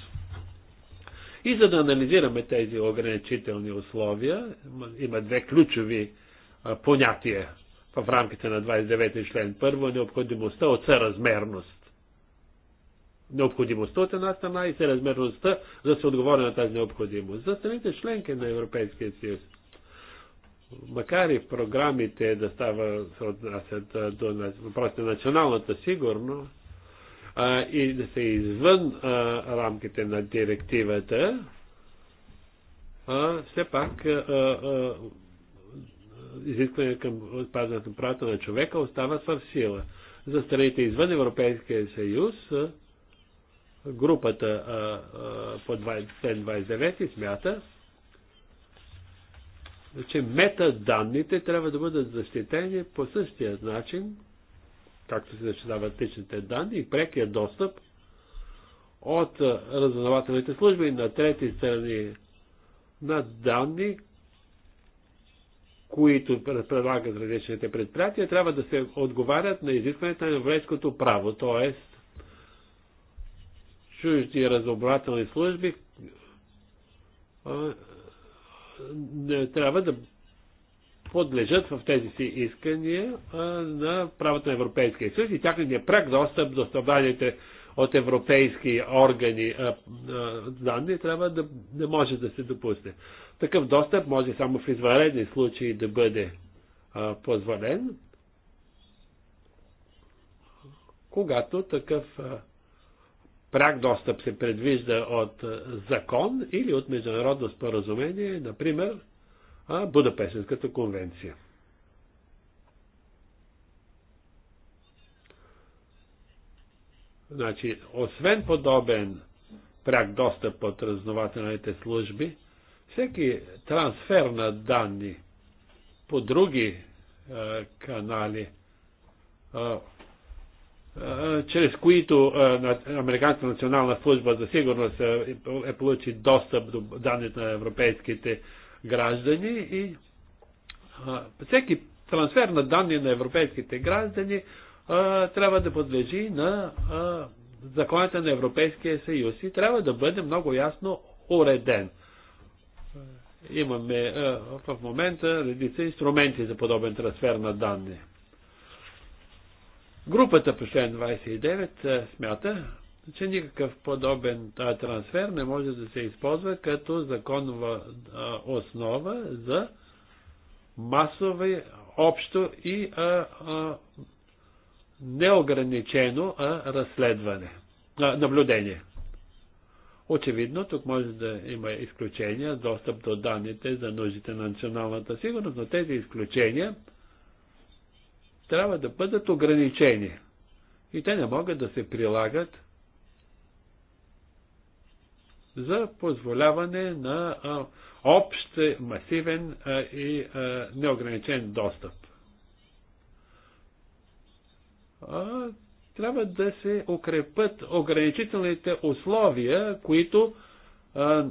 И за да анализираме тези ограничителни условия, има две ключови а, понятия в рамките на 29 член. Първо е необходимостта от съразмерност. Необходимостта от една страна и съразмерността за да се отговори на тази необходимост. За страните членки на Европейския съюз макар и в програмите да става отнасят до въпросите на националната сигурност и да се извън а, рамките на директивата, а, все пак а, а, изисквания към спазването правата на човека остават в сила. За страните извън Европейския съюз групата а, а, по 29 смята, че метаданните трябва да бъдат защитени по същия начин, както се защитават личните данни и прекия достъп от разузнавателните служби на трети страни на данни, които предлагат различните предприятия, трябва да се отговарят на изискването на еврейското право, т.е. чужди разобрателни служби е, трябва да подлежат в тези си искания на правото на Европейския съюз и не прак достъп до събраните от европейски органи данни трябва да не може да се допусне. Такъв достъп може само в извънредни случаи да бъде а, позволен, когато такъв а, пряк достъп се предвижда от е, закон или от международно споразумение, например Будапешенската конвенция. Значи, освен подобен пряк достъп от разнователните служби, всеки трансфер на данни по други е, канали е, чрез които Американската национална служба за сигурност е, е получи достъп до данните на европейските граждани и всеки трансфер на данни на европейските граждани трябва да подлежи на законите на Европейския съюз и трябва да бъде много ясно уреден. Имаме в момента редица инструменти за подобен трансфер на данни. Групата по член 29 смята, че никакъв подобен трансфер не може да се използва като законова основа за масови, общо и а, а, неограничено а, разследване, а, наблюдение. Очевидно, тук може да има изключения, достъп до данните за нуждите на националната сигурност, но тези изключения трябва да бъдат ограничени. И те не могат да се прилагат за позволяване на а, общ, масивен а, и а, неограничен достъп. А, трябва да се укрепят ограничителните условия, които а,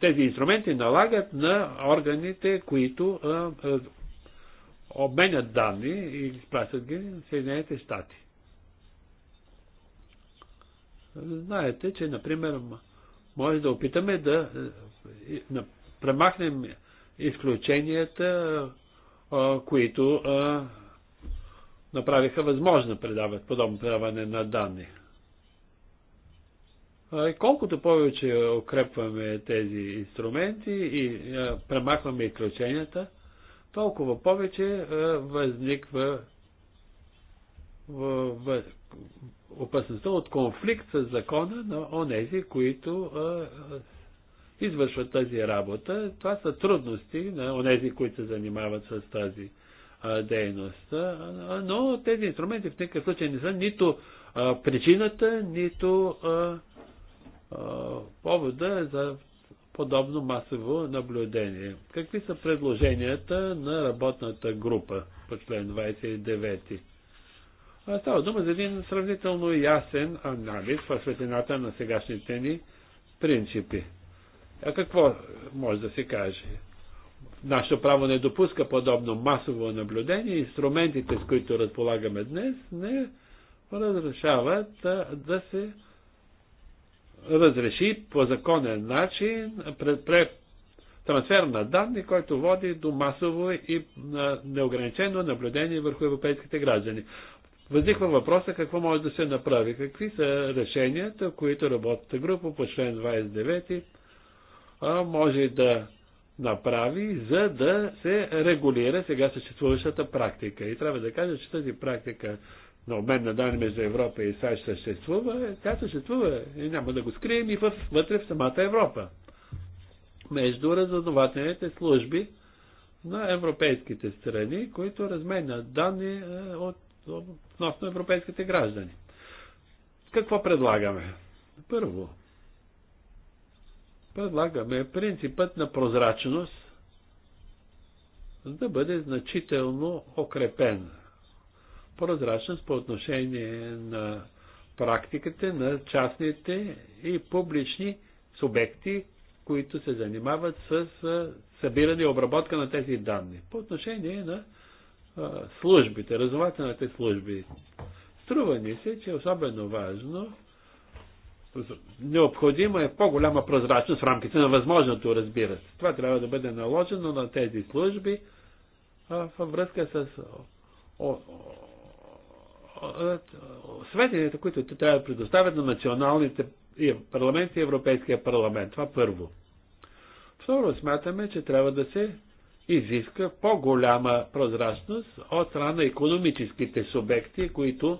тези инструменти налагат на органите, които а, обменят данни и изпращат ги в Съединените щати. Знаете, че, например, може да опитаме да е, премахнем изключенията, които направиха възможно предават, подобно предаване на данни. И колкото повече укрепваме тези инструменти и премахваме изключенията, толкова повече възниква опасността от конфликт с закона на онези, които извършват тази работа. Това са трудности на онези, които се занимават с тази дейност. Но тези инструменти в никакъв случай не са нито причината, нито повода за подобно масово наблюдение. Какви са предложенията на работната група по член 29? Става дума за един сравнително ясен анализ в светлината на сегашните ни принципи. А какво може да се каже? Нашето право не допуска подобно масово наблюдение. Инструментите, с които разполагаме днес, не разрешават да, да се разреши по законен начин пред трансфер на данни, който води до масово и неограничено наблюдение върху европейските граждани. Възниква въпроса какво може да се направи, какви са решенията, които работната група по член 29 може да направи, за да се регулира сега съществуващата практика. И трябва да кажа, че тази практика на обмен на данни между Европа и САЩ съществува, тя съществува и няма да го скрием и вътре в самата Европа. Между разузнавателните служби на европейските страни, които разменят данни е, от, относно европейските граждани. Какво предлагаме? Първо, предлагаме принципът на прозрачност да бъде значително окрепен прозрачност по отношение на практиката на частните и публични субекти, които се занимават с събиране и обработка на тези данни. По отношение на службите, разумателните служби. Струва ни се, че е особено важно необходима е по-голяма прозрачност в рамките на възможното, разбира се. Това трябва да бъде наложено на тези служби а, във връзка с сведенията, които те трябва да предоставят на националните парламенти и Европейския парламент. Това първо. Второ, смятаме, че трябва да се изиска по-голяма прозрачност от страна на економическите субекти, които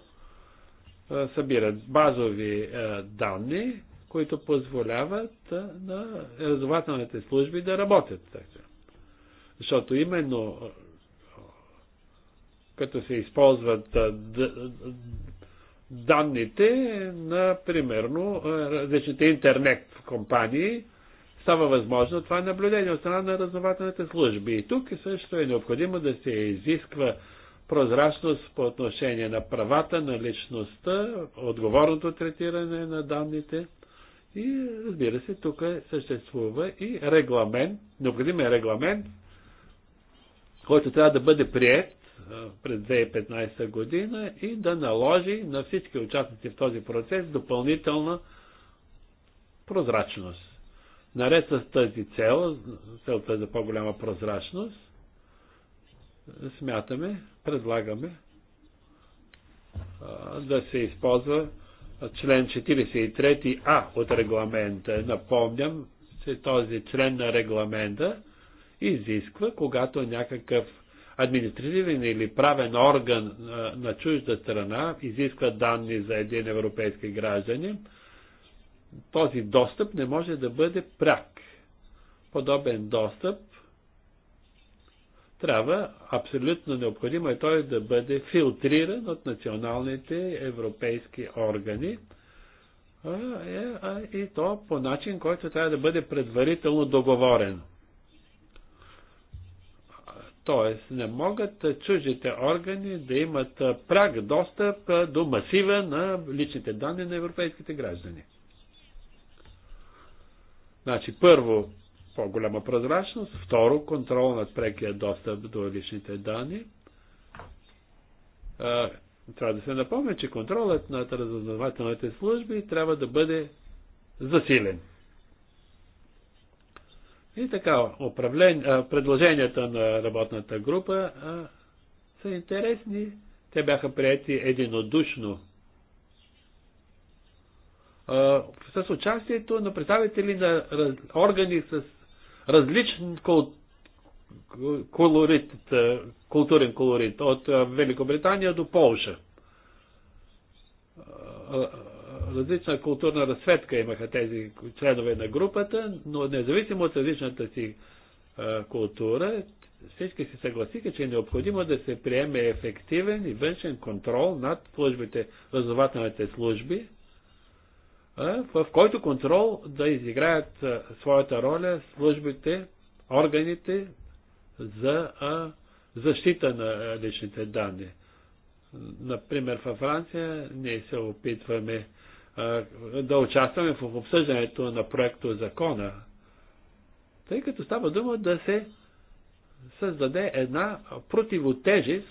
е, събират базови е, данни, които позволяват е, на разузнавателните служби да работят. Защото именно като се използват данните на, примерно, различните интернет компании, става възможно това наблюдение от страна на разнователните служби. И тук е също е необходимо да се изисква прозрачност по отношение на правата, на личността, отговорното третиране на данните. И разбира се, тук съществува и регламент, необходим е регламент, който трябва да бъде прият през 2015 година и да наложи на всички участници в този процес допълнителна прозрачност. Наред с тази цел, целта е за по-голяма прозрачност, смятаме, предлагаме да се използва член 43а от регламента. Напомням, че този член на регламента изисква, когато някакъв административен или правен орган на чужда страна изисква данни за един европейски гражданин, този достъп не може да бъде пряк. Подобен достъп трябва, абсолютно необходимо е той да бъде филтриран от националните европейски органи е, и то по начин, който трябва да бъде предварително договорен. Тоест, не могат чуждите органи да имат праг достъп до масива на личните данни на европейските граждани. Значи, първо, по-голяма прозрачност, второ, контрол над прекия достъп до личните данни. Трябва да се напомня, че контролът над разузнавателните служби трябва да бъде засилен. И така, предложенията на работната група а, са интересни. Те бяха приети единодушно. А, с участието на представители на раз, органи с различен кол... колорит, културен колорит, от Великобритания до Полша различна културна разцветка имаха тези членове на групата, но независимо от различната си култура, всички се съгласиха, че е необходимо да се приеме ефективен и външен контрол над службите, разователните служби, в който контрол да изиграят своята роля службите, органите за защита на личните данни. Например, във Франция ние се опитваме да участваме в обсъждането на проекто закона, тъй като става дума да се създаде една противотежест,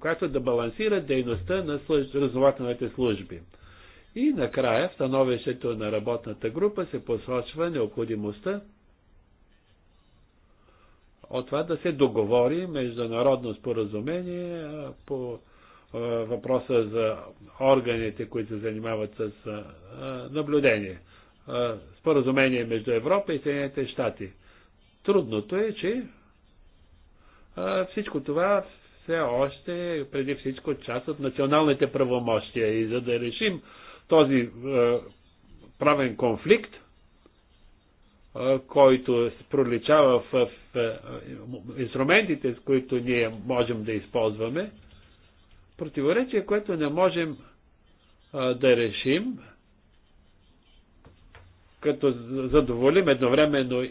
която да балансира дейността на разнователните служби. И накрая в становището на работната група се посочва необходимостта от това да се договори международно споразумение по е, въпроса за органите, които се занимават с е, наблюдение. Е, споразумение между Европа и Съединените щати. Трудното е, че всичко това все още е преди всичко част от националните правомощия. И за да решим този правен конфликт, който проличава в инструментите, с които ние можем да използваме, противоречие, което не можем а, да решим, като задоволим едновременно и,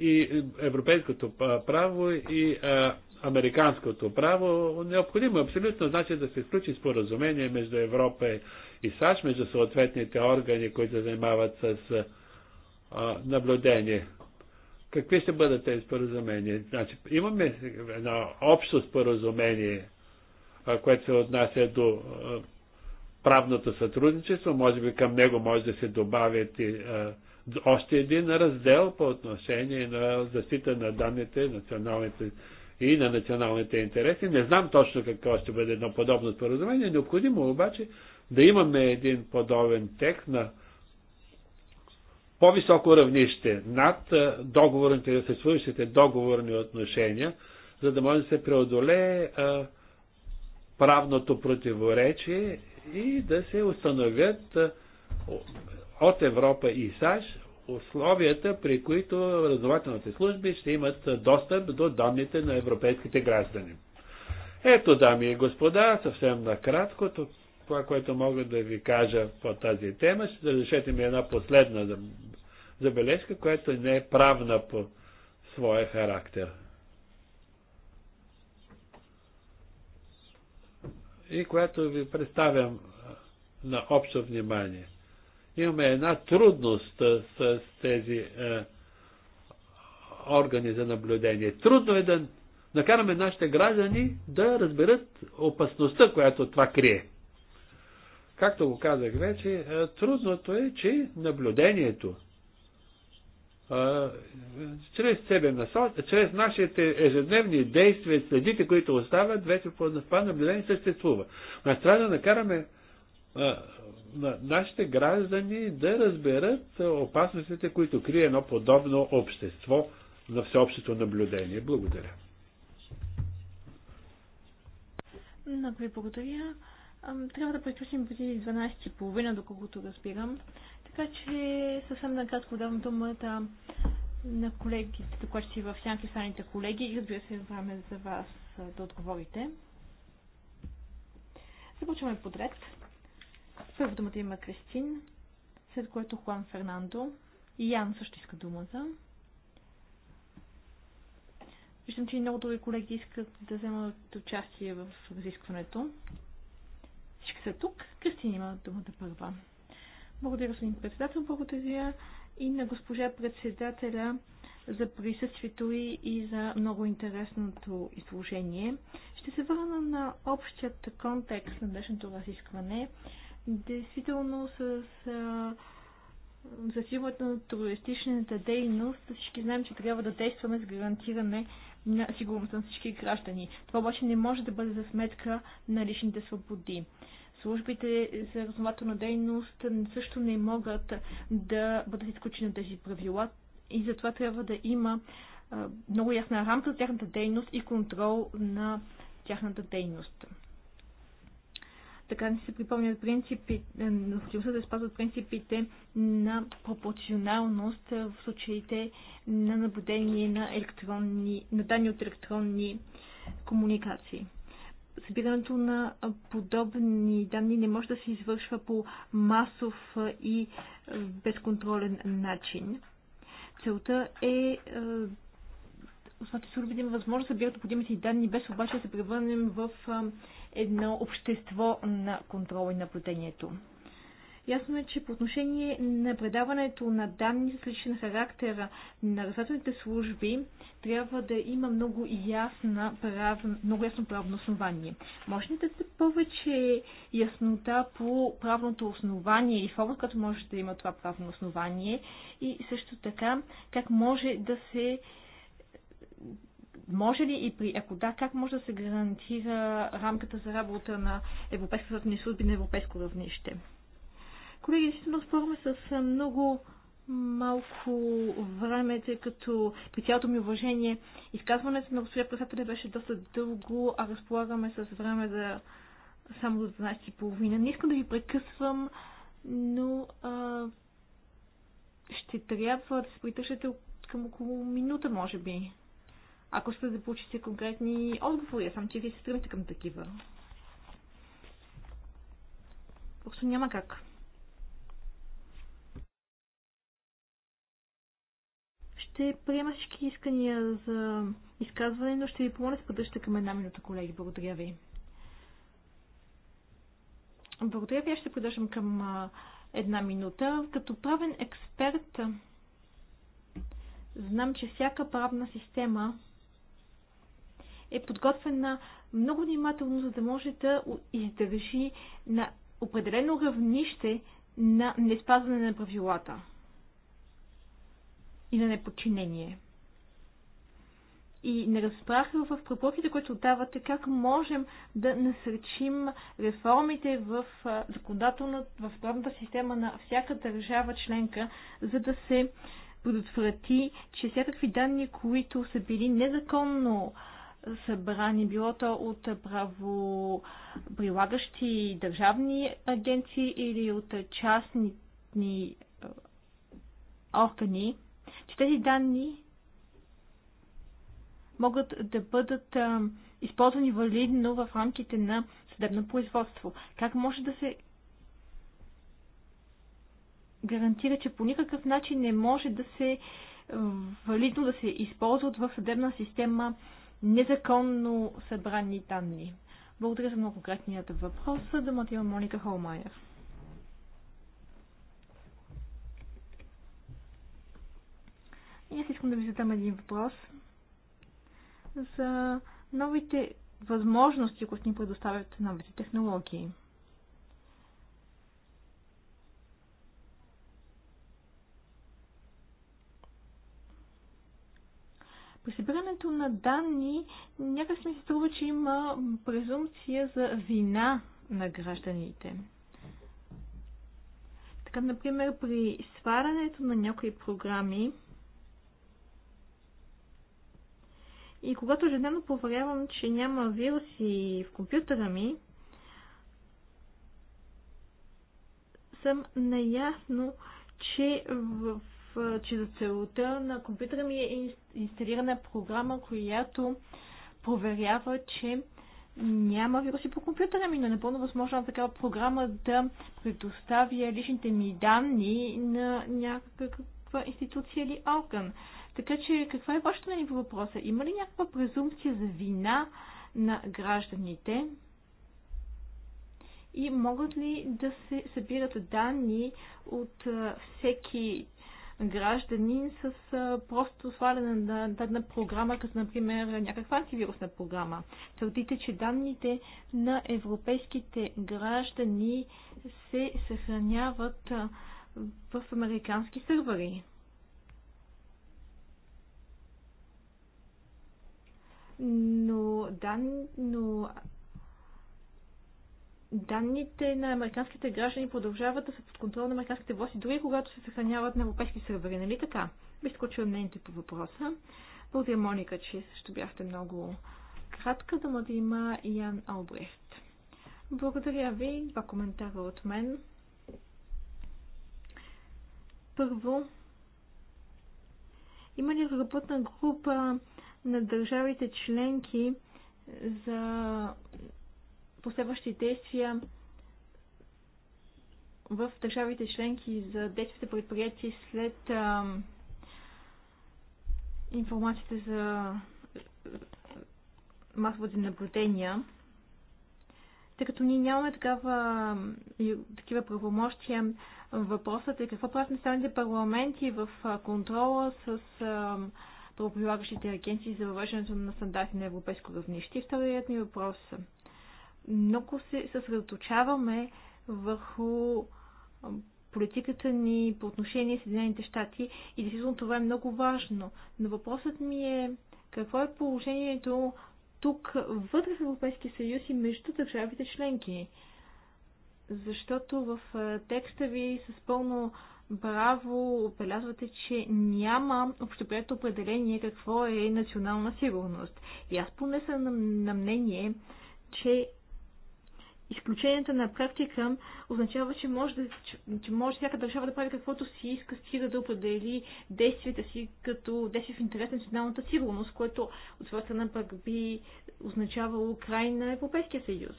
и европейското право, и а, американското право, необходимо е абсолютно значи да се изключи споразумение между Европа и САЩ, между съответните органи, които занимават с а, наблюдение. Какви ще бъдат тези споразумения? Значи, имаме едно общо споразумение което се отнася до правното сътрудничество, може би към него може да се добавят и още един раздел по отношение на защита на данните националните и на националните интереси. Не знам точно какво ще бъде едно подобно споразумение. Необходимо обаче да имаме един подобен текст на по-високо равнище над договорните, съществуващите договорни отношения, за да може да се преодолее а, правното противоречие и да се установят от Европа и САЩ условията, при които разнователните служби ще имат достъп до данните на европейските граждани. Ето, дами и господа, съвсем накратко, това, което мога да ви кажа по тази тема, ще разрешете ми една последна забележка, която не е правна по своя характер. и която ви представям на общо внимание. Имаме една трудност с тези е, органи за наблюдение. Трудно е да накараме нашите граждани да разберат опасността, която това крие. Както го казах вече, трудното е, че наблюдението, чрез себе насос, чрез нашите ежедневни действия, следите, които оставят, вече по това наблюдение съществува. Но трябва да накараме на нашите граждани да разберат опасностите, които крие едно подобно общество на всеобщото наблюдение. Благодаря. Много ви благодаря. Трябва да приключим преди 12.30, доколкото разбирам. Да така че съвсем накратко давам думата на колегите, и в сянки, саните колеги и разбира се е време за вас да отговорите. Започваме подред. Първо думата има Кристин, след което Хуан Фернандо и Ян също иска думата. Виждам, че и много други колеги искат да вземат участие в разискването. Всички са тук. Кристин има думата първа. Благодаря, господин председател. Благодаря и на госпожа председателя за присъствието и, и за много интересното изложение. Ще се върна на общият контекст на днешното разискване. Действително с а, засилването на туристичната дейност всички знаем, че трябва да действаме с гарантиране на сигурността на всички граждани. Това обаче не може да бъде за сметка на личните свободи службите за разумателна дейност също не могат да бъдат изключени от тези правила и затова трябва да има много ясна рамка за тяхната дейност и контрол на тяхната дейност. Така не се припомнят принципи, е, необходимостта да спазват принципите на пропорционалност в случаите на наблюдение на, електронни, на данни от електронни комуникации събирането на подобни данни не може да се извършва по масов и безконтролен начин. Целта е основните служби значи, да има възможност да събират необходимите данни, без обаче да се превърнем в е, едно общество на контрол и наблюдението. Ясно е, че по отношение на предаването на данни с личен характер на разследвателните служби трябва да има много, ясна прав... много ясно правно основание. Може ли да се повече яснота по правното основание и форма, като може да има това правно основание и също така как може да се може ли и при, ако да, как може да се гарантира рамката за работа на Европейската служби на европейско равнище? Колеги, действително спорваме с много малко време, тъй като при цялото ми уважение изказването на госпожа председателя беше доста дълго, а разполагаме с време за само до 12.30. Не искам да ви прекъсвам, но а, ще трябва да се притъщате към около минута, може би. Ако сте да получите конкретни отговори, аз че вие се стремите към такива. Просто няма как. Ще приема всички искания за изказване, но ще ви помоля да поддържате към една минута, колеги. Благодаря ви. Благодаря ви. Аз ще придържам към една минута. Като правен експерт знам, че всяка правна система е подготвена много внимателно, за да може да издържи на определено равнище на неспазване на правилата и на неподчинение. И не разбрах в препоръките, които давате, как можем да насречим реформите в законодателната, в правната система на всяка държава членка, за да се предотврати, че всякакви данни, които са били незаконно събрани, било то от правоприлагащи държавни агенции или от частни органи, че тези данни могат да бъдат а, използвани валидно в рамките на съдебно производство. Как може да се гарантира, че по никакъв начин не може да се валидно да се използват в съдебна система незаконно събрани данни? Благодаря за много кратният въпрос. Думата има Моника Холмайер. И аз искам да ви задам един въпрос за новите възможности, които ни предоставят новите технологии. При събирането на данни някак ми се струва, че има презумпция за вина на гражданите. Така, например, при сварянето на някои програми, И когато ежедневно проверявам, че няма вируси в компютъра ми, съм наясно, че, в, че за целта на компютъра ми е инсталирана програма, която проверява, че няма вируси по компютъра ми, но е напълно възможно такава програма да предоставя личните ми данни на някаква институция или орган. Така че каква е вашето мнение по въпроса? Има ли някаква презумпция за вина на гражданите? И могат ли да се събират данни от всеки гражданин с просто сваляне на дадена програма, като например някаква антивирусна програма. Твърдите, че данните на европейските граждани се съхраняват в американски сървъри. но, дан, но данните на американските граждани продължават да са под контрол на американските власти, дори когато се съхраняват на европейски сървъри, нали така? Бих скочила мнението по въпроса. Благодаря, Моника, че също бяхте много кратка. Дума да има Ян Албрехт. Благодаря ви. Два коментара от мен. Първо, има ли работна група на държавите членки за последващи действия в държавите членки за действите предприяти след а, информацията за масовите наблюдения, тъй като ние нямаме такава, такива правомощия, въпросът е какво правят на парламенти в контрола с а, правоприлагащите агенции за въвеждането на стандарти на европейско равнище. И вторият ми въпрос. Много се съсредоточаваме върху политиката ни по отношение с Съединените щати и действително това е много важно. Но въпросът ми е какво е положението тук вътре в Европейския съюз и между държавите членки? Защото в текста ви с пълно браво, отбелязвате, че няма общоприето определение какво е национална сигурност. И аз поне съм на, на мнение, че изключенията на практика означава, че може, да, че, че може всяка държава да прави каквото си иска, стига да определи действията си като действие в интерес на националната сигурност, което от своя страна пък би означавало край на Европейския съюз.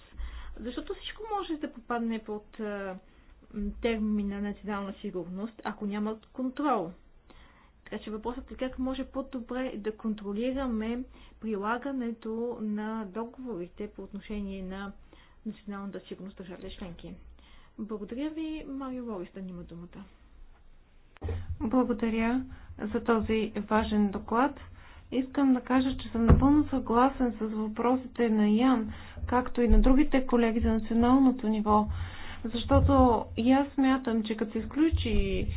Защото всичко може да попадне под на национална сигурност, ако нямат контрол. Така че въпросът е как може по-добре да контролираме прилагането на договорите по отношение на националната сигурност държавите членки. Благодаря ви, Марио Борис, да има думата. Благодаря за този важен доклад. Искам да кажа, че съм напълно съгласен с въпросите на Ян, както и на другите колеги за националното ниво. Защото и аз смятам, че като се изключи,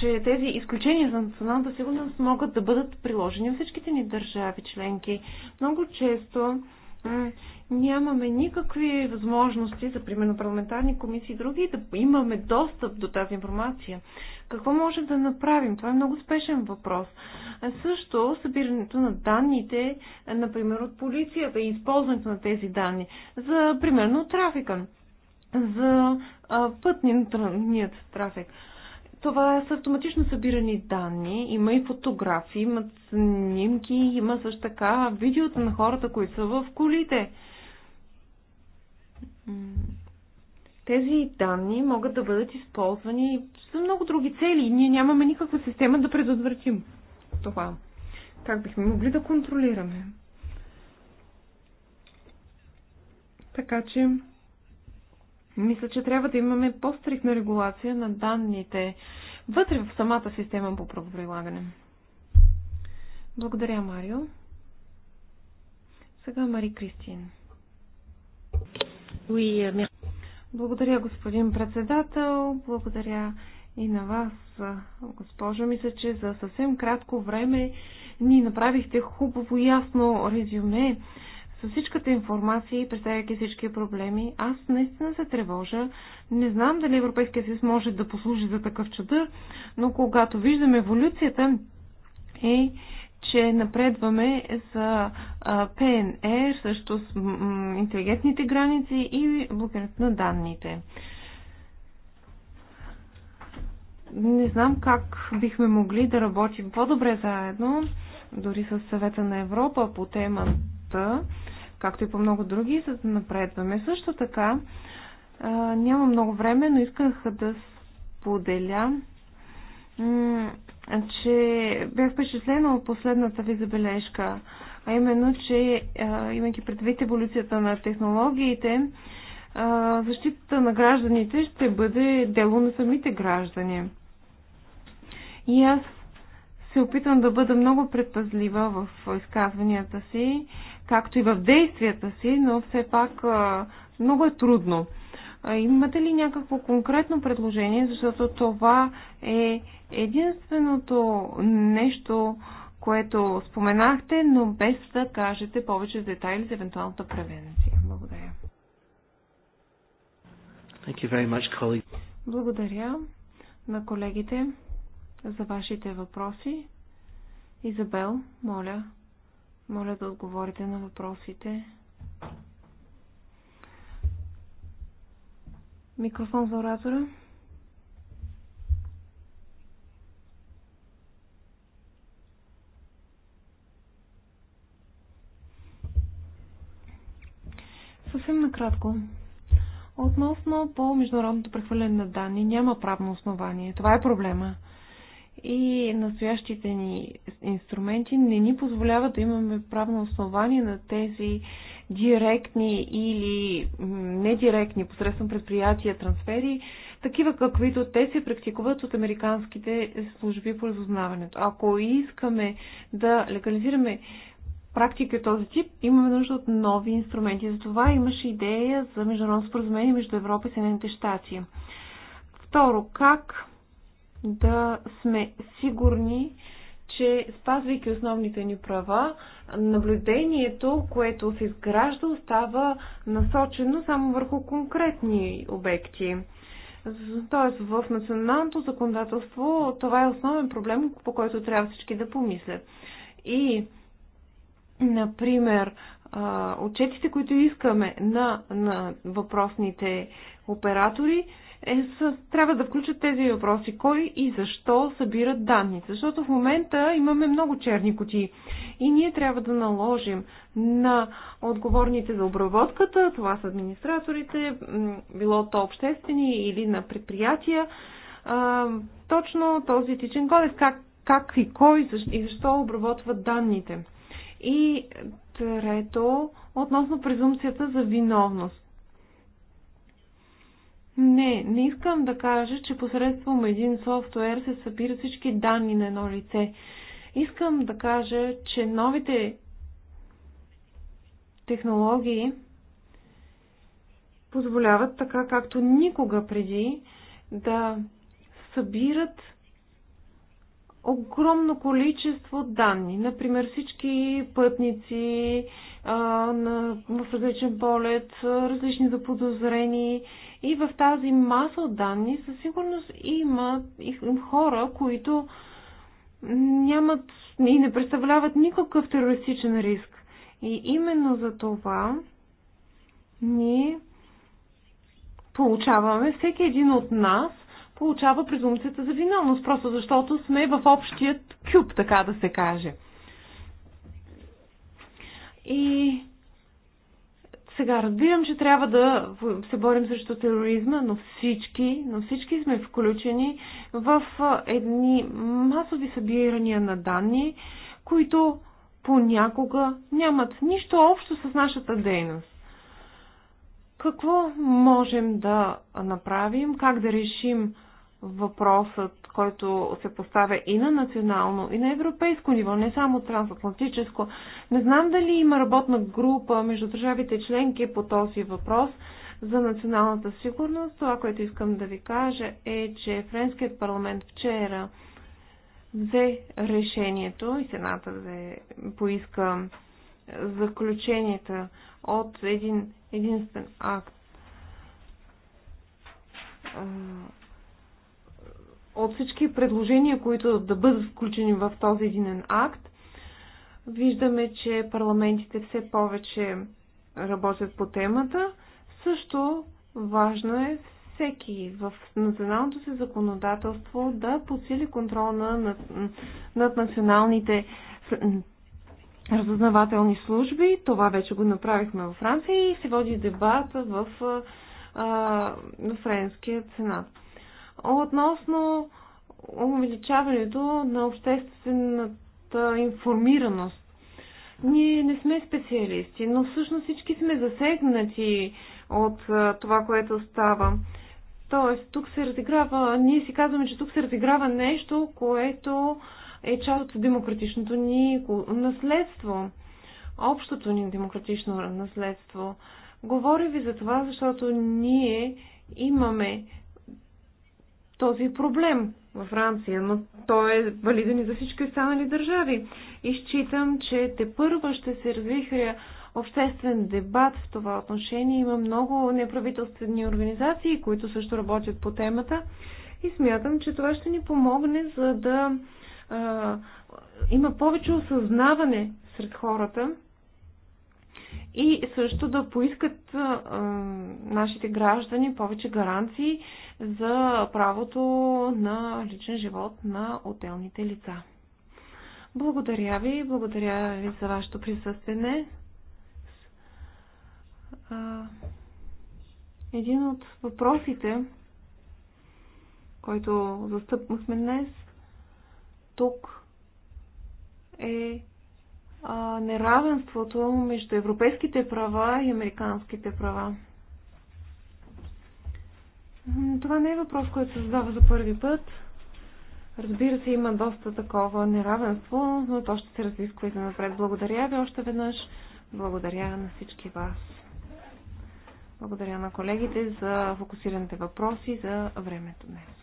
че тези изключения за националната сигурност могат да бъдат приложени във всичките ни държави членки. Много често нямаме никакви възможности за, примерно, парламентарни комисии и други да имаме достъп до тази информация. Какво можем да направим? Това е много спешен въпрос. Също събирането на данните, например, от полицията и използването на тези данни за, примерно, трафика за пътният трафик. Това е са автоматично събирани данни, има и фотографии, имат снимки, има също така видеото на хората, които са в колите. Тези данни могат да бъдат използвани за много други цели и ние нямаме никаква система да предотвратим това. Как бихме могли да контролираме? Така че мисля, че трябва да имаме по-стрикна регулация на данните вътре в самата система по правоприлагане. Благодаря, Марио. Сега Мари Кристин. Euh, Благодаря, господин председател. Благодаря и на вас, госпожо. Мисля, че за съвсем кратко време ни направихте хубаво ясно резюме с всичката информация и представяйки всички проблеми, аз наистина се тревожа. Не знам дали Европейския съюз може да послужи за такъв чадър, но когато виждам еволюцията е, че напредваме за ПНР, също с интелигентните граници и блокирането на данните. Не знам как бихме могли да работим по-добре заедно, дори с съвета на Европа по тема заетостта, както и по много други, за да напредваме. Също така, а, няма много време, но исках да споделя, че бях впечатлена от последната ви забележка, а именно, че а, имайки предвид еволюцията на технологиите, а, защитата на гражданите ще бъде дело на самите граждани. И аз се опитвам да бъда много предпазлива в изказванията си, както и в действията си, но все пак много е трудно. Имате ли някакво конкретно предложение, защото това е единственото нещо, което споменахте, но без да кажете повече детайли за евентуалната превенция. Благодаря. Thank you very much, Благодаря на колегите за вашите въпроси. Изабел, моля, моля да отговорите на въпросите. Микрофон за оратора. Съвсем накратко. Относно по международното прехвърляне на данни няма правно основание. Това е проблема и настоящите ни инструменти не ни позволяват да имаме правно основание на тези директни или недиректни посредством предприятия трансфери, такива каквито те се практикуват от американските служби по разузнаването. Ако искаме да легализираме практики от този тип, имаме нужда от нови инструменти. Затова имаше идея за международно споразумение между Европа и Съединените щати. Второ, как да сме сигурни, че спазвайки основните ни права, наблюдението, което се изгражда, остава насочено само върху конкретни обекти. Тоест в националното законодателство това е основен проблем, по който трябва всички да помислят. И, например, отчетите, които искаме на, на въпросните оператори, е, с, трябва да включат тези въпроси. Кой и защо събират данни? Защото в момента имаме много черни кутии и ние трябва да наложим на отговорните за обработката, това са администраторите, било то обществени или на предприятия, а, точно този етичен кодекс, как, как и кой и защо обработват данните. И трето, относно презумцията за виновност не, не искам да кажа, че посредством един софтуер се събират всички данни на едно лице. Искам да кажа, че новите технологии позволяват така, както никога преди, да събират огромно количество данни. Например, всички пътници а, на, в различен полет, различни заподозрени, и в тази маса от данни със сигурност има хора, които нямат и не представляват никакъв терористичен риск. И именно за това ние получаваме, всеки един от нас получава презумцията за виновност, просто защото сме в общият кюб, така да се каже. И сега разбирам, че трябва да се борим срещу тероризма, но всички, но всички сме включени в едни масови събирания на данни, които понякога нямат нищо общо с нашата дейност. Какво можем да направим, как да решим въпросът, който се поставя и на национално, и на европейско ниво, не само трансатлантическо. Не знам дали има работна група между държавите членки по този въпрос за националната сигурност. Това, което искам да ви кажа е, че Френският парламент вчера взе решението и Сената взе, поиска заключенията от един единствен акт от всички предложения, които да бъдат включени в този единен акт, виждаме, че парламентите все повече работят по темата. Също важно е всеки в националното си законодателство да подсили на, над, над националните разузнавателни служби. Това вече го направихме във Франция и се води дебат в а, Френския сенат относно увеличаването на обществената информираност. Ние не сме специалисти, но всъщност всички сме засегнати от това, което става. Тоест, тук се разиграва, ние си казваме, че тук се разиграва нещо, което е част от демократичното ни наследство, общото ни демократично наследство. Говоря ви за това, защото ние имаме този проблем във Франция, но той е валиден и за всички останали държави. И считам, че те първа ще се развихря обществен дебат в това отношение. Има много неправителствени организации, които също работят по темата и смятам, че това ще ни помогне за да а, има повече осъзнаване сред хората и също да поискат а, нашите граждани повече гаранции за правото на личен живот на отделните лица. Благодаря ви, благодаря ви за вашето присъствие. Един от въпросите, който застъпнахме днес тук, е неравенството между европейските права и американските права. Това не е въпрос, който се задава за първи път. Разбира се, има доста такова неравенство, но то ще се разисква и напред. Благодаря ви още веднъж. Благодаря на всички вас. Благодаря на колегите за фокусираните въпроси, за времето днес.